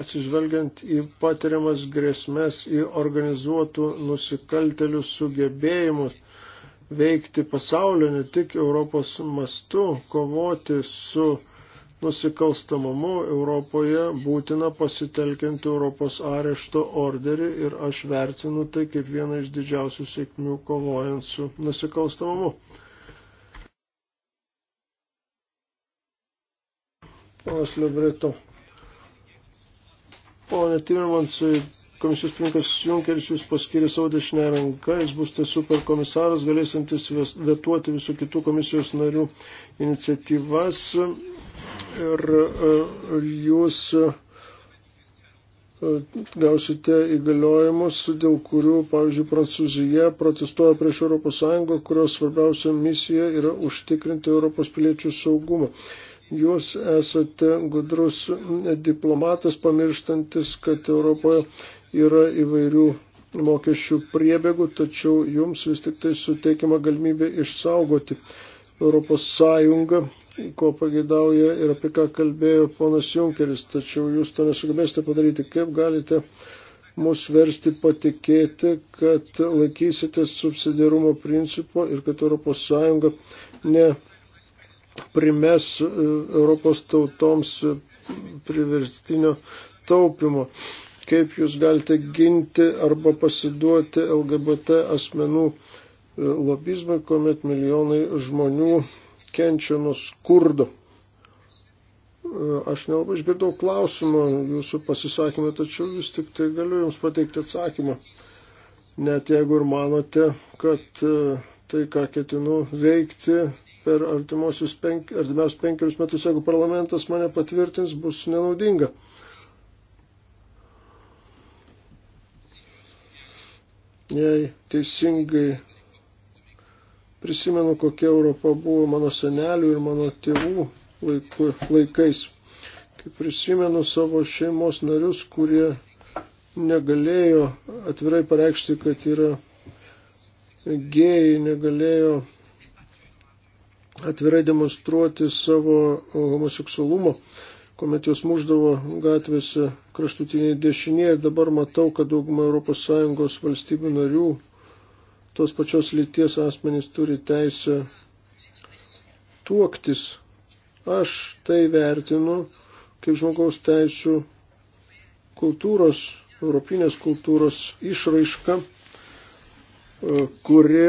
atsižvelgiant į patiriamas grėsmės, į organizuotų nusikaltelių sugebėjimus veikti pasaulio, ne tik Europos mastu, kovoti su nusikalstamumu Europoje būtina pasitelkinti Europos arešto orderį ir aš vertinu tai kaip vieną iš didžiausių sėkmių kovojant su nusikalstamumu. Ponas Lebreto. Pone Timmermansui, komisijos pirmininkas Junkeris jūs paskiria savo dešinę ranką, jis bus tas superkomisaras, galėsantis vetuoti visų kitų komisijos narių iniciatyvas. Ir e, jūs e, gausite įgaliojimus, dėl kurių, pavyzdžiui, Prancūzija protestuoja prieš ES, kurios svarbiausia misija yra užtikrinti Europos piliečių saugumą. Jūs esate gudrus diplomatas, pamirštantis, kad Europoje yra įvairių mokesčių priebėgų, tačiau jums vis tik tai suteikiama galimybė išsaugoti Europos Sąjungą, ko pagėdauja ir apie ką kalbėjo ponas Junkeris, tačiau jūs to nesugebėsite padaryti. Kaip galite mus versti patikėti, kad laikysitės subsidiarumo principo ir kad Europos Sąjunga ne primes e, Europos tautoms e, priverstinio taupimo. Kaip jūs galite ginti arba pasiduoti LGBT asmenų e, lobizmui, kuomet milijonai žmonių kenčia nuo skurdo? Aš nelabai išgirdau klausimą jūsų pasisakymą, tačiau vis tik tai galiu jums pateikti atsakymą. Net jeigu ir manote, kad tai, ką ketinu veikti, per artimiausius penk, penkerius metus, jeigu parlamentas mane patvirtins, bus nenaudinga. Jei teisingai prisimenu, kokia Europa buvo mano senelių ir mano tėvų laiku, laikais, kai prisimenu savo šeimos narius, kurie negalėjo atvirai pareikšti, kad yra gėjai, negalėjo atvirai demonstruoti savo homoseksualumo, kuomet juos muždavo gatvėse kraštutiniai dešinė ir dabar matau, kad dauguma ES valstybių narių tos pačios lyties asmenys turi teisę tuoktis. Aš tai vertinu kaip žmogaus teisų kultūros, europinės kultūros išraiška, kuri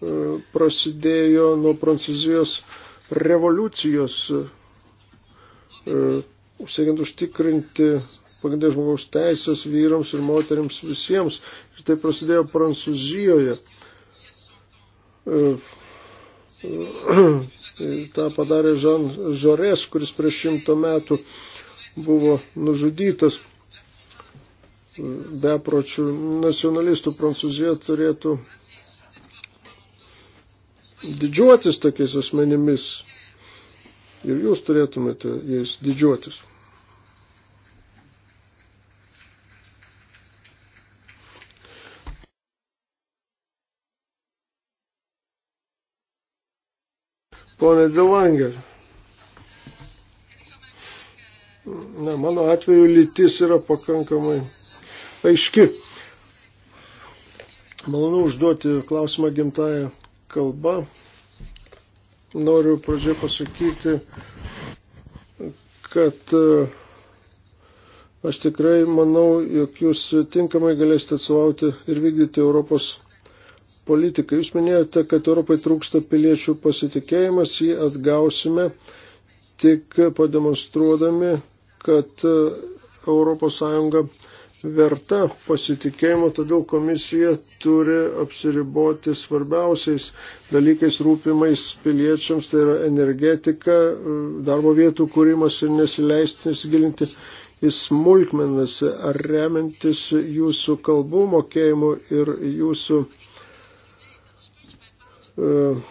E, prasidėjo nuo Prancūzijos revoliucijos, e, siekiant užtikrinti pagrindinės žmogaus teisės vyrams ir moteriams visiems. Ir tai prasidėjo Prancūzijoje. E, Ta padarė Žan Žorės, kuris prieš šimtą metų buvo nužudytas bepročių nacionalistų Prancūzija turėtų didžiuotis tokiais asmenimis. Ir jūs turėtumėte jais didžiuotis. Pone Delangė. Na, mano atveju lytis yra pakankamai aiški. Malonu užduoti klausimą gimtają kalba. Noriu pradžiai pasakyti, kad e, aš tikrai manau, jog jūs tinkamai galėsite atsvauti ir vykdyti Europos politiką. Jūs minėjote, kad Europai trūksta piliečių pasitikėjimas, jį atgausime tik pademonstruodami, kad ES verta pasitikėjimo, todėl komisija turi apsiriboti svarbiausiais dalykais rūpimais piliečiams, tai yra energetika, darbo vietų kūrimas ir nesileisti, nesigilinti į smulkmenas, ar remiantis jūsų kalbų mokėjimu ir jūsų uh,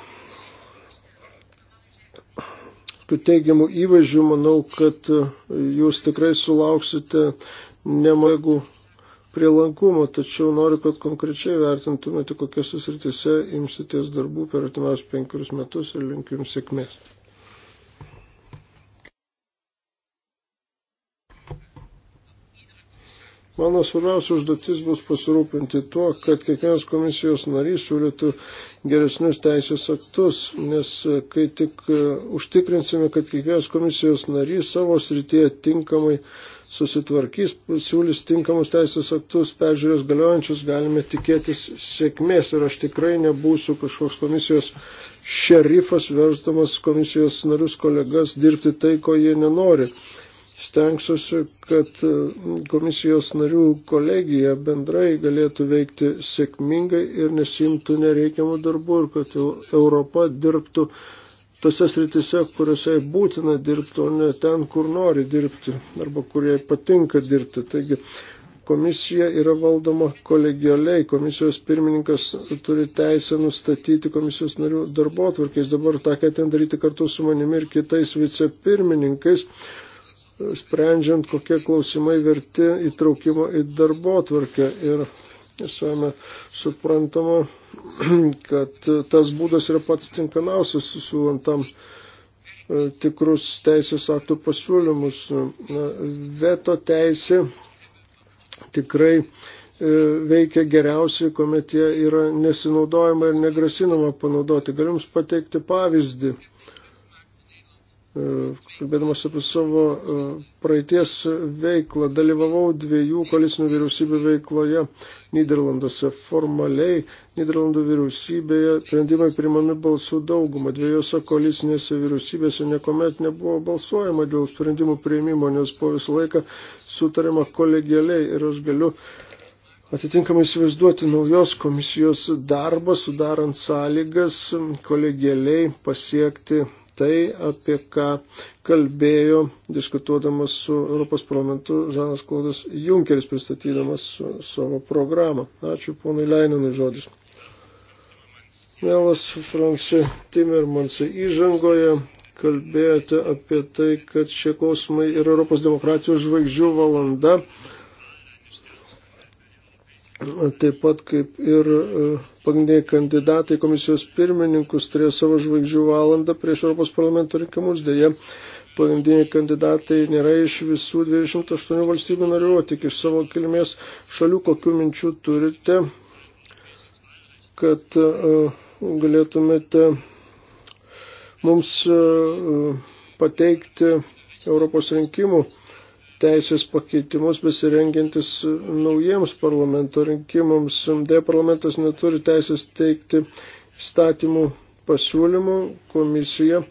tų teigiamų įvažių, manau, kad jūs tikrai sulauksite nemaigų prielankumo, tačiau noriu, kad konkrečiai vertintumėte, kokiose sritise imsitės darbų per atimiausius penkerius metus ir linkiu jums sėkmės. Mano svarbiausia užduotis bus pasirūpinti tuo, kad kiekvienas komisijos narys siūlytų geresnius teisės aktus, nes e, kai tik e, užtikrinsime, kad kiekvienas komisijos narys savo srityje tinkamai uh, susitvarkys, siūlys tinkamus teisės aktus, peržiūrės galiojančius, galime tikėtis sėkmės ir aš tikrai nebūsiu kažkoks komisijos šerifas, versdamas komisijos narius kolegas dirbti tai, ko jie nenori. Stengsiuosi, kad e, komisijos narių kolegija bendrai galėtų veikti sėkmingai ir nesimtų nereikiamų darbų ir kad Europa dirbtų tose sritise, kuriuose būtina dirbti, o ne ten, kur nori dirbti arba kurie patinka dirbti. Taigi komisija yra valdoma kolegialiai, komisijos pirmininkas turi teisę nustatyti komisijos narių darbo atvarkiais. Dabar tą, ką ten daryti kartu su manimi ir kitais vicepirmininkais sprendžiant, kokie klausimai verti įtraukimo į darbo atvarkę. Ir Savame suprantama, kad tas būdas yra pats tinkamiausias siūlant tam e, tikrus teisės aktų pasiūlymus. Veto teisė tikrai e, veikia geriausiai, kuomet jie yra nesinaudojama ir negrasinama panaudoti. Galiu Jums pateikti pavyzdį E, kalbėdamas apie savo e, praeities veiklą, dalyvavau dviejų koalicinių vyriausybių veikloje Niderlanduose. Formaliai Niderlandų vyriausybėje sprendimai primami balsų daugumą. Dviejose koalicinėse vyriausybėse niekuomet nebuvo balsuojama dėl sprendimų prieimimo, nes po visą laiką sutarima kolegialiai ir aš galiu atitinkamai įsivaizduoti naujos komisijos darbą, sudarant sąlygas kolegialiai pasiekti tai, apie ką kalbėjo diskutuodamas su Europos parlamentu Žanas Klaudas Junkeris pristatydamas savo programą. Ačiū ponui Leininui žodis. Mielas Fransai Timmermansai, įžangoje kalbėjote apie tai, kad šie klausimai yra Europos demokratijos žvaigždžių valanda taip pat kaip ir e, pagrindiniai kandidatai komisijos pirmininkus turėjo savo žvaigždžių valandą prieš Europos parlamento rinkimus. Deja, pagrindiniai kandidatai nėra iš visų 208 valstybių narių, o tik iš savo kilmės šalių, kokių minčių turite, kad e, galėtumėte mums e, pateikti Europos rinkimų teisės pakeitimus besirengiantis naujiems parlamento rinkimams. Dėja, parlamentas neturi teisės teikti statymų pasiūlymų, komisija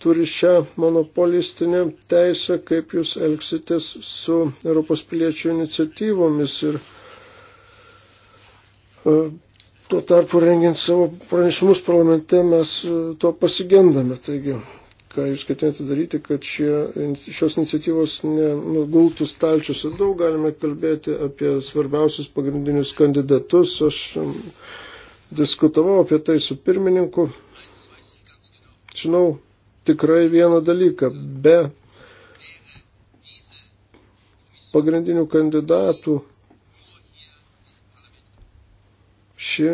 turi šią monopolistinę teisę, kaip jūs elgsitės su Europos piliečių iniciatyvomis ir e, tuo tarpu rengiant savo pranešimus parlamente mes e, to pasigendame. Taigi, ką jūs ketinate daryti, kad šie, šios iniciatyvos nenugultų stalčiuose. Daug galime kalbėti apie svarbiausius pagrindinius kandidatus. Aš diskutavau apie tai su pirmininku. Žinau tikrai vieną dalyką. Be pagrindinių kandidatų ši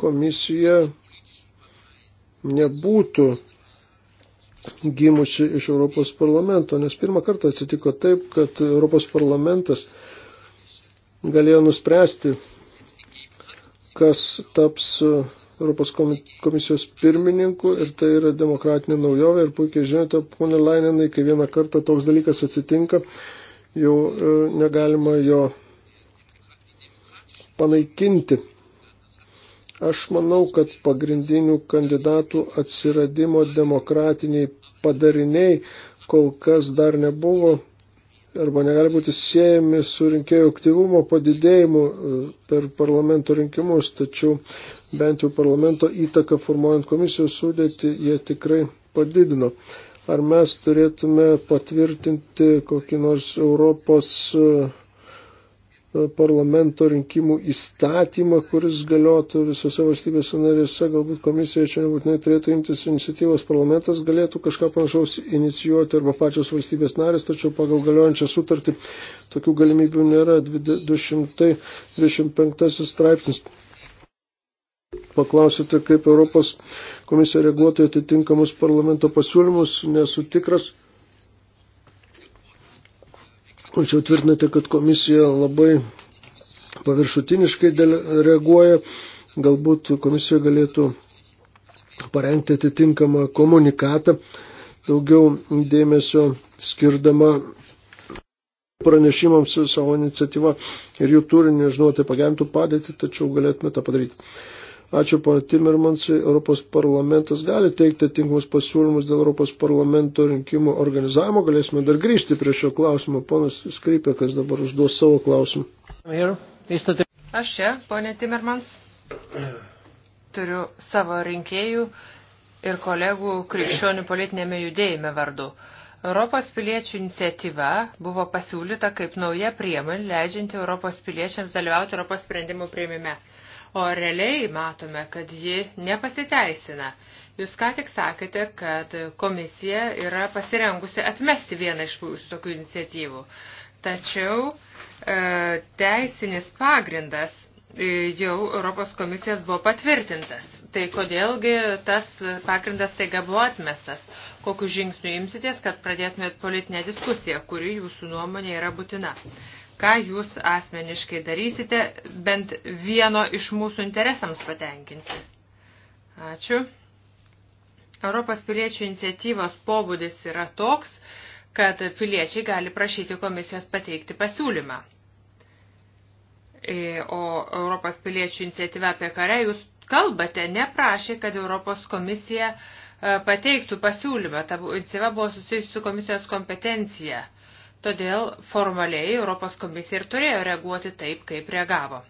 komisija nebūtų gimusi iš Europos parlamento, nes pirmą kartą atsitiko taip, kad Europos parlamentas galėjo nuspręsti, kas taps Europos komisijos pirmininku ir tai yra demokratinė naujovė ir puikiai žinote, ponė Laininai, kai vieną kartą toks dalykas atsitinka, jau e, negalima jo panaikinti. Aš manau, kad pagrindinių kandidatų atsiradimo demokratiniai padariniai kol kas dar nebuvo arba negali būti siejami su rinkėjų aktyvumo padidėjimu e, per parlamento rinkimus, tačiau bent jau parlamento įtaką formuojant komisijos sudėti jie tikrai padidino. Ar mes turėtume patvirtinti kokį nors Europos e, E, parlamento rinkimų įstatymą, kuris galiotų visose valstybėse narėse, galbūt komisija čia nebūtinai turėtų imtis iniciatyvos, parlamentas galėtų kažką panašaus inicijuoti arba pačios valstybės narės, tačiau pagal galiojančią sutartį tokių galimybių nėra. 225 straipsnis. Paklausite, kaip Europos komisija reaguotų atitinkamus parlamento pasiūlymus, nesu tikras. Anksčiau tvirtinate, kad komisija labai paviršutiniškai reaguoja, galbūt komisija galėtų parengti atitinkamą komunikatą, daugiau dėmesio skirdama pranešimams savo iniciatyvą ir jų turinį, žinau, tai pagerintų padėtį, tačiau galėtume tą padaryti. Ačiū, pana Timmermansai. Europos parlamentas gali teikti tinkamus pasiūlymus dėl Europos parlamento rinkimų organizavimo. Galėsime dar grįžti prie šio klausimo. Ponas Skrypekas dabar užduos savo klausimą. Aš čia, ponė Timmermans, turiu savo rinkėjų ir kolegų krikščionių politinėme judėjime vardu. Europos piliečių iniciatyva buvo pasiūlyta kaip nauja priemonė, leidžianti Europos piliečiams dalyvauti Europos sprendimų prieimime o realiai matome, kad ji nepasiteisina. Jūs ką tik sakėte, kad komisija yra pasirengusi atmesti vieną iš tokių iniciatyvų. Tačiau e, teisinis pagrindas e, jau Europos komisijos buvo patvirtintas. Tai kodėlgi tas pagrindas taiga buvo atmestas? Kokiu žingsniu imsitės, kad pradėtumėt politinę diskusiją, kuri jūsų nuomonė yra būtina? ką jūs asmeniškai darysite bent vieno iš mūsų interesams patenkinti. Ačiū. Europos piliečių iniciatyvos pobūdis yra toks, kad piliečiai gali prašyti komisijos pateikti pasiūlymą. E, o Europos piliečių iniciatyva, apie kurią jūs kalbate, neprašė, kad Europos komisija e, pateiktų pasiūlymą. Ta iniciatyva buvo susijusi su komisijos kompetencija. Todėl formaliai Europos komisija ir turėjo reaguoti taip, kaip reagavo.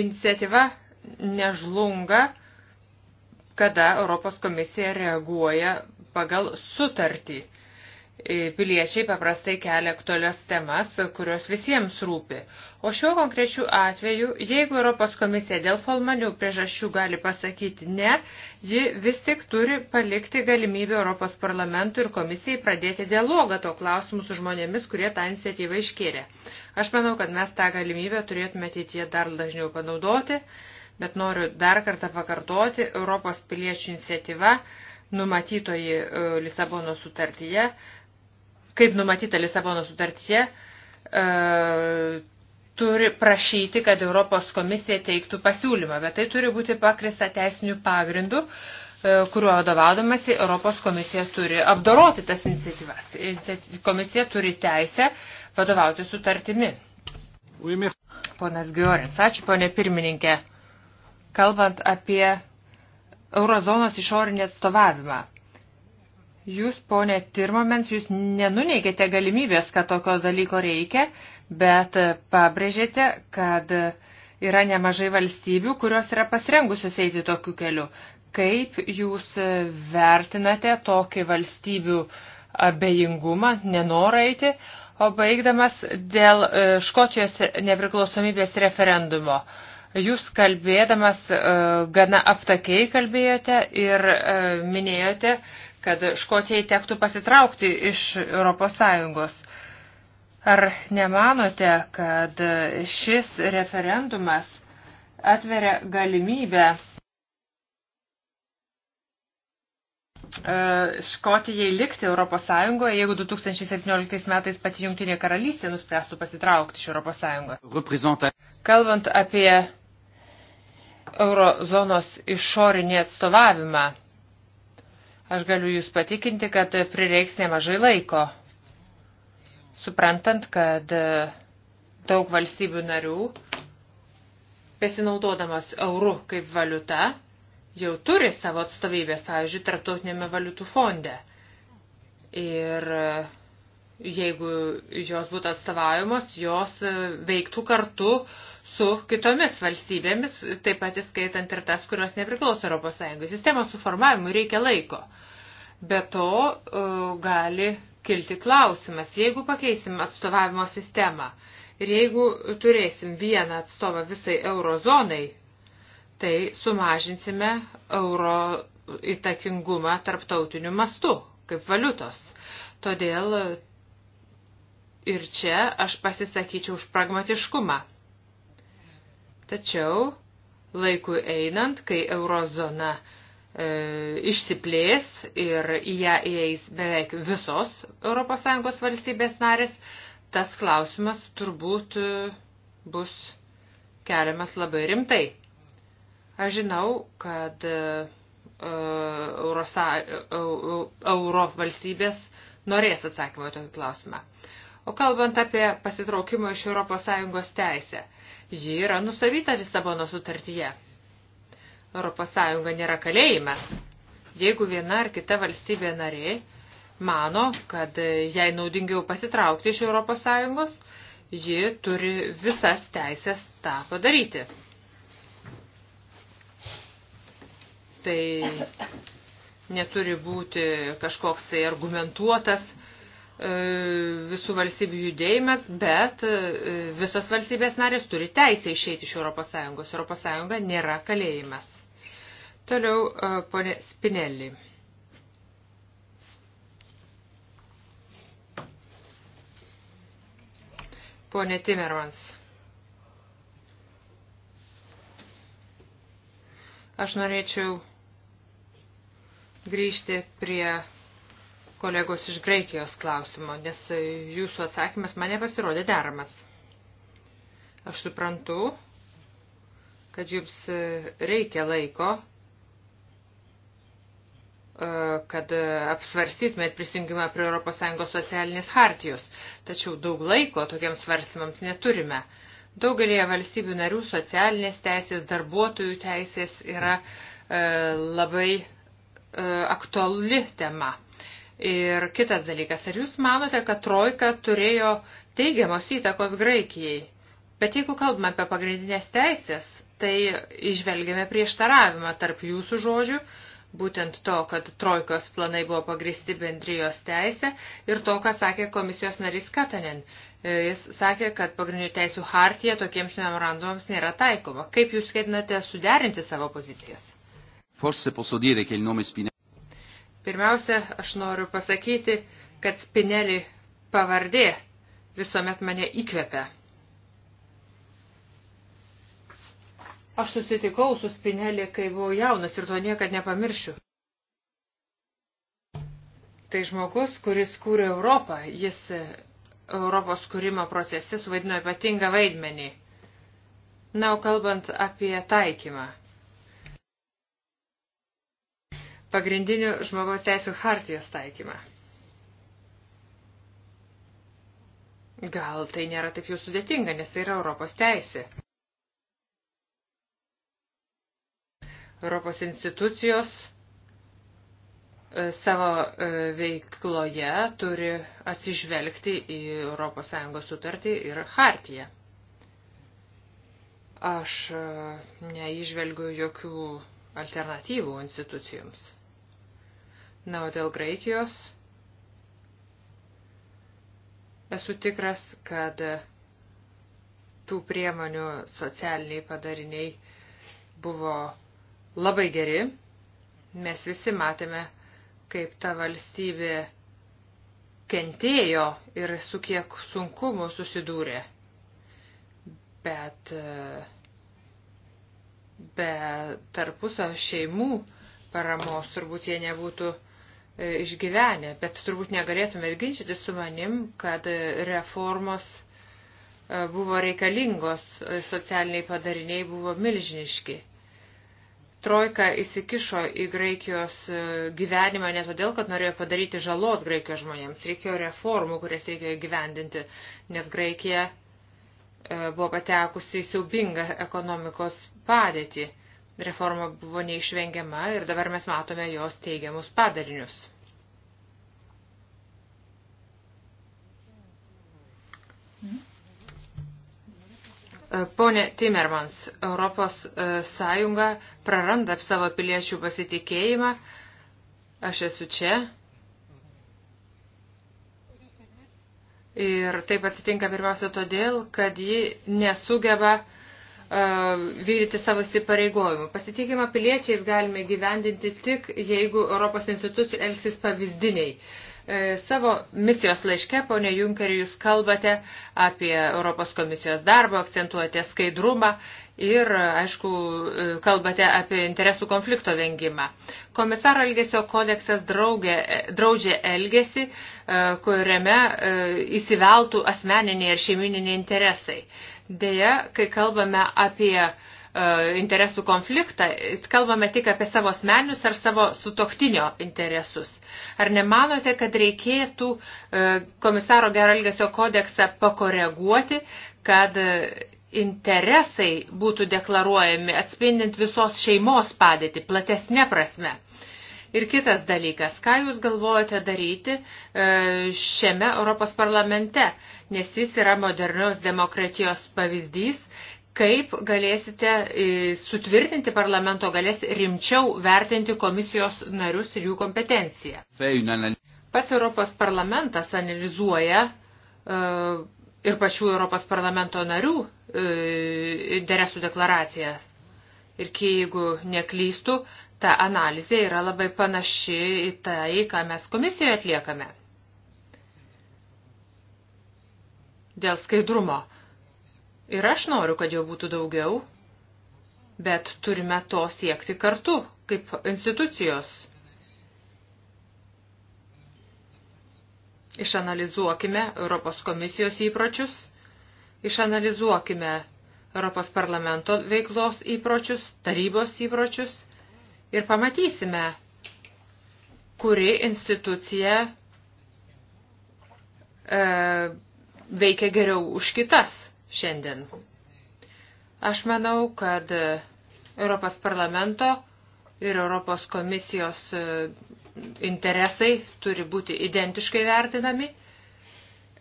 Iniciatyva nežlunga, kada Europos komisija reaguoja pagal sutartį E, piliečiai paprastai kelia aktualias temas, kurios visiems rūpi. O šiuo konkrečiu atveju, jeigu Europos komisija dėl formalių priežasčių gali pasakyti ne, ji vis tik turi palikti galimybę Europos parlamentui ir komisijai pradėti dialogą to klausimu su žmonėmis, kurie tą iniciatyvą iškėlė. Aš manau, kad mes tą galimybę turėtume ateityje dar dažniau panaudoti, bet noriu dar kartą pakartoti, Europos piliečių iniciatyva numatytoji e, Lisabono sutartyje kaip numatyta Lisabono sutartyje, e, turi prašyti, kad Europos komisija teiktų pasiūlymą, bet tai turi būti pakrista teisinių pagrindų, e, kuriuo vadovaudomasi Europos komisija turi apdoroti tas iniciatyvas. Komisija turi teisę vadovauti sutartimi. Ponas Giorins, ačiū ponė pirmininkė. Kalbant apie eurozonos išorinį atstovavimą. Jūs, ponė Tirmomens, jūs nenuneigėte galimybės, kad tokio dalyko reikia, bet pabrėžėte, kad yra nemažai valstybių, kurios yra pasirengusios eiti tokiu keliu. Kaip jūs vertinate tokį valstybių abejingumą, nenorą eiti, o baigdamas dėl e, Škočijos nepriklausomybės referendumo? Jūs kalbėdamas e, gana aptakiai kalbėjote ir e, minėjote, kad Škotijai tektų pasitraukti iš ES. Ar nemanote, kad šis referendumas atveria galimybę e, Škotijai likti ES, jeigu 2017 metais pati Jungtinė karalystė nuspręstų pasitraukti iš ES. Kalbant apie eurozonos išorinį atstovavimą, Aš galiu Jūs patikinti, kad prireiks nemažai laiko, suprantant, kad e, daug valstybių narių, pasinaudodamas eurų kaip valiuta, jau turi savo atstovybės, pavyzdžiui, tarptautinėme valiutų fonde. Ir e, jeigu jos būtų atstovaujamos, jos e, veiktų kartu uh, su kitomis valstybėmis, taip pat įskaitant ir tas, kurios nepriklauso Europos Sąjungai. Sistemos suformavimui reikia laiko. Be to e, gali kilti klausimas, jeigu pakeisim atstovavimo sistemą ir jeigu turėsim vieną atstovą visai eurozonai, tai sumažinsime euro įtakingumą tarptautiniu mastu, kaip valiutos. Todėl ir čia aš pasisakyčiau už pragmatiškumą. Tačiau laikui einant, kai eurozona e, išsiplės ir į ją įeis beveik visos ES valstybės narės, tas klausimas turbūt e, bus keliamas labai rimtai. Aš žinau, kad e, e, Eurosa, euro valstybės norės atsakymą į tokį klausimą. O kalbant apie pasitraukimą iš ES teisę, Ji yra nusavyta Lisabono sutartyje. ES nėra kalėjimas. Jeigu viena ar kita valstybė narė mano, kad jai naudingiau pasitraukti iš ES, ji turi visas teisės tą padaryti. Tai neturi būti kažkoks tai argumentuotas E, visų valstybių judėjimas, bet e, visos valstybės narės turi teisę išeiti iš ES. ES nėra kalėjimas. Toliau e, ponė Spinelli. Pone Timmermans. Aš norėčiau grįžti prie kolegos iš Graikijos klausimo, nes jūsų atsakymas mane pasirodė deramas. Aš suprantu, kad jums reikia laiko, e, kad apsvarstytumėt prisijungimą prie ES socialinės hartijos. Tačiau daug laiko tokiems svarstymams neturime. Daugelėje valstybių narių socialinės teisės, darbuotojų teisės yra e, labai e, aktuali tema. Ir kitas dalykas, ar jūs manote, kad trojka turėjo teigiamos įtakos Graikijai? Bet jeigu kalbame apie pagrindinės teisės, tai išvelgiame prieštaravimą tarp jūsų žodžių, būtent to, kad trojkos planai buvo pagristi bendrijos teisė ir to, ką sakė komisijos narys Katanen. E, jis sakė, kad pagrindinių teisų hartija tokiems memorandumams nėra taikoma. Kaip jūs ketinate suderinti savo pozicijas? Forse posso dire che il nome Spinelli Pirmiausia, aš noriu pasakyti, kad Spinelį pavardė visuomet mane įkvepia. Aš susitikau su Spinelį, kai buvau jaunas ir to niekad nepamiršiu. Tai žmogus, kuris kūrė Europą, jis e, Europos kūrimo procese suvaidino ypatingą vaidmenį. Na, o kalbant apie taikymą – pagrindinių žmogaus teisų hartijos taikymą. Gal tai nėra taip jau sudėtinga, nes tai yra Europos teisė. Europos institucijos e, savo e, veikloje turi atsižvelgti į ES sutartį ir hartiją. Aš e, neižvelgiu jokių alternatyvų institucijoms. Na, o dėl Graikijos esu tikras, kad tų priemonių socialiniai padariniai buvo labai geri. Mes visi matėme, kaip ta valstybė kentėjo ir su kiek sunkumu susidūrė. Bet be tarpusio šeimų paramos turbūt jie nebūtų E, išgyvenę, bet turbūt negalėtume ir ginčyti su manim, kad reformos e, buvo reikalingos, e, socialiniai padariniai buvo milžiniški. Trojka įsikišo į Graikijos gyvenimą ne todėl, kad norėjo padaryti žalos Graikijos žmonėms, reikėjo reformų, kurias reikėjo gyvendinti, nes Graikija buvo patekusi į siaubingą ekonomikos padėtį Reforma buvo neišvengiama ir dabar mes matome jos teigiamus padarinius. Pone Timmermans, Europos e, Sąjunga praranda savo piliečių pasitikėjimą. Aš esu čia. Ir taip atsitinka pirmiausia todėl, kad ji nesugeba vykdyti savo įsipareigojimų. Pasitikimą piliečiais galime gyvendinti tik, jeigu Europos institucijų elgsis pavyzdiniai. E, savo misijos laiške, ponė Junkeri, jūs kalbate apie Europos komisijos darbą, akcentuojate skaidrumą ir, aišku, e, kalbate apie interesų konflikto vengimą. Komisaro elgesio kodeksas draugė, e, draudžia elgesį, kuriame įsiveltų asmeniniai ir šeimininiai interesai. Deja, kai kalbame apie e, interesų konfliktą, kalbame tik apie savo asmenius ar savo sutoktinio interesus. Ar nemanote, kad reikėtų e, komisaro geralgesio kodeksą pakoreguoti, kad e, interesai būtų deklaruojami atspindint visos šeimos padėtį platesnė prasme? Ir kitas dalykas, ką jūs galvojate daryti e, šiame Europos parlamente, nes jis yra modernios demokratijos pavyzdys, kaip galėsite e, sutvirtinti parlamento galės rimčiau vertinti komisijos narius ir jų kompetenciją. Pats Europos parlamentas analizuoja e, ir pačių Europos parlamento narių interesų deklaracijas. Ir kai, jeigu neklystų, ta analizė yra labai panaši į tai, ką mes komisijoje atliekame. Dėl skaidrumo. Ir aš noriu, kad jau būtų daugiau, bet turime to siekti kartu, kaip institucijos. Išanalizuokime Europos komisijos įpročius, išanalizuokime Europos parlamento veiklos įpročius, tarybos įpročius – ir pamatysime, kuri institucija e, veikia geriau už kitas šiandien. Aš manau, kad Europos parlamento ir Europos komisijos e, interesai turi būti identiškai vertinami.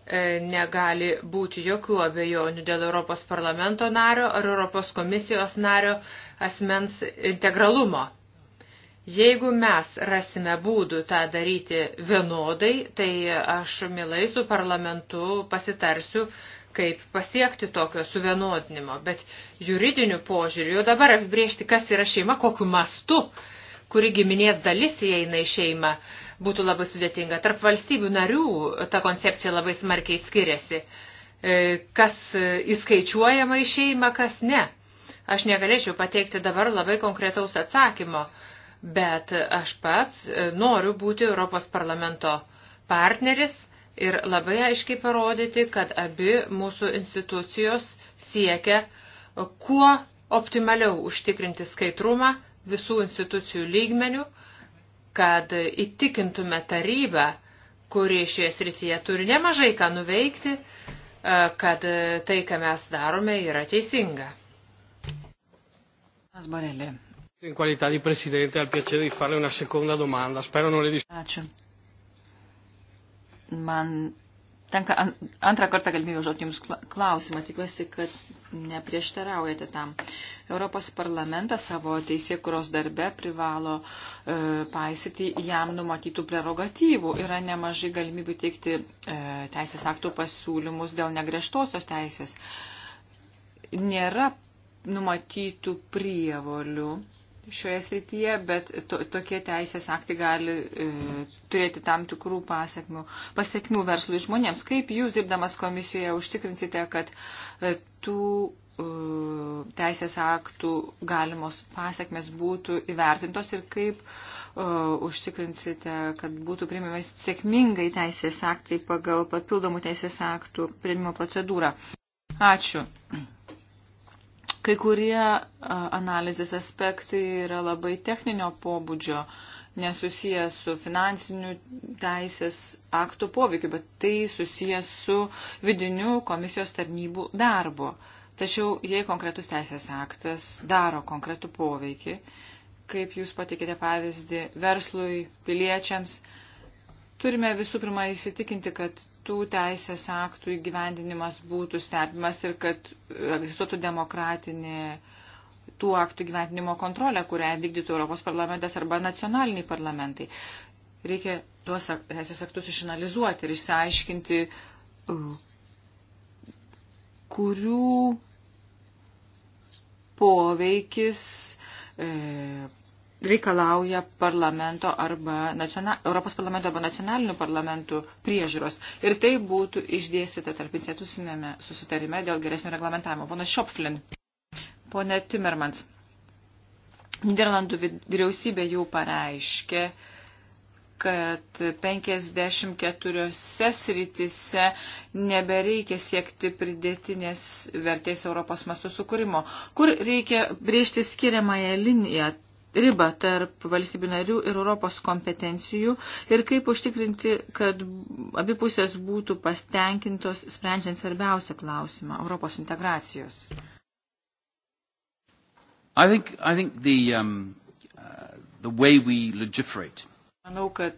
E, negali būti jokių abejonių dėl Europos parlamento nario ar Europos komisijos nario asmens integralumo. Jeigu mes rasime būdų tą daryti vienodai, tai aš milai su parlamentu pasitarsiu, kaip pasiekti tokio suvienodinimo. Bet juridiniu požiūriu jau dabar apibriežti, kas yra šeima, kokiu mastu, kuri giminės dalis įeina į šeimą, būtų labai sudėtinga. Tarp valstybių narių ta koncepcija labai smarkiai skiriasi. E, kas įskaičiuojama į šeimą, kas ne. Aš negalėčiau pateikti dabar labai konkretaus atsakymo bet aš pats e, noriu būti Europos parlamento partneris ir labai aiškiai parodyti, kad abi mūsų institucijos siekia e, kuo optimaliau užtikrinti skaidrumą visų institucijų lygmenių, kad įtikintume tarybą, kuri šioje srityje turi nemažai ką nuveikti, e, kad tai, ką mes darome, yra teisinga. Asbarelė, In qualità di Presidente ha il piacere di farle una seconda domanda, spero non le dispiace. Man tenka antrą kartą galimybę užduoti Jums klausimą, tikiuosi, kad neprieštaraujate tam. Europos parlamentas savo teisėkuros darbe privalo e, paisyti jam numatytų prerogatyvų. Yra nemažai galimybių teikti e, teisės aktų pasiūlymus dėl negriežtosios teisės. Nėra numatytų prievolių šioje srityje, bet to, tokie teisės aktai gali e, turėti tam tikrų pasiekmių, pasiekmių verslui žmonėms. Kaip jūs, dirbdamas komisijoje, užtikrinsite, kad e, tų e, teisės aktų galimos pasiekmes būtų įvertintos ir kaip e, užtikrinsite, kad būtų priimimais sėkmingai teisės aktai pagal papildomų teisės aktų priimimo procedūrą? Ačiū. Kai kurie analizės aspektai yra labai techninio pobūdžio, nesusijęs su finansiniu teisės aktų poveikiu, bet tai susijęs su vidiniu komisijos tarnybų darbu. Tačiau jei konkretus teisės aktas daro konkretų poveikį, kaip jūs patikite pavyzdį verslui, piliečiams, turime visų pirma įsitikinti, kad tų teisės aktų įgyvendinimas būtų stebimas ir kad e, egzistuotų demokratinė tų aktų gyventinimo kontrolę, kurią vykdytų Europos parlamentas arba nacionaliniai parlamentai. Reikia tuos teisės aktus išanalizuoti ir išsiaiškinti, e, kurių poveikis e, reikalauja parlamento arba nacional, Europos parlamento arba nacionalinių parlamentų priežiūros. Ir tai būtų išdėstyta tarp institucinėme susitarime dėl geresnio reglamentavimo. Ponas Šopflin, ponė Timmermans, Niderlandų vyriausybė jau pareiškė, kad 54 sritise nebereikia siekti pridėtinės vertės Europos mastų sukūrimo, kur reikia brėžti skiriamąją liniją ribą tarp valstybių narių ir Europos kompetencijų ir kaip užtikrinti, kad abi pusės būtų pastenkintos sprendžiant svarbiausią klausimą – Europos integracijos. I think, I think the, um, uh, the way we legiferate. Manau, kad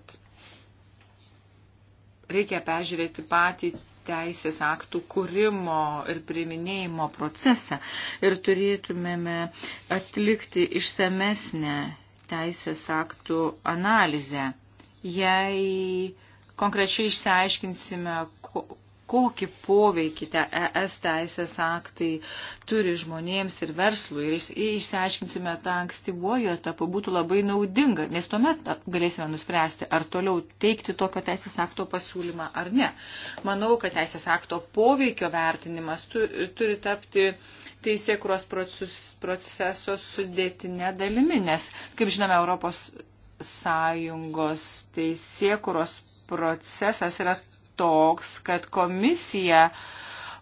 reikia peržiūrėti patį teisės aktų kūrimo ir priminėjimo procesą ir turėtumėme atlikti išsamesnę teisės aktų analizę. Jei konkrečiai išsiaiškinsime, kokį poveikį te ES teisės aktai turi žmonėms ir verslui. Ir išsiaiškinsime tą ankstyvuoju etapu, būtų labai naudinga, nes tuomet galėsime nuspręsti, ar toliau teikti tokio teisės akto pasiūlymą ar ne. Manau, kad teisės akto poveikio vertinimas tu, turi tapti teisėkuros proceso sudėtinė dalimi, nes, kaip žinome, Europos Sąjungos teisėkuros procesas yra toks, kad komisija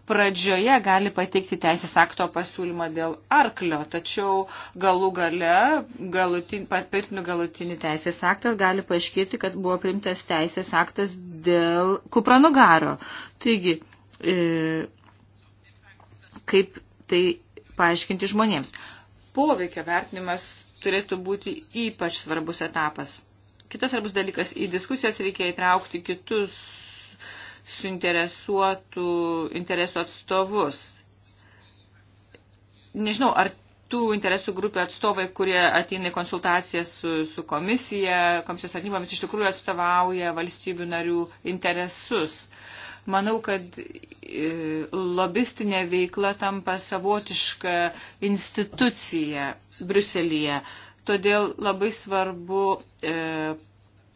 pradžioje gali pateikti teisės akto pasiūlymą dėl arklio, tačiau galų gale galutin, patvirtinu galutinį teisės aktas gali paaiškėti, kad buvo primtas teisės aktas dėl kupranugaro. Taigi, e, kaip tai paaiškinti žmonėms. Poveikio vertinimas turėtų būti ypač svarbus etapas. Kitas svarbus dalykas, į diskusijas reikia įtraukti kitus suinteresuotų interesų atstovus. Nežinau, ar tų interesų grupių atstovai, kurie ateina į konsultacijas su, su komisija, komisijos tarnybomis, iš tikrųjų atstovauja valstybių narių interesus. Manau, kad e, lobistinė veikla tampa savotiška institucija Bruselėje. Todėl labai svarbu e,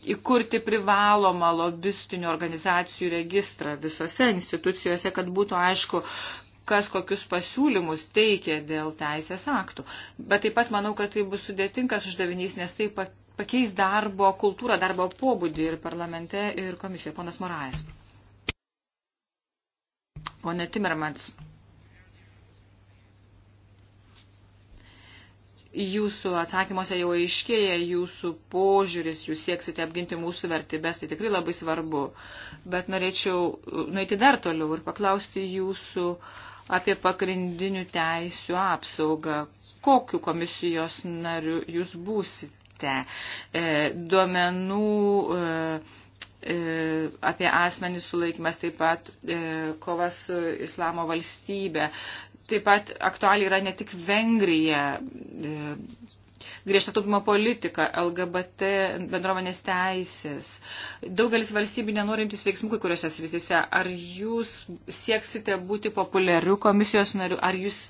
įkurti privalomą lobistinių organizacijų registrą visose institucijose, kad būtų aišku, kas kokius pasiūlymus teikia dėl teisės aktų. Bet taip pat manau, kad tai bus sudėtingas uždavinys, nes tai pakeis darbo kultūrą, darbo pobūdį ir parlamente, ir komisijoje. Ponas Morais. Pone Timermans. jūsų atsakymuose jau aiškėja jūsų požiūris, jūs sieksite apginti mūsų vertybės, tai tikrai labai svarbu. Bet norėčiau nueiti dar toliau ir paklausti jūsų apie pagrindinių teisių apsaugą. Kokiu komisijos nariu jūs būsite? E, duomenų. E, e apie asmenį sulaikymas, taip pat e, kova su islamo valstybė. Taip pat aktualiai yra ne tik Vengrija, e, griežta taupimo politika, LGBT bendruomenės teisės. Daugelis valstybių nenorintis veiksmų kai kuriuose srityse. Ar jūs sieksite būti populiariu komisijos nariu, ar jūs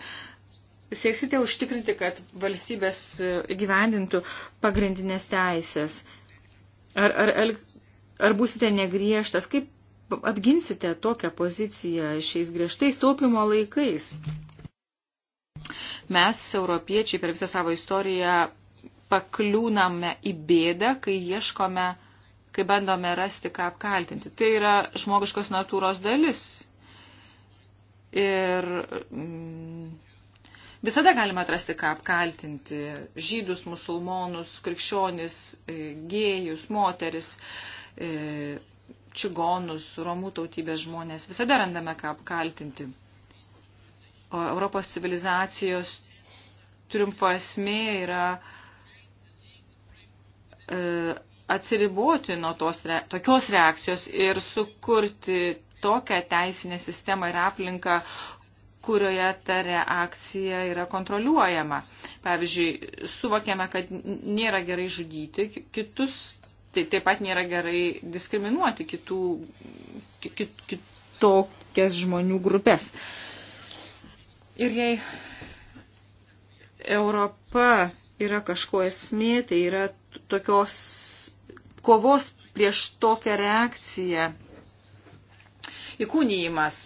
sieksite užtikrinti, kad valstybės e, gyvendintų pagrindinės teisės? Ar, ar, ar, ar būsite negriežtas? Kaip apginsite tokią poziciją šiais griežtais taupimo laikais? Mes, europiečiai, per visą savo istoriją pakliūname į bėdą, kai ieškome, kai bandome rasti, ką apkaltinti. Tai yra žmogiškos natūros dalis. Ir mm, visada galima atrasti, ką apkaltinti. Žydus, musulmonus, krikščionis, e, gėjus, moteris. E, čigonus, romų tautybės žmonės, visada randame ką apkaltinti. O Europos civilizacijos triumfo esmė yra e, atsiriboti nuo tos, re, tokios reakcijos ir sukurti tokią teisinę sistemą ir aplinką, kurioje ta reakcija yra kontroliuojama. Pavyzdžiui, suvokėme, kad nėra gerai žudyti kitus tai taip pat nėra gerai diskriminuoti kitų, kit, kitokias žmonių grupės. Ir jei Europa yra kažko esmė, tai yra tokios kovos prieš tokią reakciją įkūnyjimas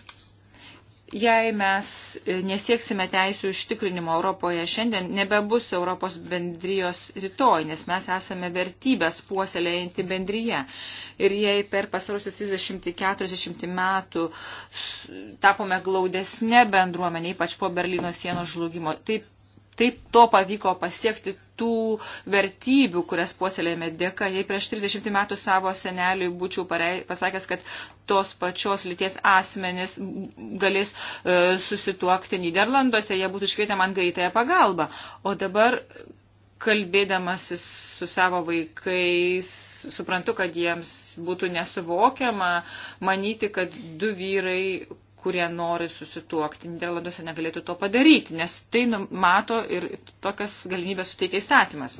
jei mes e, nesieksime teisų ištikrinimo Europoje šiandien, nebebus Europos bendrijos rytoj, nes mes esame vertybės puoselėjantį bendryje. Ir jei per pasarosius 30-40 metų tapome glaudesnė bendruomenė, ypač po Berlyno sienos žlugimo, taip, taip to pavyko pasiekti tų vertybių, kurias puoselėjame dėka. Jei prieš 30 metų savo seneliui būčiau pasakęs, kad tos pačios lyties asmenis galės e, susituokti Niderlanduose, jie būtų iškvietę man greitąją pagalbą. O dabar kalbėdamasi su savo vaikais, suprantu, kad jiems būtų nesuvokiama manyti, kad du vyrai, kurie nori susituokti Niderlanduose negalėtų to padaryti, nes tai mato ir tokias galimybės suteikia įstatymas.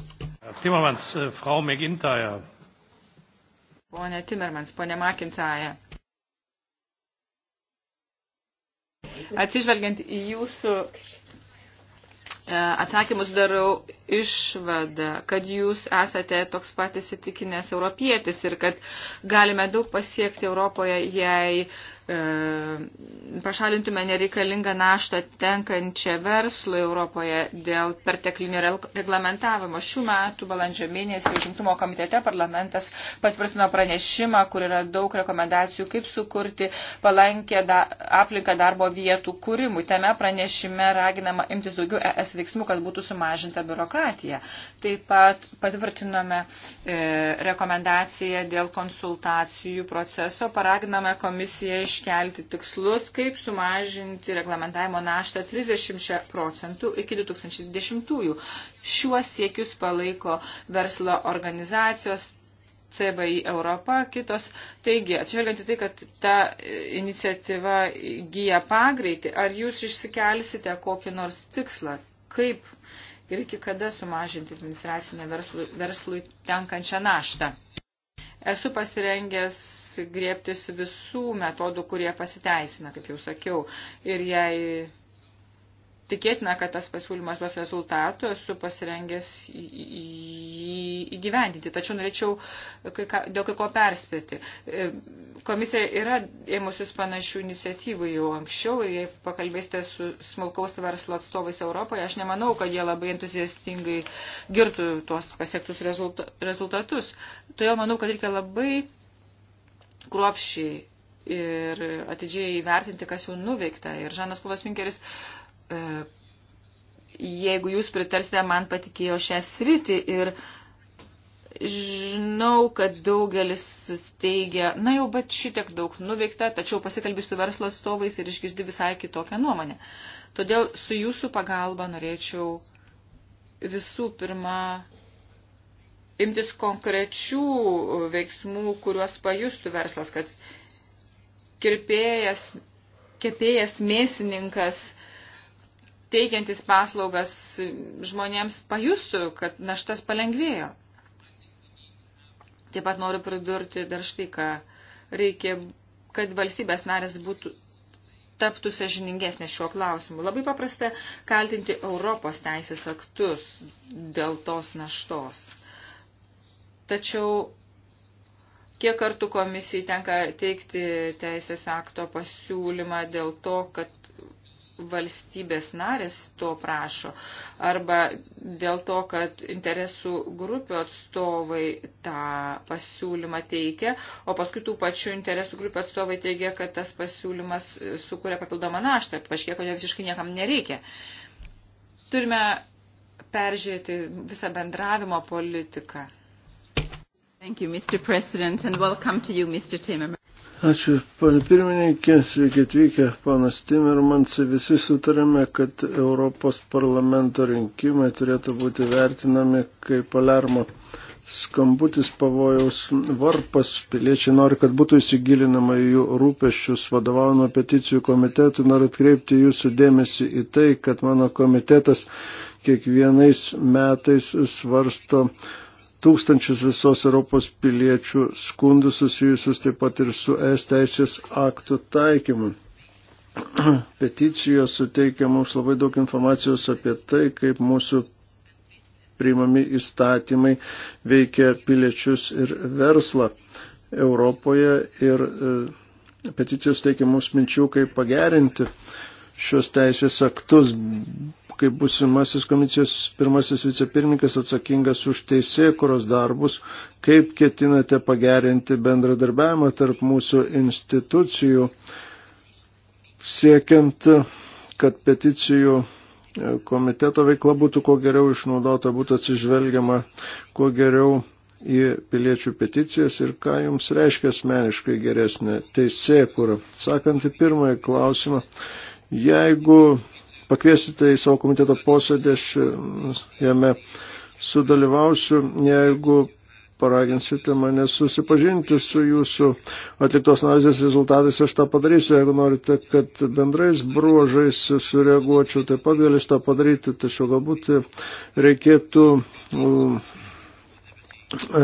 Timmermans, e, Frau McIntyre. Pone Timmermans, pone McIntyre. Atsižvelgiant į jūsų e, atsakymus darau išvadą, kad jūs esate toks pat įsitikinęs europietis ir kad galime daug pasiekti Europoje, jei uh, E, pašalintume nereikalingą naštą tenkančią verslui Europoje dėl perteklinio reglamentavimo. Šių metų balandžio mėnesį užimtumo komitete parlamentas patvirtino pranešimą, kur yra daug rekomendacijų, kaip sukurti palankę da, aplinką darbo vietų kūrimui. Tame pranešime raginama imtis daugiau ES veiksmų, kad būtų sumažinta biurokratija. Taip pat patvirtinome e, rekomendaciją dėl konsultacijų proceso, paraginame komisiją iškelti tikslus, kaip sumažinti reglamentavimo naštą 30 procentų iki 2010-ųjų. Šiuos siekius palaiko verslo organizacijos. CBI Europa, kitos. Taigi, atšvelgiant į tai, kad ta iniciatyva gyja pagreitį, ar jūs išsikelsite kokį nors tikslą, kaip ir iki kada sumažinti administracinę verslui, verslui tenkančią naštą? Esu pasirengęs griebtis visų metodų, kurie pasiteisina, kaip jau sakiau. Ir jei tikėtina, kad tas pasiūlymas duos rezultatų, esu pasirengęs jį įgyvendinti. Tačiau norėčiau kai ką, dėl kai ko perspėti. E, komisija yra ėmusius panašių iniciatyvų jau anksčiau ir jei pakalbėsite su smulkaus verslo atstovais Europoje, aš nemanau, kad jie labai entuziastingai girtų tuos pasiektus rezultatus. Todėl manau, kad reikia labai kruopšiai ir atidžiai įvertinti, kas jau nuveikta. Ir Žanas Klovas Junkeris uh, E, jeigu jūs pritarsite, man patikėjo šią sritį ir žinau, kad daugelis steigia, na jau, bet šitiek daug nuveikta, tačiau pasikalbį su verslo atstovais ir išgirdi visai kitokią nuomonę. Todėl su jūsų pagalba norėčiau visų pirma imtis konkrečių veiksmų, kuriuos pajustų verslas, kad kirpėjas, kepėjas, mėsininkas, teikiantis paslaugas žmonėms pajustų, kad naštas palengvėjo. Taip pat noriu pridurti dar štai, ką reikia, kad valstybės narės būtų taptų sažiningesnės šiuo klausimu. Labai paprasta kaltinti Europos teisės aktus dėl tos naštos. Tačiau kiek kartų komisijai tenka teikti teisės akto pasiūlymą dėl to, kad valstybės narės to prašo arba dėl to, kad interesų grupių atstovai tą pasiūlymą teikia, o paskui tų pačių interesų grupių atstovai teigia, kad tas pasiūlymas sukuria papildomą naštą, tai paaiškėjo, kad jo visiškai niekam nereikia. Turime peržiūrėti visą bendravimo politiką. Thank you, Mr. President, and welcome to you, Mr. Timmermans. Ačiū, panė pirmininkė, sveiki atvykę, panas Timermans. Visi sutarėme, kad Europos parlamento rinkimai turėtų būti vertinami kaip alarmo skambutis pavojaus varpas. Piliečiai nori, kad būtų įsigilinama į jų rūpeščius, vadovaujama peticijų komitetui. Noriu atkreipti jūsų dėmesį į tai, kad mano komitetas kiekvienais metais svarsto tūkstančius visos Europos piliečių skundų susijusius taip pat ir su es teisės aktų taikymu. Peticijos suteikia mums labai daug informacijos apie tai, kaip mūsų priimami įstatymai veikia piliečius ir verslą Europoje ir e, peticijos teikia mums minčių, kaip pagerinti šios teisės aktus kaip busimasis komisijos pirmasis vicepirmininkas atsakingas už teisėkuros darbus, kaip ketinate pagerinti bendradarbiavimą tarp mūsų institucijų, siekiant, kad peticijų e, komiteto veikla būtų kuo geriau išnaudota, būtų atsižvelgiama kuo geriau į piliečių peticijas ir ką jums reiškia asmeniškai geresnė teisėkura. Sakant į pirmąjį klausimą, jeigu pakviesite į savo komiteto posėdį, aš mm, jame sudalyvausiu, jeigu paraginsite mane susipažinti su jūsų atliktos analizės rezultatais, aš tą padarysiu, jeigu norite, kad bendrais bruožais sureaguočiau, taip pat galiu tą padaryti, tačiau galbūt reikėtų mm, e,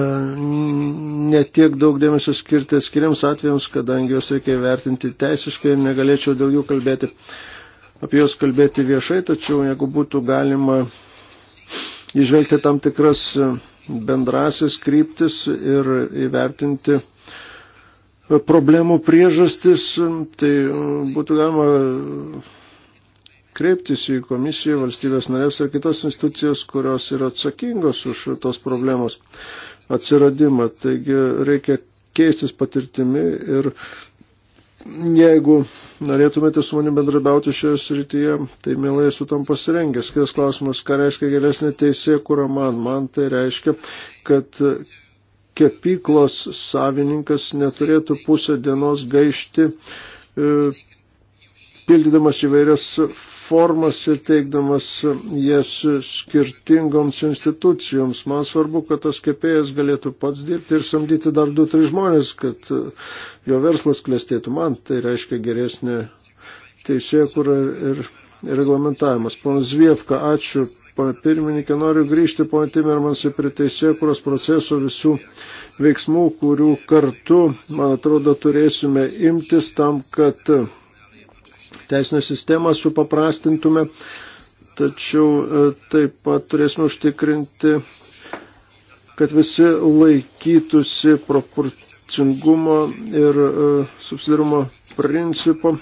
ne tiek daug dėmesio skirti skiriams atvejams, kadangi juos reikia vertinti teisiškai ir negalėčiau dėl jų kalbėti apie juos kalbėti viešai, tačiau jeigu būtų galima išvelgti tam tikras e, bendrasis kryptis ir įvertinti e, problemų priežastis, tai e, būtų galima kreiptis į komisiją, valstybės narės ir kitas institucijas, kurios yra atsakingos už tos problemos atsiradimą. Taigi reikia keistis patirtimi ir uh, Jeigu norėtumėte su manimi bendrabiauti šioje srityje, tai mielai esu tam pasirengęs. Kitas klausimas, ką reiškia geresnė teisė, kurą man? Man tai reiškia, kad kepyklos savininkas neturėtų pusę dienos gaišti e, pildydamas įvairias formas ir teikdamas jas skirtingoms institucijoms. Man svarbu, kad tas kepėjas galėtų pats dirbti ir samdyti dar du, tris žmonės, kad jo verslas klestėtų. Man tai reiškia geresnė teisėkura ir reglamentavimas. Ponas Zviefka, ačiū. Pane pirmininkė, noriu grįžti, pane Timermansai, prie teisėkuros proceso visų veiksmų, kurių kartu, man atrodo, turėsime imtis tam, kad teisinę sistemą supaprastintume, tačiau e, taip pat turėsime užtikrinti, kad visi laikytųsi proporcingumo ir e, subsidirumo principo.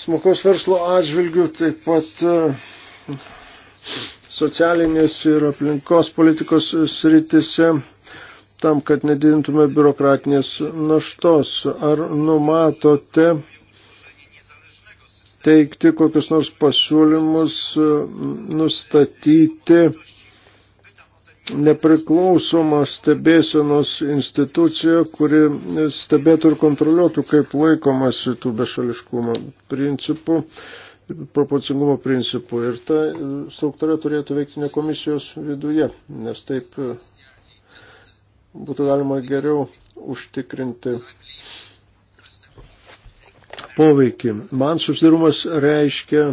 Smokos verslo atžvilgių taip pat e, socialinės ir aplinkos politikos sritise tam, kad nedidintume biurokratinės naštos. Ar numatote teikti kokius nors pasiūlymus, nustatyti nepriklausomą stebėsenos instituciją, kuri stebėtų ir kontroliuotų, kaip laikomasi tų bešališkumo principų, proporcingumo principų. Ir ta struktūra turėtų veikti ne komisijos viduje, nes taip būtų galima geriau užtikrinti poveikį. Man susidarumas reiškia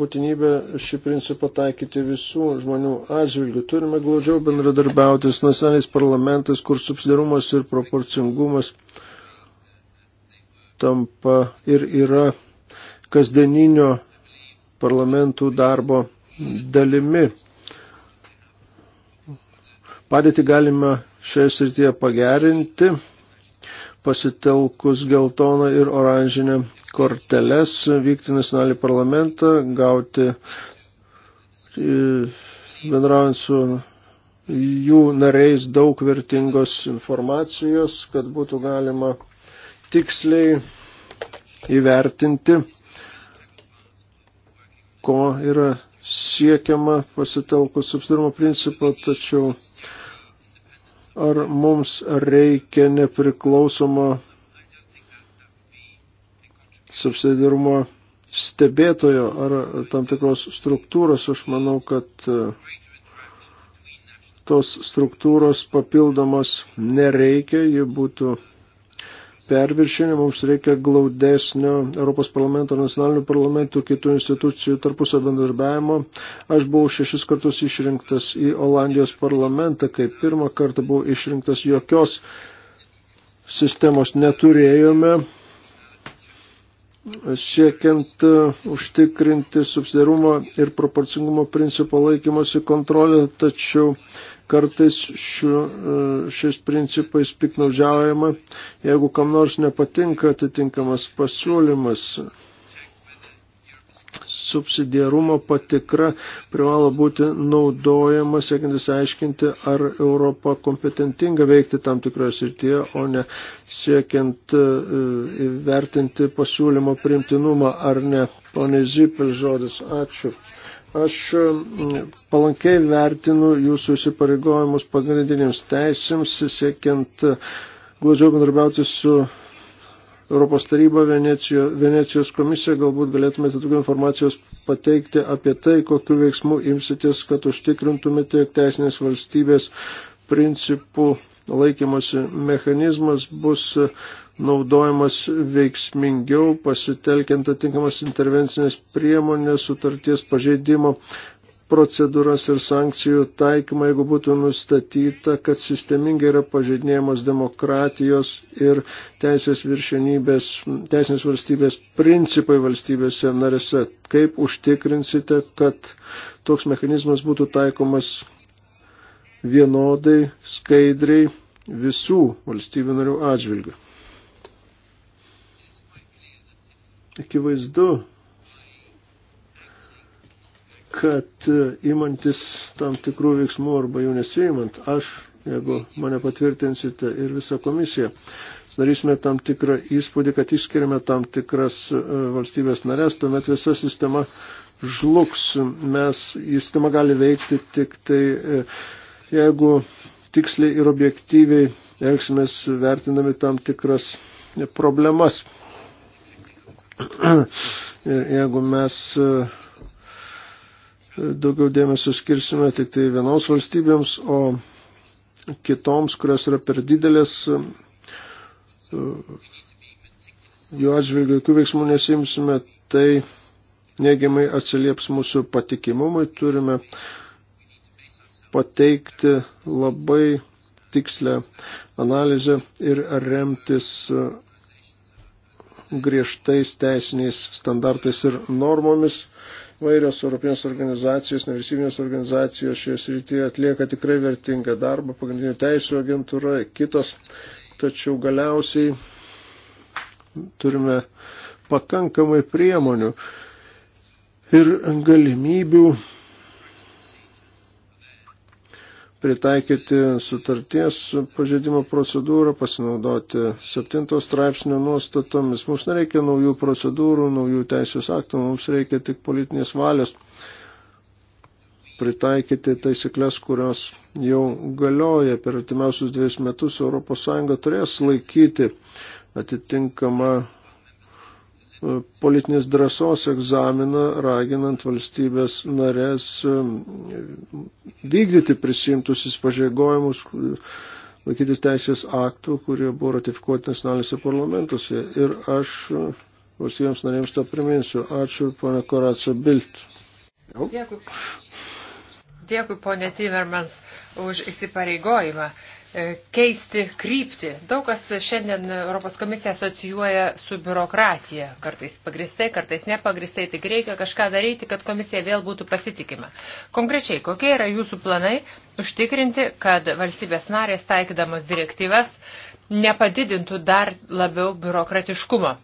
būtinybę šį principą taikyti visų žmonių atžvilgių. Turime glaudžiau bendradarbiauti su nacionaliais parlamentais, kur subsidarumas ir proporcingumas tampa ir yra kasdieninio parlamentų darbo dalimi. Padėtį galima šioje srityje pagerinti, pasitelkus geltoną ir oranžinę korteles, vykti nacionalinį parlamentą, gauti e, bendraujant su jų nariais daug vertingos informacijos, kad būtų galima tiksliai įvertinti, ko yra siekiama pasitelkus subsidarumo principą, tačiau ar mums reikia nepriklausomo subsidarumo stebėtojo ar tam tikros struktūros, aš manau, kad e, tos struktūros papildomos nereikia, ji būtų perviršinį, mums reikia glaudesnio Europos parlamento, nacionalinių parlamentų, kitų institucijų tarpusio bendarbiavimo. Aš buvau šešis kartus išrinktas į Olandijos parlamentą, kai pirmą kartą buvau išrinktas jokios sistemos neturėjome siekiant e, užtikrinti subsidarumo ir proporcingumo principo laikymosi kontrolę, tačiau kartais šiu, e, šiais principais piknaudžiaujama, jeigu kam nors nepatinka atitinkamas pasiūlymas. Subsidiarumo patikra privalo būti naudojama, siekiant įsiaiškinti, ar Europa kompetentinga veikti tam tikroje srityje, o ne siekiant e, įvertinti pasiūlymo primtinumą ar ne. Pane Zipel žodis, ačiū. Aš mm, palankiai vertinu jūsų įsipareigojimus pagrindinėms teisėms, siekiant e, glaudžiau bendrabiauti su Europos taryba Venecijo, Venecijos komisija. Galbūt galėtumėte daugiau informacijos pateikti apie tai, kokiu veiksmu imsitės, kad užtikrintumėte, jog teisinės valstybės principų laikymosi mechanizmas bus naudojamas veiksmingiau, pasitelkiant atinkamas intervencinės priemonės, sutarties pažeidimo procedūras ir sankcijų taikymą, jeigu būtų nustatyta, kad sistemingai yra pažeidinėjamos demokratijos ir teisės viršenybės, teisinės valstybės principai valstybėse narėse. Kaip užtikrinsite, kad toks mechanizmas būtų taikomas vienodai, skaidriai visų valstybių narių atžvilgių? akivaizdu, kad įmantis e, tam tikrų veiksmų arba jų nesijimant, aš, jeigu mane patvirtinsite ir visą komisiją, sudarysime tam tikrą įspūdį, kad išskiriame tam tikras e, valstybės narės, tuomet visa sistema žlugs. Mes, sistema gali veikti tik tai, e, jeigu tiksliai ir objektyviai elgsimės vertinami tam tikras problemas. Ir jeigu mes e, daugiau dėmesio skirsime tik tai vienos valstybėms, o kitoms, kurios yra per didelės, e, jų atžvilgių jokių veiksmų nesimsime, tai neigiamai atsilieps mūsų patikimumui. Turime pateikti labai tikslę analizę ir remtis e, griežtais teisiniais standartais ir normomis. Vairios Europinės organizacijos, nevyriausybinės organizacijos šioje srityje atlieka tikrai vertingą darbą, pagrindinių teisų agentūra, kitos, tačiau galiausiai turime pakankamai priemonių ir galimybių pritaikyti sutarties pažeidimo procedūrą, pasinaudoti septinto straipsnio nuostatomis. Mums nereikia naujų procedūrų, naujų teisės aktų, mums reikia tik politinės valios pritaikyti taisyklės, kurios jau galioja per artimiausius dviejus metus ES turės laikyti atitinkamą politinės drąsos egzaminą, raginant valstybės narės um, vykdyti prisimtus įsipažeigojimus, laikytis teisės aktų, kurie buvo ratifikuoti nacionaliniuose parlamentuose. Ir aš valstybėms narėms tą priminsiu. Ačiū, ponė Koracija Bilt. Dėkui. Dėkui, ponė Timermans, už įsipareigojimą E, keisti kryptį. Daug kas šiandien Europos komisija asocijuoja su biurokratija. Kartais pagristai, kartais nepagristai. Tik reikia kažką daryti, kad komisija vėl būtų pasitikima. Konkrečiai, kokie yra jūsų planai užtikrinti, kad valstybės narės taikydamos direktyvas nepadidintų dar labiau biurokratiškumo?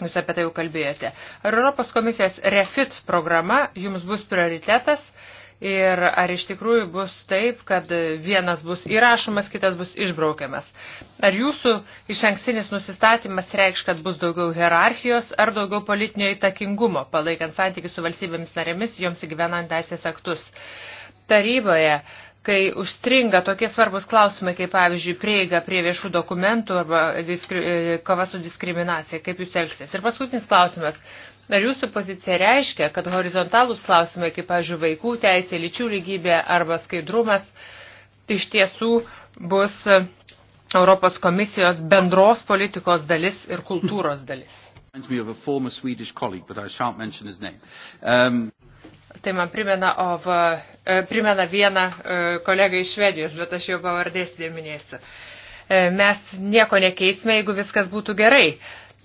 Jūs apie tai jau kalbėjote. Ar Europos komisijos REFIT programa jums bus prioritetas? Uh, ir ar iš tikrųjų bus taip, kad vienas bus įrašomas, kitas bus išbraukiamas. Ar jūsų iš anksinis nusistatymas reikš, kad bus daugiau hierarchijos ar daugiau politinio įtakingumo, palaikant santykių su valstybėmis narėmis, joms įgyvenant teisės aktus? Taryboje kai užstringa tokie svarbus klausimai, kaip pavyzdžiui prieiga prie viešų dokumentų arba diskri, kova su diskriminacija, kaip jūs elgsitės. Ir paskutinis klausimas. Ar jūsų pozicija reiškia, kad horizontalūs klausimai, kaip, pavyzdžiui, vaikų teisė, lyčių lygybė arba skaidrumas, iš tiesų bus Europos komisijos bendros politikos dalis ir kultūros dalis? Um, tai man primena, of, uh, uh, primena vieną uh, kolegą iš Švedijos, bet aš jo pavardės neminėsiu. Mes nieko nekeisime, jeigu viskas būtų gerai.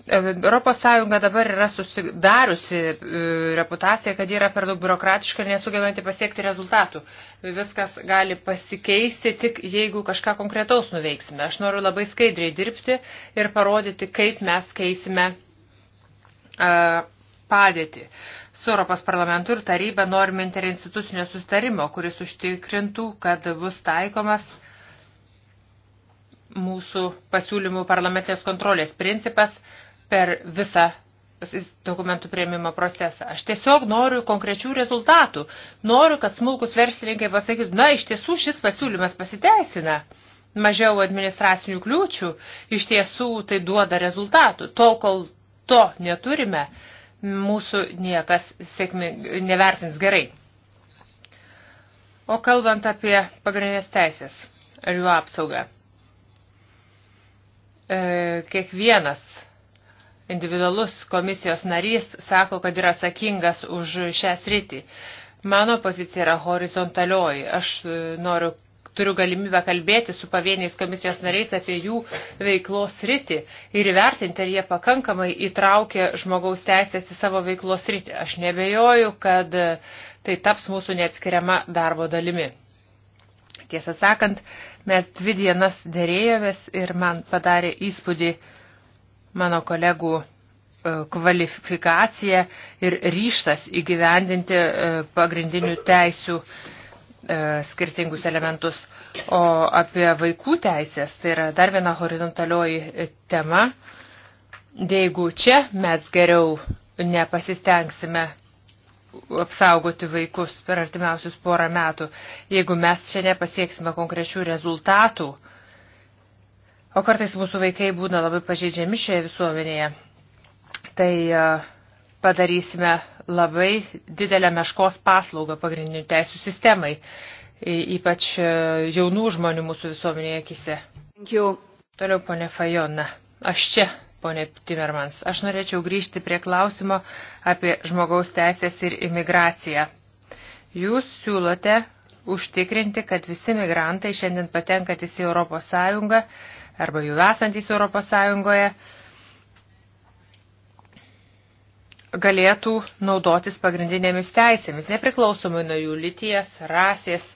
Europos Sąjunga dabar yra susidariusi e, reputacija, kad yra per daug biurokratiška ir nesugebanti pasiekti rezultatų. Viskas gali pasikeisti tik jeigu kažką konkretaus nuveiksime. Aš noriu labai skaidriai dirbti ir parodyti, kaip mes keisime e, padėtį. Su Europos parlamentu ir taryba norime interinstitucinio sustarimo, kuris užtikrintų, kad bus taikomas mūsų pasiūlymų parlamentės kontrolės principas – per visą dokumentų prieimimo procesą. Aš tiesiog noriu konkrečių rezultatų. Noriu, kad smulkus verslininkai pasakytų, na, iš tiesų šis pasiūlymas pasiteisina. Mažiau administracinių kliūčių iš tiesų tai duoda rezultatų. Tol, kol to neturime, mūsų niekas sėkming, nevertins gerai. O kalbant apie pagrindinės teisės ir jų apsaugą. E, kiekvienas individualus komisijos narys sako, kad yra atsakingas už šią sritį. Mano pozicija yra horizontalioji. Aš e, noriu, turiu galimybę kalbėti su pavieniais komisijos nariais apie jų veiklos sritį ir įvertinti, ar jie pakankamai įtraukė žmogaus teisės į savo veiklos sritį. Aš nebejoju, kad e, tai taps mūsų neatskiriama darbo dalimi. Tiesą sakant, mes dvi dienas dėrėjomės ir man padarė įspūdį, mano kolegų e, kvalifikaciją ir ryštas įgyvendinti e, pagrindinių teisių e, skirtingus elementus. O apie vaikų teisės, tai yra dar viena horizontalioji tema. Jeigu čia mes geriau nepasistengsime apsaugoti vaikus per artimiausius porą metų, jeigu mes čia nepasieksime konkrečių rezultatų, uh, O kartais mūsų vaikai būna labai pažeidžiami šioje visuomenėje. Tai e, padarysime labai didelę meškos paslaugą pagrindinių teisų sistemai, ypač e, jaunų žmonių mūsų visuomenėje akise. Toliau, ponė Fajona. Aš čia, ponė Timermans. Aš norėčiau grįžti prie klausimo apie žmogaus teisės ir imigraciją. Jūs siūlote užtikrinti, kad visi migrantai šiandien patenkatys į Europos Sąjungą arba jų esantys Europos Sąjungoje galėtų naudotis pagrindinėmis teisėmis, nepriklausomai nuo jų lyties, rasės,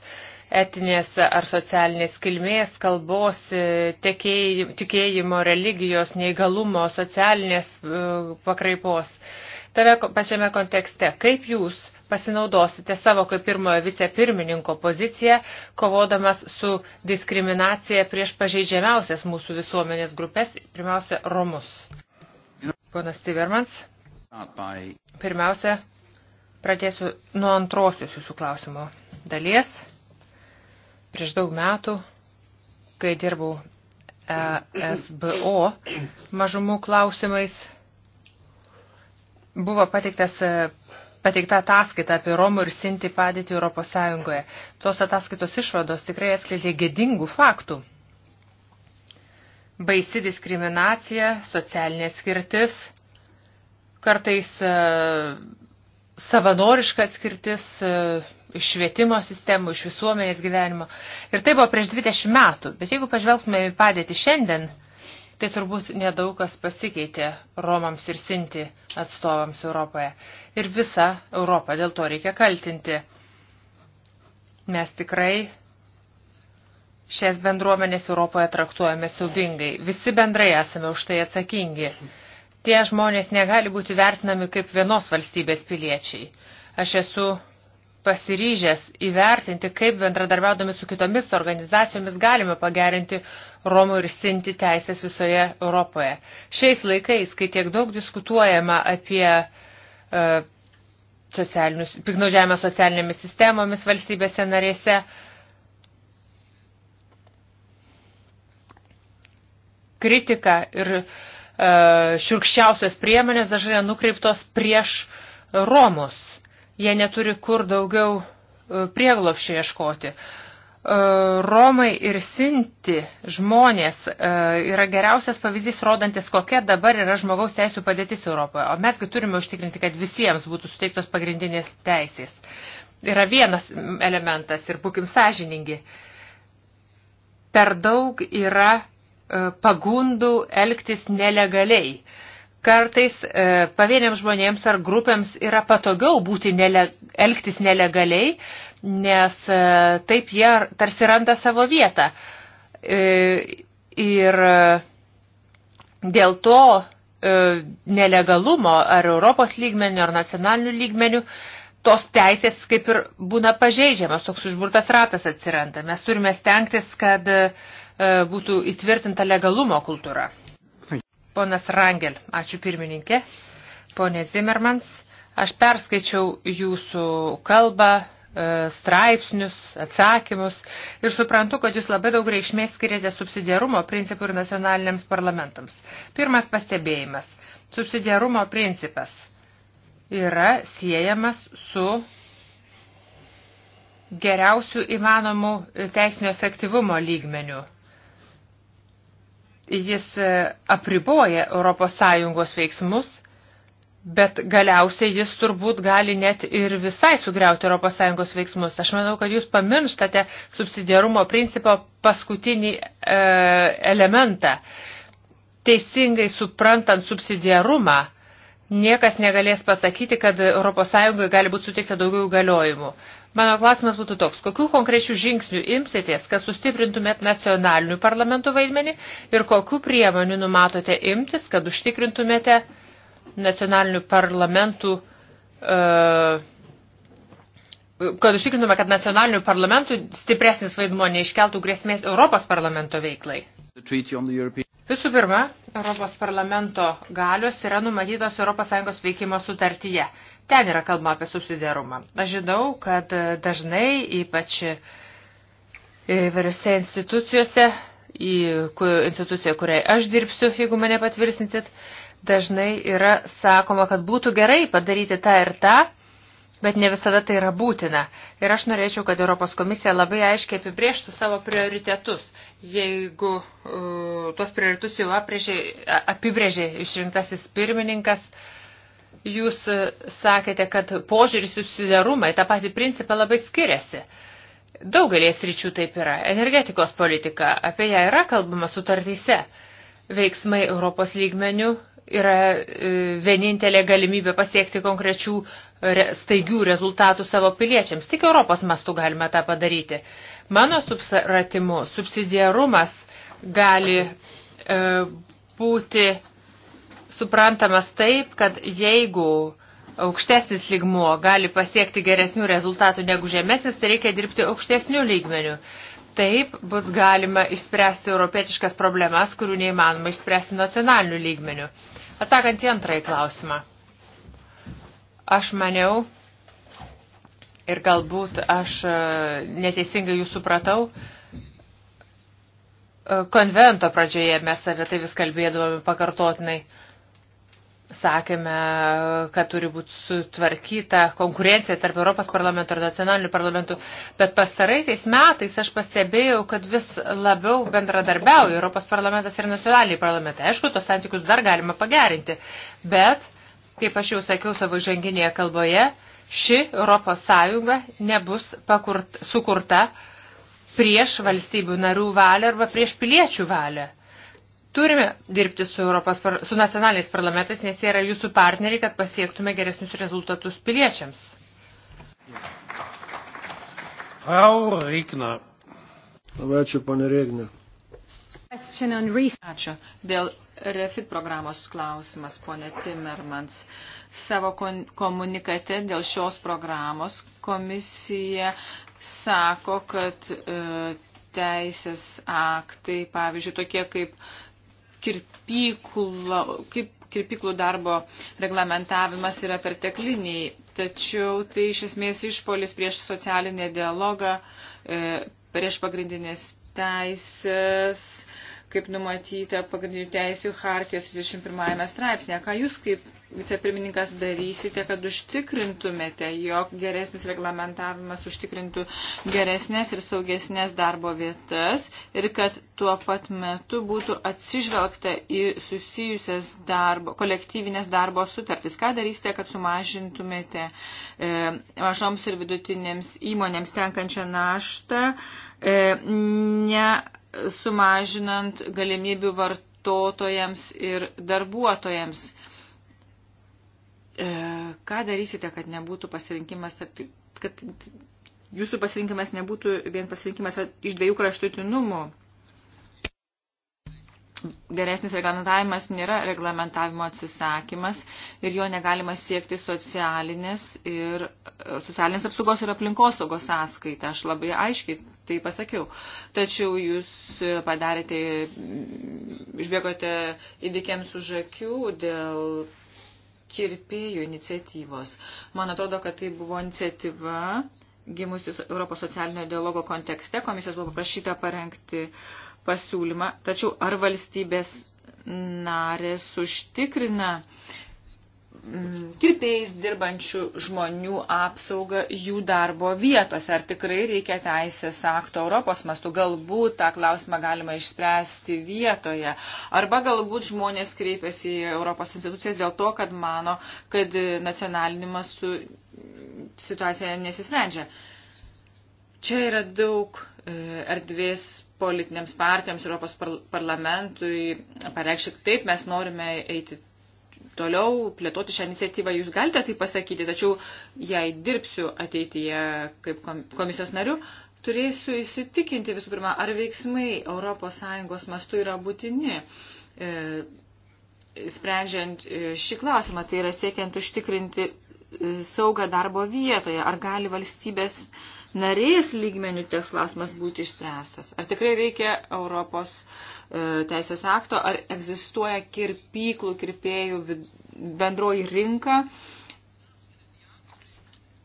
etinės ar socialinės kilmės, kalbos, e, tikėjimo, religijos, neįgalumo, socialinės e, pakraipos. Uh, Tame pačiame kontekste, kaip jūs pasinaudosite savo kaip pirmojo vicepirmininko poziciją, kovodamas su diskriminacija prieš pažeidžiamiausias mūsų visuomenės grupės, pirmiausia, Romus. Ponas Tivermans, pirmiausia, pradėsiu nuo antrosios jūsų klausimo dalies. Prieš daug metų, kai dirbau ESBO mažumų klausimais, Buvo pateiktas e, pateikta ataskaita apie Romų ir Sinti padėtį Europos Sąjungoje. Tos ataskaitos išvados tikrai atskleidė gedingų faktų. Baisi diskriminacija, socialinė skirtis, kartais e, savanoriška atskirtis e, iš švietimo sistemų, iš visuomenės gyvenimo. Ir tai buvo prieš 20 metų. Bet jeigu pažvelgtume į padėtį šiandien, Tai turbūt nedaug kas pasikeitė Romams ir Sinti atstovams Europoje. Ir visą Europą dėl to reikia kaltinti. Mes tikrai šias bendruomenės Europoje traktuojame siaubingai. Visi bendrai esame už tai atsakingi. Tie žmonės negali būti vertinami kaip vienos valstybės piliečiai. Aš esu pasiryžęs įvertinti, kaip bendradarbiaudami su kitomis organizacijomis galime pagerinti Romų ir Sinti teisės visoje Europoje. Šiais laikais, kai tiek daug diskutuojama apie e, uh, piknaudžiavimą socialinėmis sistemomis valstybėse narėse, kritika ir uh, e, širkščiausios priemonės dažnai nukreiptos prieš Romus Jie neturi kur daugiau e, prieglopščio ieškoti. E, Romai ir Sinti žmonės e, yra geriausias pavyzdys, rodantis, kokia dabar yra žmogaus teisų padėtis Europoje. O mesgi turime užtikrinti, kad visiems būtų suteiktos pagrindinės teisės. Yra vienas elementas ir būkim sąžiningi. Per daug yra pagundų elgtis nelegaliai. Uh, Kartais e, pavieniams žmonėms ar grupėms yra patogiau būti nele, elgtis nelegaliai, nes e, taip jie tarsi randa savo vietą. E, ir e, dėl to e, nelegalumo ar Europos lygmenių, ar nacionalinių lygmenių tos teisės kaip ir būna pažeidžiamas, toks užburtas ratas atsiranda. Mes turime stengtis, kad e, būtų įtvirtinta legalumo kultūra. Ponas Rangel, ačiū pirmininkė. Pone Zimmermans, aš perskaičiau jūsų kalbą, e, straipsnius, atsakymus ir suprantu, kad jūs labai daug reikšmės skiriate subsidiarumo principų ir nacionaliniams parlamentams. Pirmas pastebėjimas. Subsidiarumo principas yra siejamas su geriausių įmanomų teisinio efektyvumo lygmenių jis e, apriboja ES veiksmus, bet galiausiai jis turbūt gali net ir visai sugriauti ES veiksmus. Aš manau, kad jūs pamirštate subsidiarumo principo paskutinį e, elementą. Teisingai suprantant subsidiarumą, niekas negalės pasakyti, kad ES gali būti suteikta daugiau galiojimų. Mano klausimas būtų toks, kokių konkrečių žingsnių imsitės, kad sustiprintumėt nacionalinių parlamentų vaidmenį ir kokių priemonių numatote imtis, kad užtikrintumėte nacionalinių parlamentų uh, kad užtikrintume, kad nacionalinių parlamentų stipresnis vaidmuo neiškeltų grėsmės Europos parlamento veiklai. Visų pirma, Europos parlamento galios yra numatytos ES veikimo sutartyje. Ten yra kalba apie subsidiarumą. Aš žinau, kad dažnai, ypač e, įvairiose institucijose, į instituciją, kuriai aš dirbsiu, jeigu mane patvirsinsit, dažnai yra sakoma, kad būtų gerai padaryti tą ir tą, bet ne visada tai yra būtina. Ir aš norėčiau, kad Europos komisija labai aiškiai apibrieštų savo prioritetus. Jeigu uh, tuos prioritetus jau apibrėžė išrinktasis pirmininkas, uh, Jūs e, sakėte, kad požiūris į susidarumą į tą patį principą labai skiriasi. Daugelės ryčių taip yra. Energetikos politika, apie ją yra kalbama sutartyse. Veiksmai Europos lygmenių yra e, vienintelė galimybė pasiekti konkrečių staigių rezultatų savo piliečiams. Tik Europos mastu galime tą padaryti. Mano subsaratimu subsidiarumas gali e, būti suprantamas taip, kad jeigu aukštesnis lygmuo gali pasiekti geresnių rezultatų negu žemesnis, tai reikia dirbti aukštesnių lygmenių. Taip bus galima išspręsti europietiškas problemas, kurių neįmanoma išspręsti nacionalinių lygmenių. Atsakant į antrąjį klausimą. Aš maniau, ir galbūt aš e, neteisingai jūs supratau, e, konvento pradžioje mes apie tai vis kalbėdavome pakartotinai. Uh, sakėme, kad turi būti sutvarkyta konkurencija tarp Europos parlamento ir nacionalinių parlamentų, bet pastaraisiais metais aš pastebėjau, kad vis labiau bendradarbiauja Europos parlamentas ir nacionaliniai parlamentai. Aišku, tos santykius dar galima pagerinti, bet, kaip aš jau sakiau savo ženginėje kalboje, ši Europos Sąjunga nebus pakurt, sukurta prieš valstybių narių valią arba prieš piliečių valią Turime dirbti su, Europos, su nacionaliniais parlamentais, nes jie yra jūsų partneriai, kad pasiektume geresnius rezultatus piliečiams. Frau Regner. Labai ačiū, ponė Regner. Ačiū. Dėl REFIT programos klausimas, ponė Timmermans. Savo komunikate dėl šios programos komisija sako, kad e, teisės aktai, pavyzdžiui, tokie kaip kirpyklo, kaip kirpyklų darbo reglamentavimas yra pertekliniai, tačiau tai iš esmės išpolis prieš socialinę dialogą, e, prieš pagrindinės teisės, kaip numatyta pagrindinių teisių Hartijos 21 straipsnė. Ką jūs kaip vicepirmininkas darysite, kad užtikrintumėte, jog geresnis reglamentavimas užtikrintų geresnės ir saugesnės darbo vietas ir kad tuo pat metu būtų atsižvelgta į susijusias darbo, kolektyvinės darbo sutartys. Ką darysite, kad sumažintumėte e, mažoms ir vidutinėms įmonėms tenkančią naštą, e, ne sumažinant galimybių vartotojams ir darbuotojams? E, E, ką darysite, kad nebūtų pasirinkimas, kad jūsų pasirinkimas nebūtų vien pasirinkimas iš dviejų kraštutinumų? Geresnis reglamentavimas nėra reglamentavimo atsisakymas ir jo negalima siekti socialinės, ir, e, socialinės apsaugos ir aplinkosaugos sąskaitą. Aš labai aiškiai tai pasakiau. Tačiau jūs padarėte, išbėgote įdikiams už akių dėl kirpėjų iniciatyvos. Man atrodo, kad tai buvo iniciatyva gimusi Europos socialinio dialogo kontekste. Komisijos buvo paprašyta parengti pasiūlymą. Tačiau ar valstybės narės užtikrina kirpėjais dirbančių žmonių apsaugą jų darbo vietose. Ar tikrai reikia teisės akto Europos mastu? Galbūt tą klausimą galima išspręsti vietoje. Arba galbūt žmonės kreipiasi į Europos institucijas dėl to, kad mano, kad nacionaliniu mastu situacija nesisprendžia. Čia yra daug e, erdvės politinėms partijoms, Europos parlamentui pareikšti, taip mes norime eiti toliau plėtoti šią iniciatyvą. Jūs galite tai pasakyti, tačiau jei dirbsiu ateityje kaip komisijos nariu, turėsiu įsitikinti visų pirma, ar veiksmai ES mastu yra būtini. E, sprendžiant e, šį klausimą, tai yra siekiant užtikrinti e, saugą darbo vietoje, ar gali valstybės narės lygmenių teks klausimas būti išspręstas. Ar tikrai reikia Europos e, teisės akto, ar egzistuoja kirpyklų, kirpėjų vid, bendroji rinka?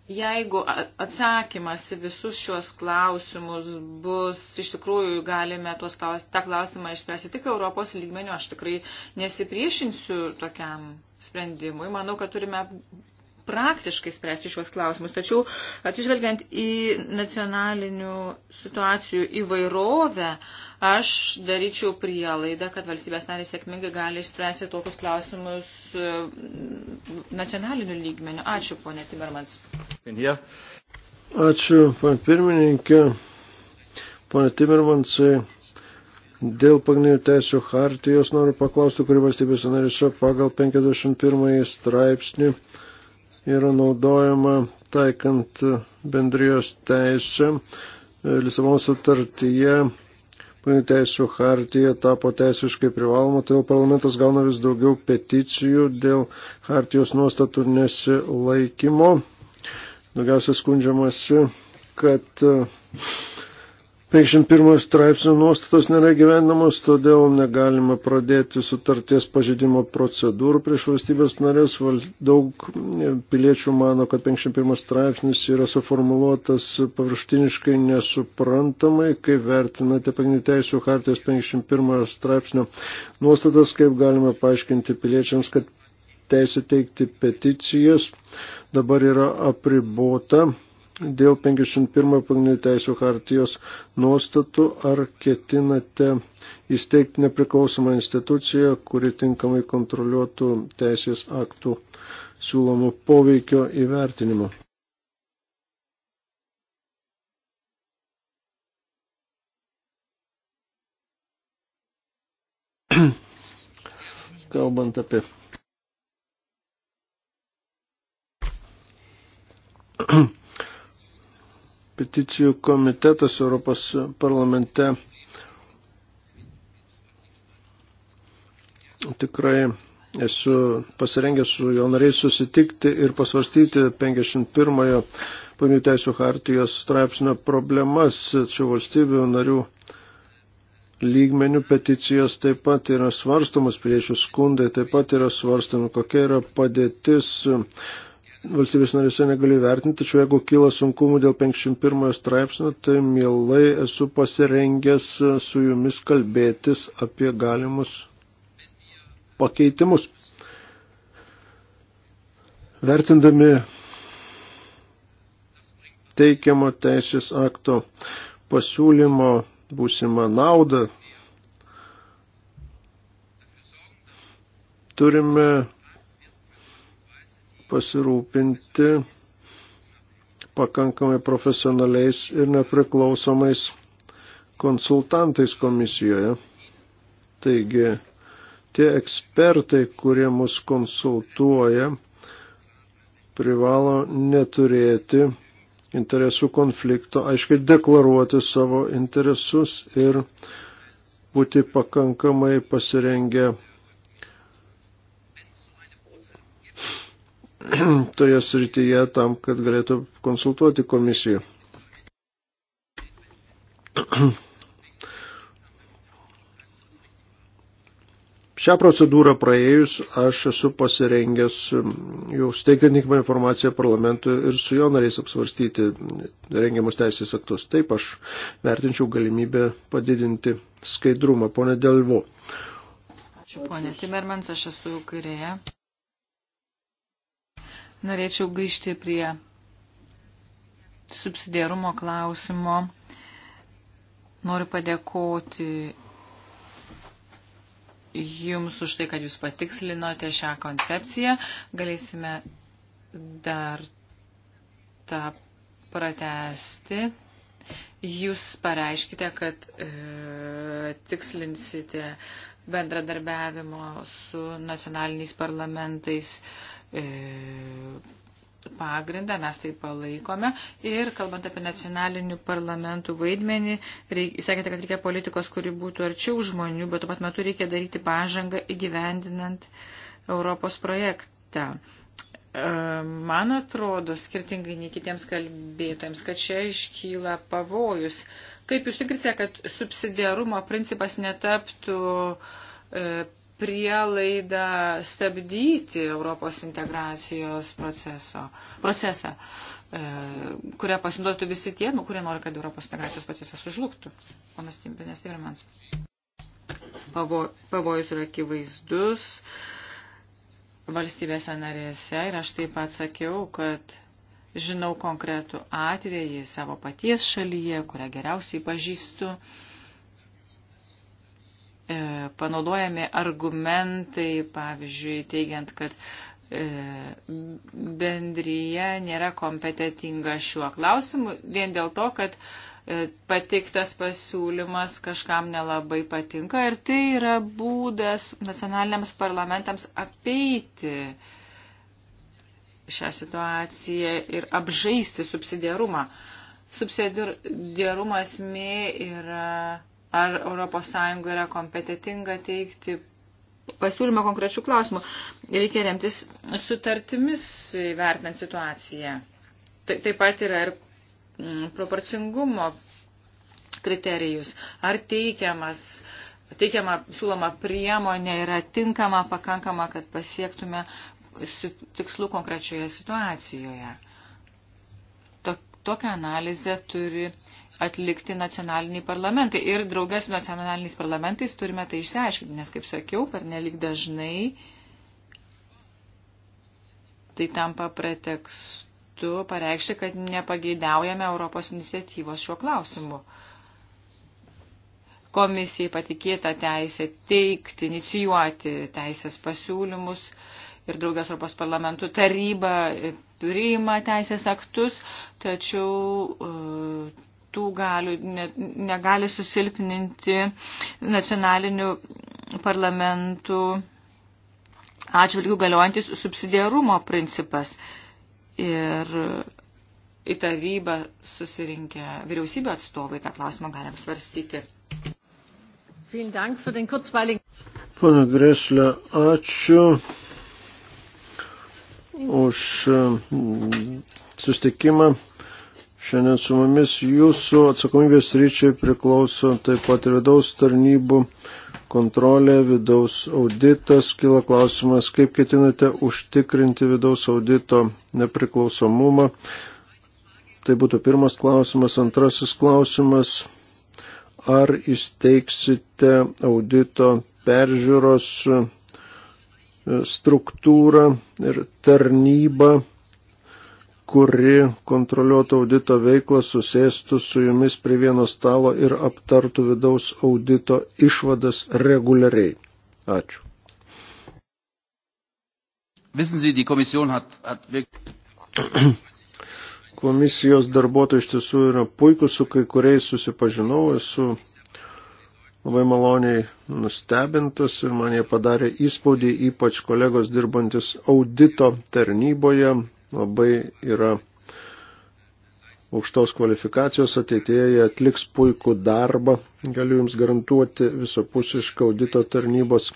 Jeigu atsakymas į visus šios klausimus bus, iš tikrųjų galime tuos klaus, tą klausimą išspręsti tik Europos lygmeniu, aš tikrai nesipriešinsiu tokiam sprendimui. Manau, kad turime praktiškai spręsti šiuos klausimus. Tačiau atsižvelgiant į nacionalinių situacijų įvairovę, aš daryčiau prielaidą, kad valstybės nariai sėkmingai gali išspręsti tokius klausimus e, nacionaliniu lygmeniu. Ačiū, ponė Timermans. Ačiū, pan pirmininkė. Pone Timermansai, dėl pagrindinių teisų hartijos noriu paklausti, kuri valstybės narėse pagal 51 straipsnį yra naudojama taikant bendrijos teisę. Lisabono sutartyje pagrindinių teisų hartija tapo teisiškai privaloma, todėl parlamentas gauna vis daugiau peticijų dėl hartijos nuostatų nesilaikymo. Daugiausia skundžiamasi, kad uh, 51 straipsnio nuostatos nėra gyvenamos, todėl negalima pradėti sutarties pažydimo procedūrų prieš valstybės narės. Daug e, piliečių mano, kad 51 straipsnis yra suformuoluotas paviršutiniškai nesuprantamai, kaip vertinate pagrindinių teisų hartijos 51 straipsnio nuostatas, kaip galima paaiškinti piliečiams, kad teisė teikti peticijas dabar yra apribota dėl 51 pagrindinių teisų hartijos nuostatų, ar ketinate įsteigti nepriklausomą instituciją, kuri tinkamai kontroliuotų teisės aktų siūlomų poveikio įvertinimą. Kalbant apie peticijų komitetas Europos parlamente tikrai esu pasirengęs su jo nariais susitikti ir pasvarstyti 51-ojo pagrindinių teisų hartijos straipsnio problemas šių valstybių narių lygmenių peticijos taip pat yra svarstomas, priešių skundai taip pat yra svarstomi, kokia yra padėtis valstybės narėse negaliu vertinti, tačiau jeigu kyla sunkumų dėl 51 straipsnio, tai mielai esu pasirengęs su jumis kalbėtis apie galimus pakeitimus. Vertindami teikiamo teisės akto pasiūlymo būsimą naudą, turime pasirūpinti pakankamai profesionaliais ir nepriklausomais konsultantais komisijoje. Taigi, tie ekspertai, kurie mus konsultuoja, privalo neturėti interesų konflikto, aiškiai deklaruoti savo interesus ir būti pakankamai pasirengę toje srityje tam, kad galėtų konsultuoti komisiją. Šią procedūrą praėjus aš esu pasirengęs mm, jau steigti nikmą informaciją parlamentui ir su jo nariais apsvarstyti rengiamus teisės aktus. Taip aš vertinčiau galimybę padidinti skaidrumą. Pone Delvo. Ačiū, ponė Timermans, aš esu kairėje. Norėčiau grįžti prie subsidiarumo klausimo. Noriu padėkoti Jums už tai, kad Jūs patikslinote šią koncepciją. Galėsime dar tą pratesti. Jūs pareiškite, kad e, tikslinsite bendradarbiavimo su nacionaliniais parlamentais e, pagrindą, mes tai palaikome. Ir kalbant apie nacionalinių parlamentų vaidmenį, reik, sakėte, kad reikia politikos, kuri būtų arčiau žmonių, bet tuo pat metu reikia daryti pažangą įgyvendinant Europos projektą. E, man atrodo, skirtingai nei kitiems kalbėtojams, kad čia iškyla pavojus Kaip užtikrisite, kad subsidiarumo principas netaptų e, prielaida stabdyti Europos integracijos proceso, procesą, e, kurią pasinduotų visi tie, nu, kurie nori, kad Europos integracijos procesas sužlugtų. Ponas Timpinės Tivermans. Pavo, pavojus yra akivaizdus valstybėse narėse ir aš taip pat sakiau, kad Žinau konkretų atvejį savo paties šalyje, kurią geriausiai pažįstu. E, panaudojami argumentai, pavyzdžiui, teigiant, kad e, bendryje nėra kompetitinga šiuo klausimu, vien dėl to, kad e, patiktas pasiūlymas kažkam nelabai patinka ir tai yra būdas nacionaliniams parlamentams apeiti uh, šią situaciją ir apžaisti subsidiarumą. Subsidiarumo esmė yra, ar ES yra kompetitinga teikti pasiūlymą konkrečių klausimų. Reikia remtis sutartimis vertinant situaciją. Ta, taip pat yra ir mm, proporcingumo kriterijus. Ar teikiamas, teikiama siūloma priemonė yra tinkama, pakankama, kad pasiektume tikslų konkrečioje situacijoje. Tokią analizę turi atlikti nacionaliniai parlamentai. Ir draugės su nacionaliniais parlamentais turime tai išsiaiškinti, nes, kaip sakiau, per nelik dažnai tai tampa pretekstu pareikšti, kad nepageidaujame Europos iniciatyvos šiuo klausimu komisijai patikėta teisė teikti, inicijuoti teisės pasiūlymus, ir draugės Europos parlamentų taryba priima teisės aktus, tačiau e, tų galių ne, negali susilpninti nacionalinių parlamentų atžvilgių galiojantis subsidiarumo principas. Ir į tarybą susirinkę vyriausybė atstovai tą klausimą galim svarstyti. Pana Greslė, ačiū už mm, sustikimą šiandien su mumis. Jūsų atsakomybės ryčiai priklauso taip pat ir vidaus tarnybų kontrolė, vidaus auditas. Kila klausimas, kaip ketinate užtikrinti vidaus audito nepriklausomumą. Tai būtų pirmas klausimas. Antrasis klausimas. Ar įsteigsite audito peržiūros struktūrą ir tarnybą, kuri kontroliuotų audito veiklą, susėstų su jumis prie vieno stalo ir aptartų vidaus audito išvadas reguliariai. Ačiū. Wissen Sie, die Kommission hat, hat wirklich komisijos darbuotojai iš tiesų yra puikus, su kai kuriais susipažinau, esu labai maloniai nustebintas ir man jie padarė įspūdį, ypač kolegos dirbantis audito tarnyboje, labai yra aukštos kvalifikacijos ateitėje, jie atliks puikų darbą, galiu Jums garantuoti visapusišką audito tarnybos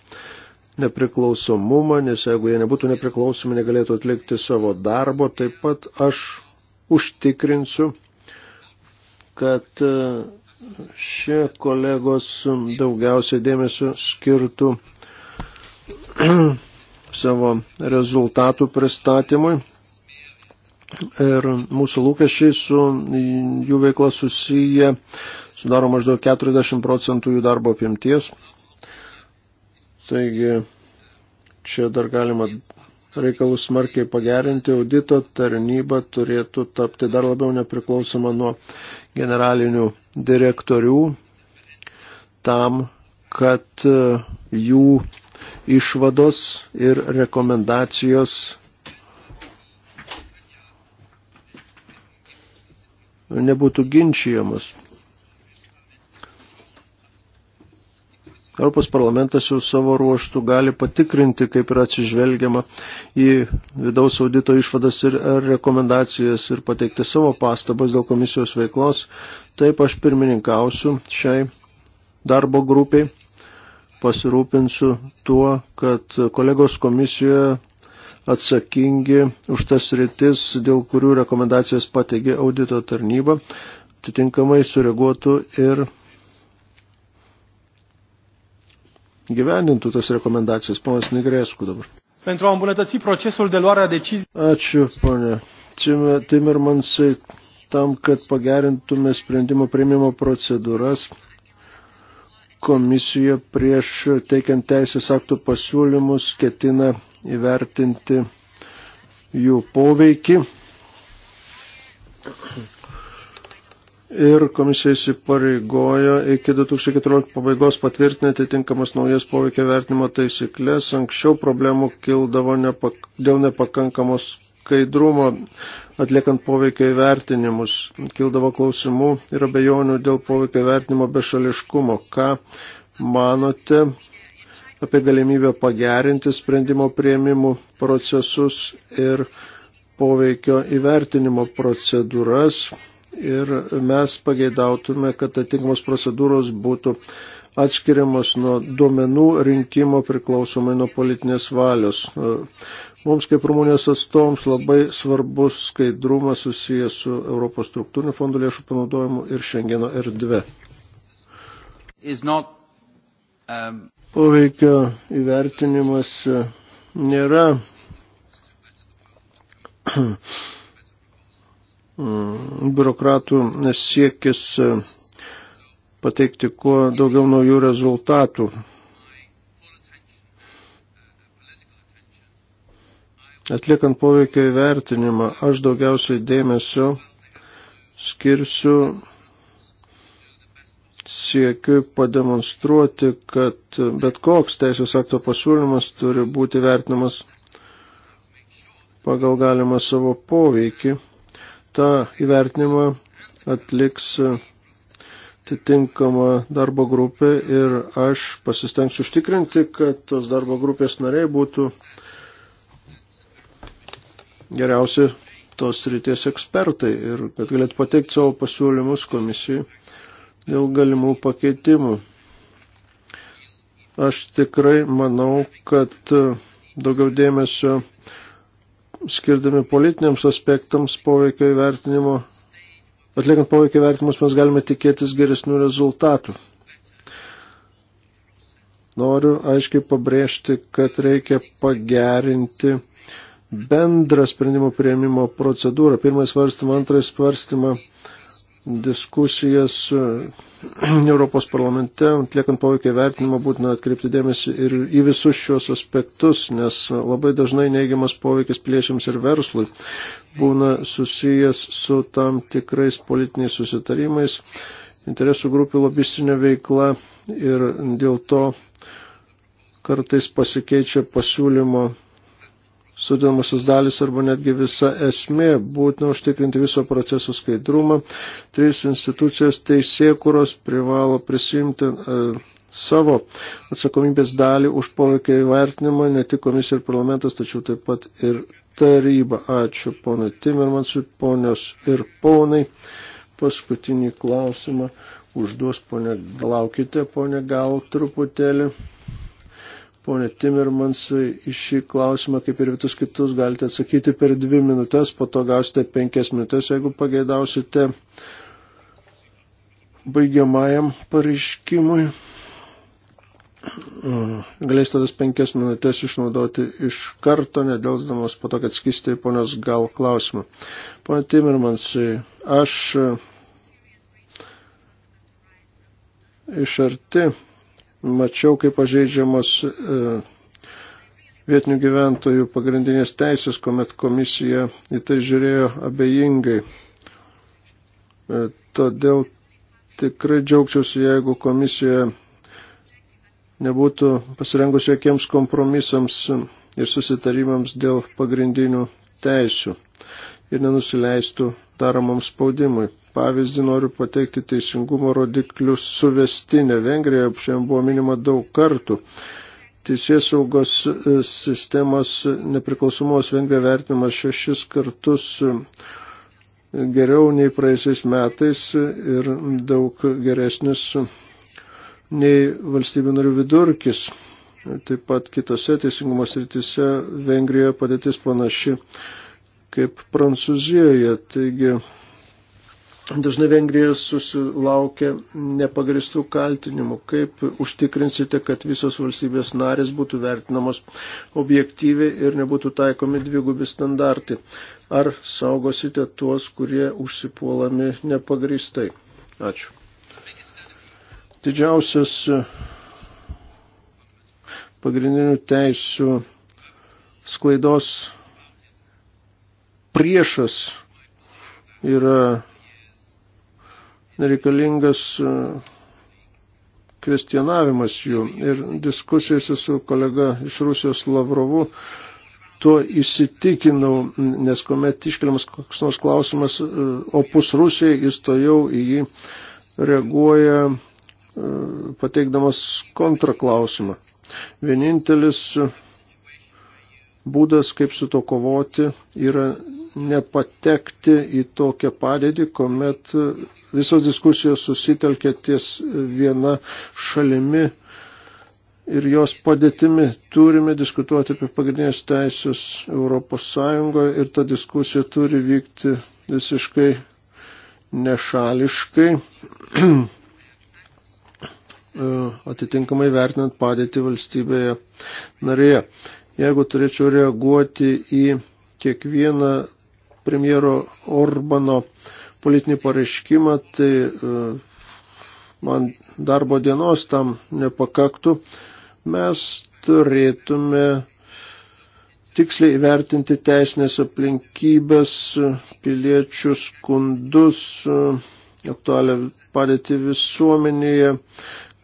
nepriklausomumą, nes jeigu jie nebūtų nepriklausomi, negalėtų atlikti savo darbo, taip pat aš užtikrinsiu, kad Šie kolegos daugiausiai dėmesio skirtų savo rezultatų pristatymui. Ir mūsų lūkesčiai su jų veikla susiję sudaro maždaug 40 procentų jų darbo apimties. Taigi čia dar galima reikalus smarkiai pagerinti, audito tarnyba turėtų tapti dar labiau nepriklausoma nuo generalinių direktorių tam, kad e, jų išvados ir rekomendacijos nebūtų ginčiamas. Europos parlamentas jau savo ruoštų gali patikrinti, kaip yra atsižvelgiama į vidaus audito išvadas ir rekomendacijas ir pateikti savo pastabas dėl komisijos veiklos. Taip aš pirmininkausiu šiai darbo grupiai, pasirūpinsiu tuo, kad kolegos komisijoje atsakingi už tas rytis, dėl kurių rekomendacijas pateikė audito tarnyba, atitinkamai sureaguotų ir gyvenintų tas rekomendacijas. Ponas Negresku dabar. Pentru a îmbunătăți procesul de luare a decizii. Ačiū, ponė. Timirmansai, tam, kad pagerintume sprendimo priimimo procedūras, komisija prieš teikiant teisės aktų pasiūlymus ketina įvertinti jų poveikį ir komisija įsipareigojo iki 2014 pabaigos patvirtinti atitinkamas naujas poveikio vertinimo taisyklės. Anksčiau problemų kildavo nepak dėl nepakankamos skaidrumo atliekant poveikio įvertinimus. Kildavo klausimų ir abejonių dėl poveikio įvertinimo bešališkumo. Ką manote apie galimybę pagerinti sprendimo prieimimų procesus ir poveikio įvertinimo procedūras? ir mes pageidautume, kad atitinkamos procedūros būtų atskiriamos nuo duomenų rinkimo priklausomai nuo politinės valios. Mums kaip Rumunijos atstovams labai svarbus skaidrumas susijęs su Europos struktūrinių fondų lėšų panaudojimu ir Šengeno erdve. Not, um... Poveikio įvertinimas nėra Mm, biurokratų siekis e, pateikti kuo daugiau naujų rezultatų. Atliekant poveikio įvertinimą, aš daugiausiai dėmesio skirsiu siekiu pademonstruoti, kad bet koks teisės akto pasiūlymas turi būti vertinamas pagal galimą savo poveikį tą įvertinimą atliks e, atitinkama darbo grupė ir aš pasistengsiu užtikrinti, kad tos darbo grupės nariai būtų geriausi tos ryties ekspertai ir kad galėtų pateikti savo pasiūlymus komisijai dėl galimų pakeitimų. Aš tikrai manau, kad e, daugiau dėmesio skirdami politiniams aspektams poveikio įvertinimo, atliekant poveikio įvertinimus, mes galime tikėtis geresnių rezultatų. Noriu aiškiai pabrėžti, kad reikia pagerinti bendrą sprendimo prieimimo procedūrą. Pirmąjį svarstymą, antrąjį svarstymą diskusijas e, Europos parlamente, atliekant poveikio vertinimą, būtina atkreipti dėmesį ir į visus šios aspektus, nes labai dažnai neigiamas poveikis pliešiams ir verslui būna susijęs su tam tikrais politiniais susitarimais, interesų grupių lobistinė veikla ir dėl to kartais pasikeičia pasiūlymo sudėmusios dalis arba netgi visa esmė, būtina užtikrinti viso proceso skaidrumą. Trys institucijos teisėkuros privalo prisimti e, savo atsakomybės dalį už poveikio įvertinimą, ne tik komisija ir parlamentas, tačiau taip pat ir taryba. Ačiū ponui Timirmansui, ponios ir ponai. Paskutinį klausimą užduos ponė, laukite ponė gal truputėlį. Pone Timirmansai, į šį klausimą, kaip ir visus kitus, galite atsakyti per dvi minutės, po to gausite penkias minutės, jeigu pageidausite baigiamajam pareiškimui. Galėsite tas penkias minutės išnaudoti iš karto, nedelsdamas po to, kad skistė į ponios gal klausimą. Pone Timirmansai, aš iš arti mačiau, kaip pažeidžiamos e, vietinių gyventojų pagrindinės teisės, kuomet komisija į tai žiūrėjo abejingai. E, todėl tikrai džiaugčiausi, jeigu komisija nebūtų pasirengusi jokiems kompromisams ir susitarimams dėl pagrindinių teisių ir nenusileistų daromam spaudimui pavyzdį noriu pateikti teisingumo rodiklių suvestinę. Vengrija šiandien buvo minima daug kartų. Teisės saugos e, sistemos nepriklausomos Vengrija vertinamas šešis kartus e, geriau nei praeisiais metais ir daug geresnis nei valstybių narių vidurkis. Taip pat kitose teisingumo srityse Vengrijoje padėtis panaši kaip Prancūzijoje. Taigi Dažnai Vengrija susilaukia nepagristų kaltinimų. Kaip užtikrinsite, kad visos valstybės narės būtų vertinamos objektyviai ir nebūtų taikomi dvigubi standartai? Ar saugosite tuos, kurie užsipuolami nepagristai? Ačiū. Didžiausias pagrindinių teisų sklaidos priešas yra reikalingas e, kvestionavimas jų. Ir diskusijose su kolega iš Rusijos Lavrovu tuo įsitikinau, nes kuomet iškeliamas koks nors klausimas e, opus Rusijai, jis to jau į jį reaguoja e, pateikdamas kontraklausimą. Vienintelis būdas, kaip su to kovoti, yra nepatekti į tokią padėtį, kuomet visos diskusijos susitelkia ties viena šalimi ir jos padėtimi turime diskutuoti apie pagrindinės teisės Europos Sąjungoje ir ta diskusija turi vykti visiškai nešališkai, atitinkamai vertinant padėtį valstybėje narėje. Jeigu turėčiau reaguoti į kiekvieną premjero Orbano politinį pareiškimą, tai e, man darbo dienos tam nepakaktų. Mes turėtume tiksliai įvertinti teisinės aplinkybės, piliečių skundus, aktualią padėtį visuomenėje,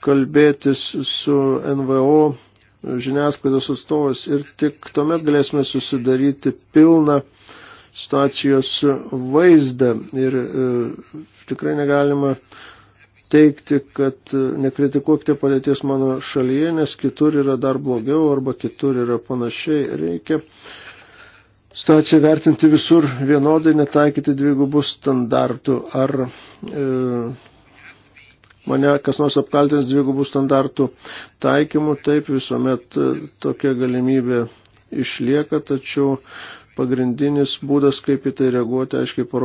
kalbėtis su NVO žiniasklaidos atstovas ir tik tuomet galėsime susidaryti pilną situacijos vaizdą ir e, tikrai negalima teikti, kad e, nekritikuokite padėties mano šalyje, nes kitur yra dar blogiau arba kitur yra panašiai. Reikia situaciją vertinti visur vienodai, netaikyti dvigubų standartų ar e, mane kas nors apkaltins dvigubų standartų taikymu, taip visuomet e, tokia galimybė išlieka, tačiau pagrindinis būdas, kaip į tai reaguoti, aiškiai parodė.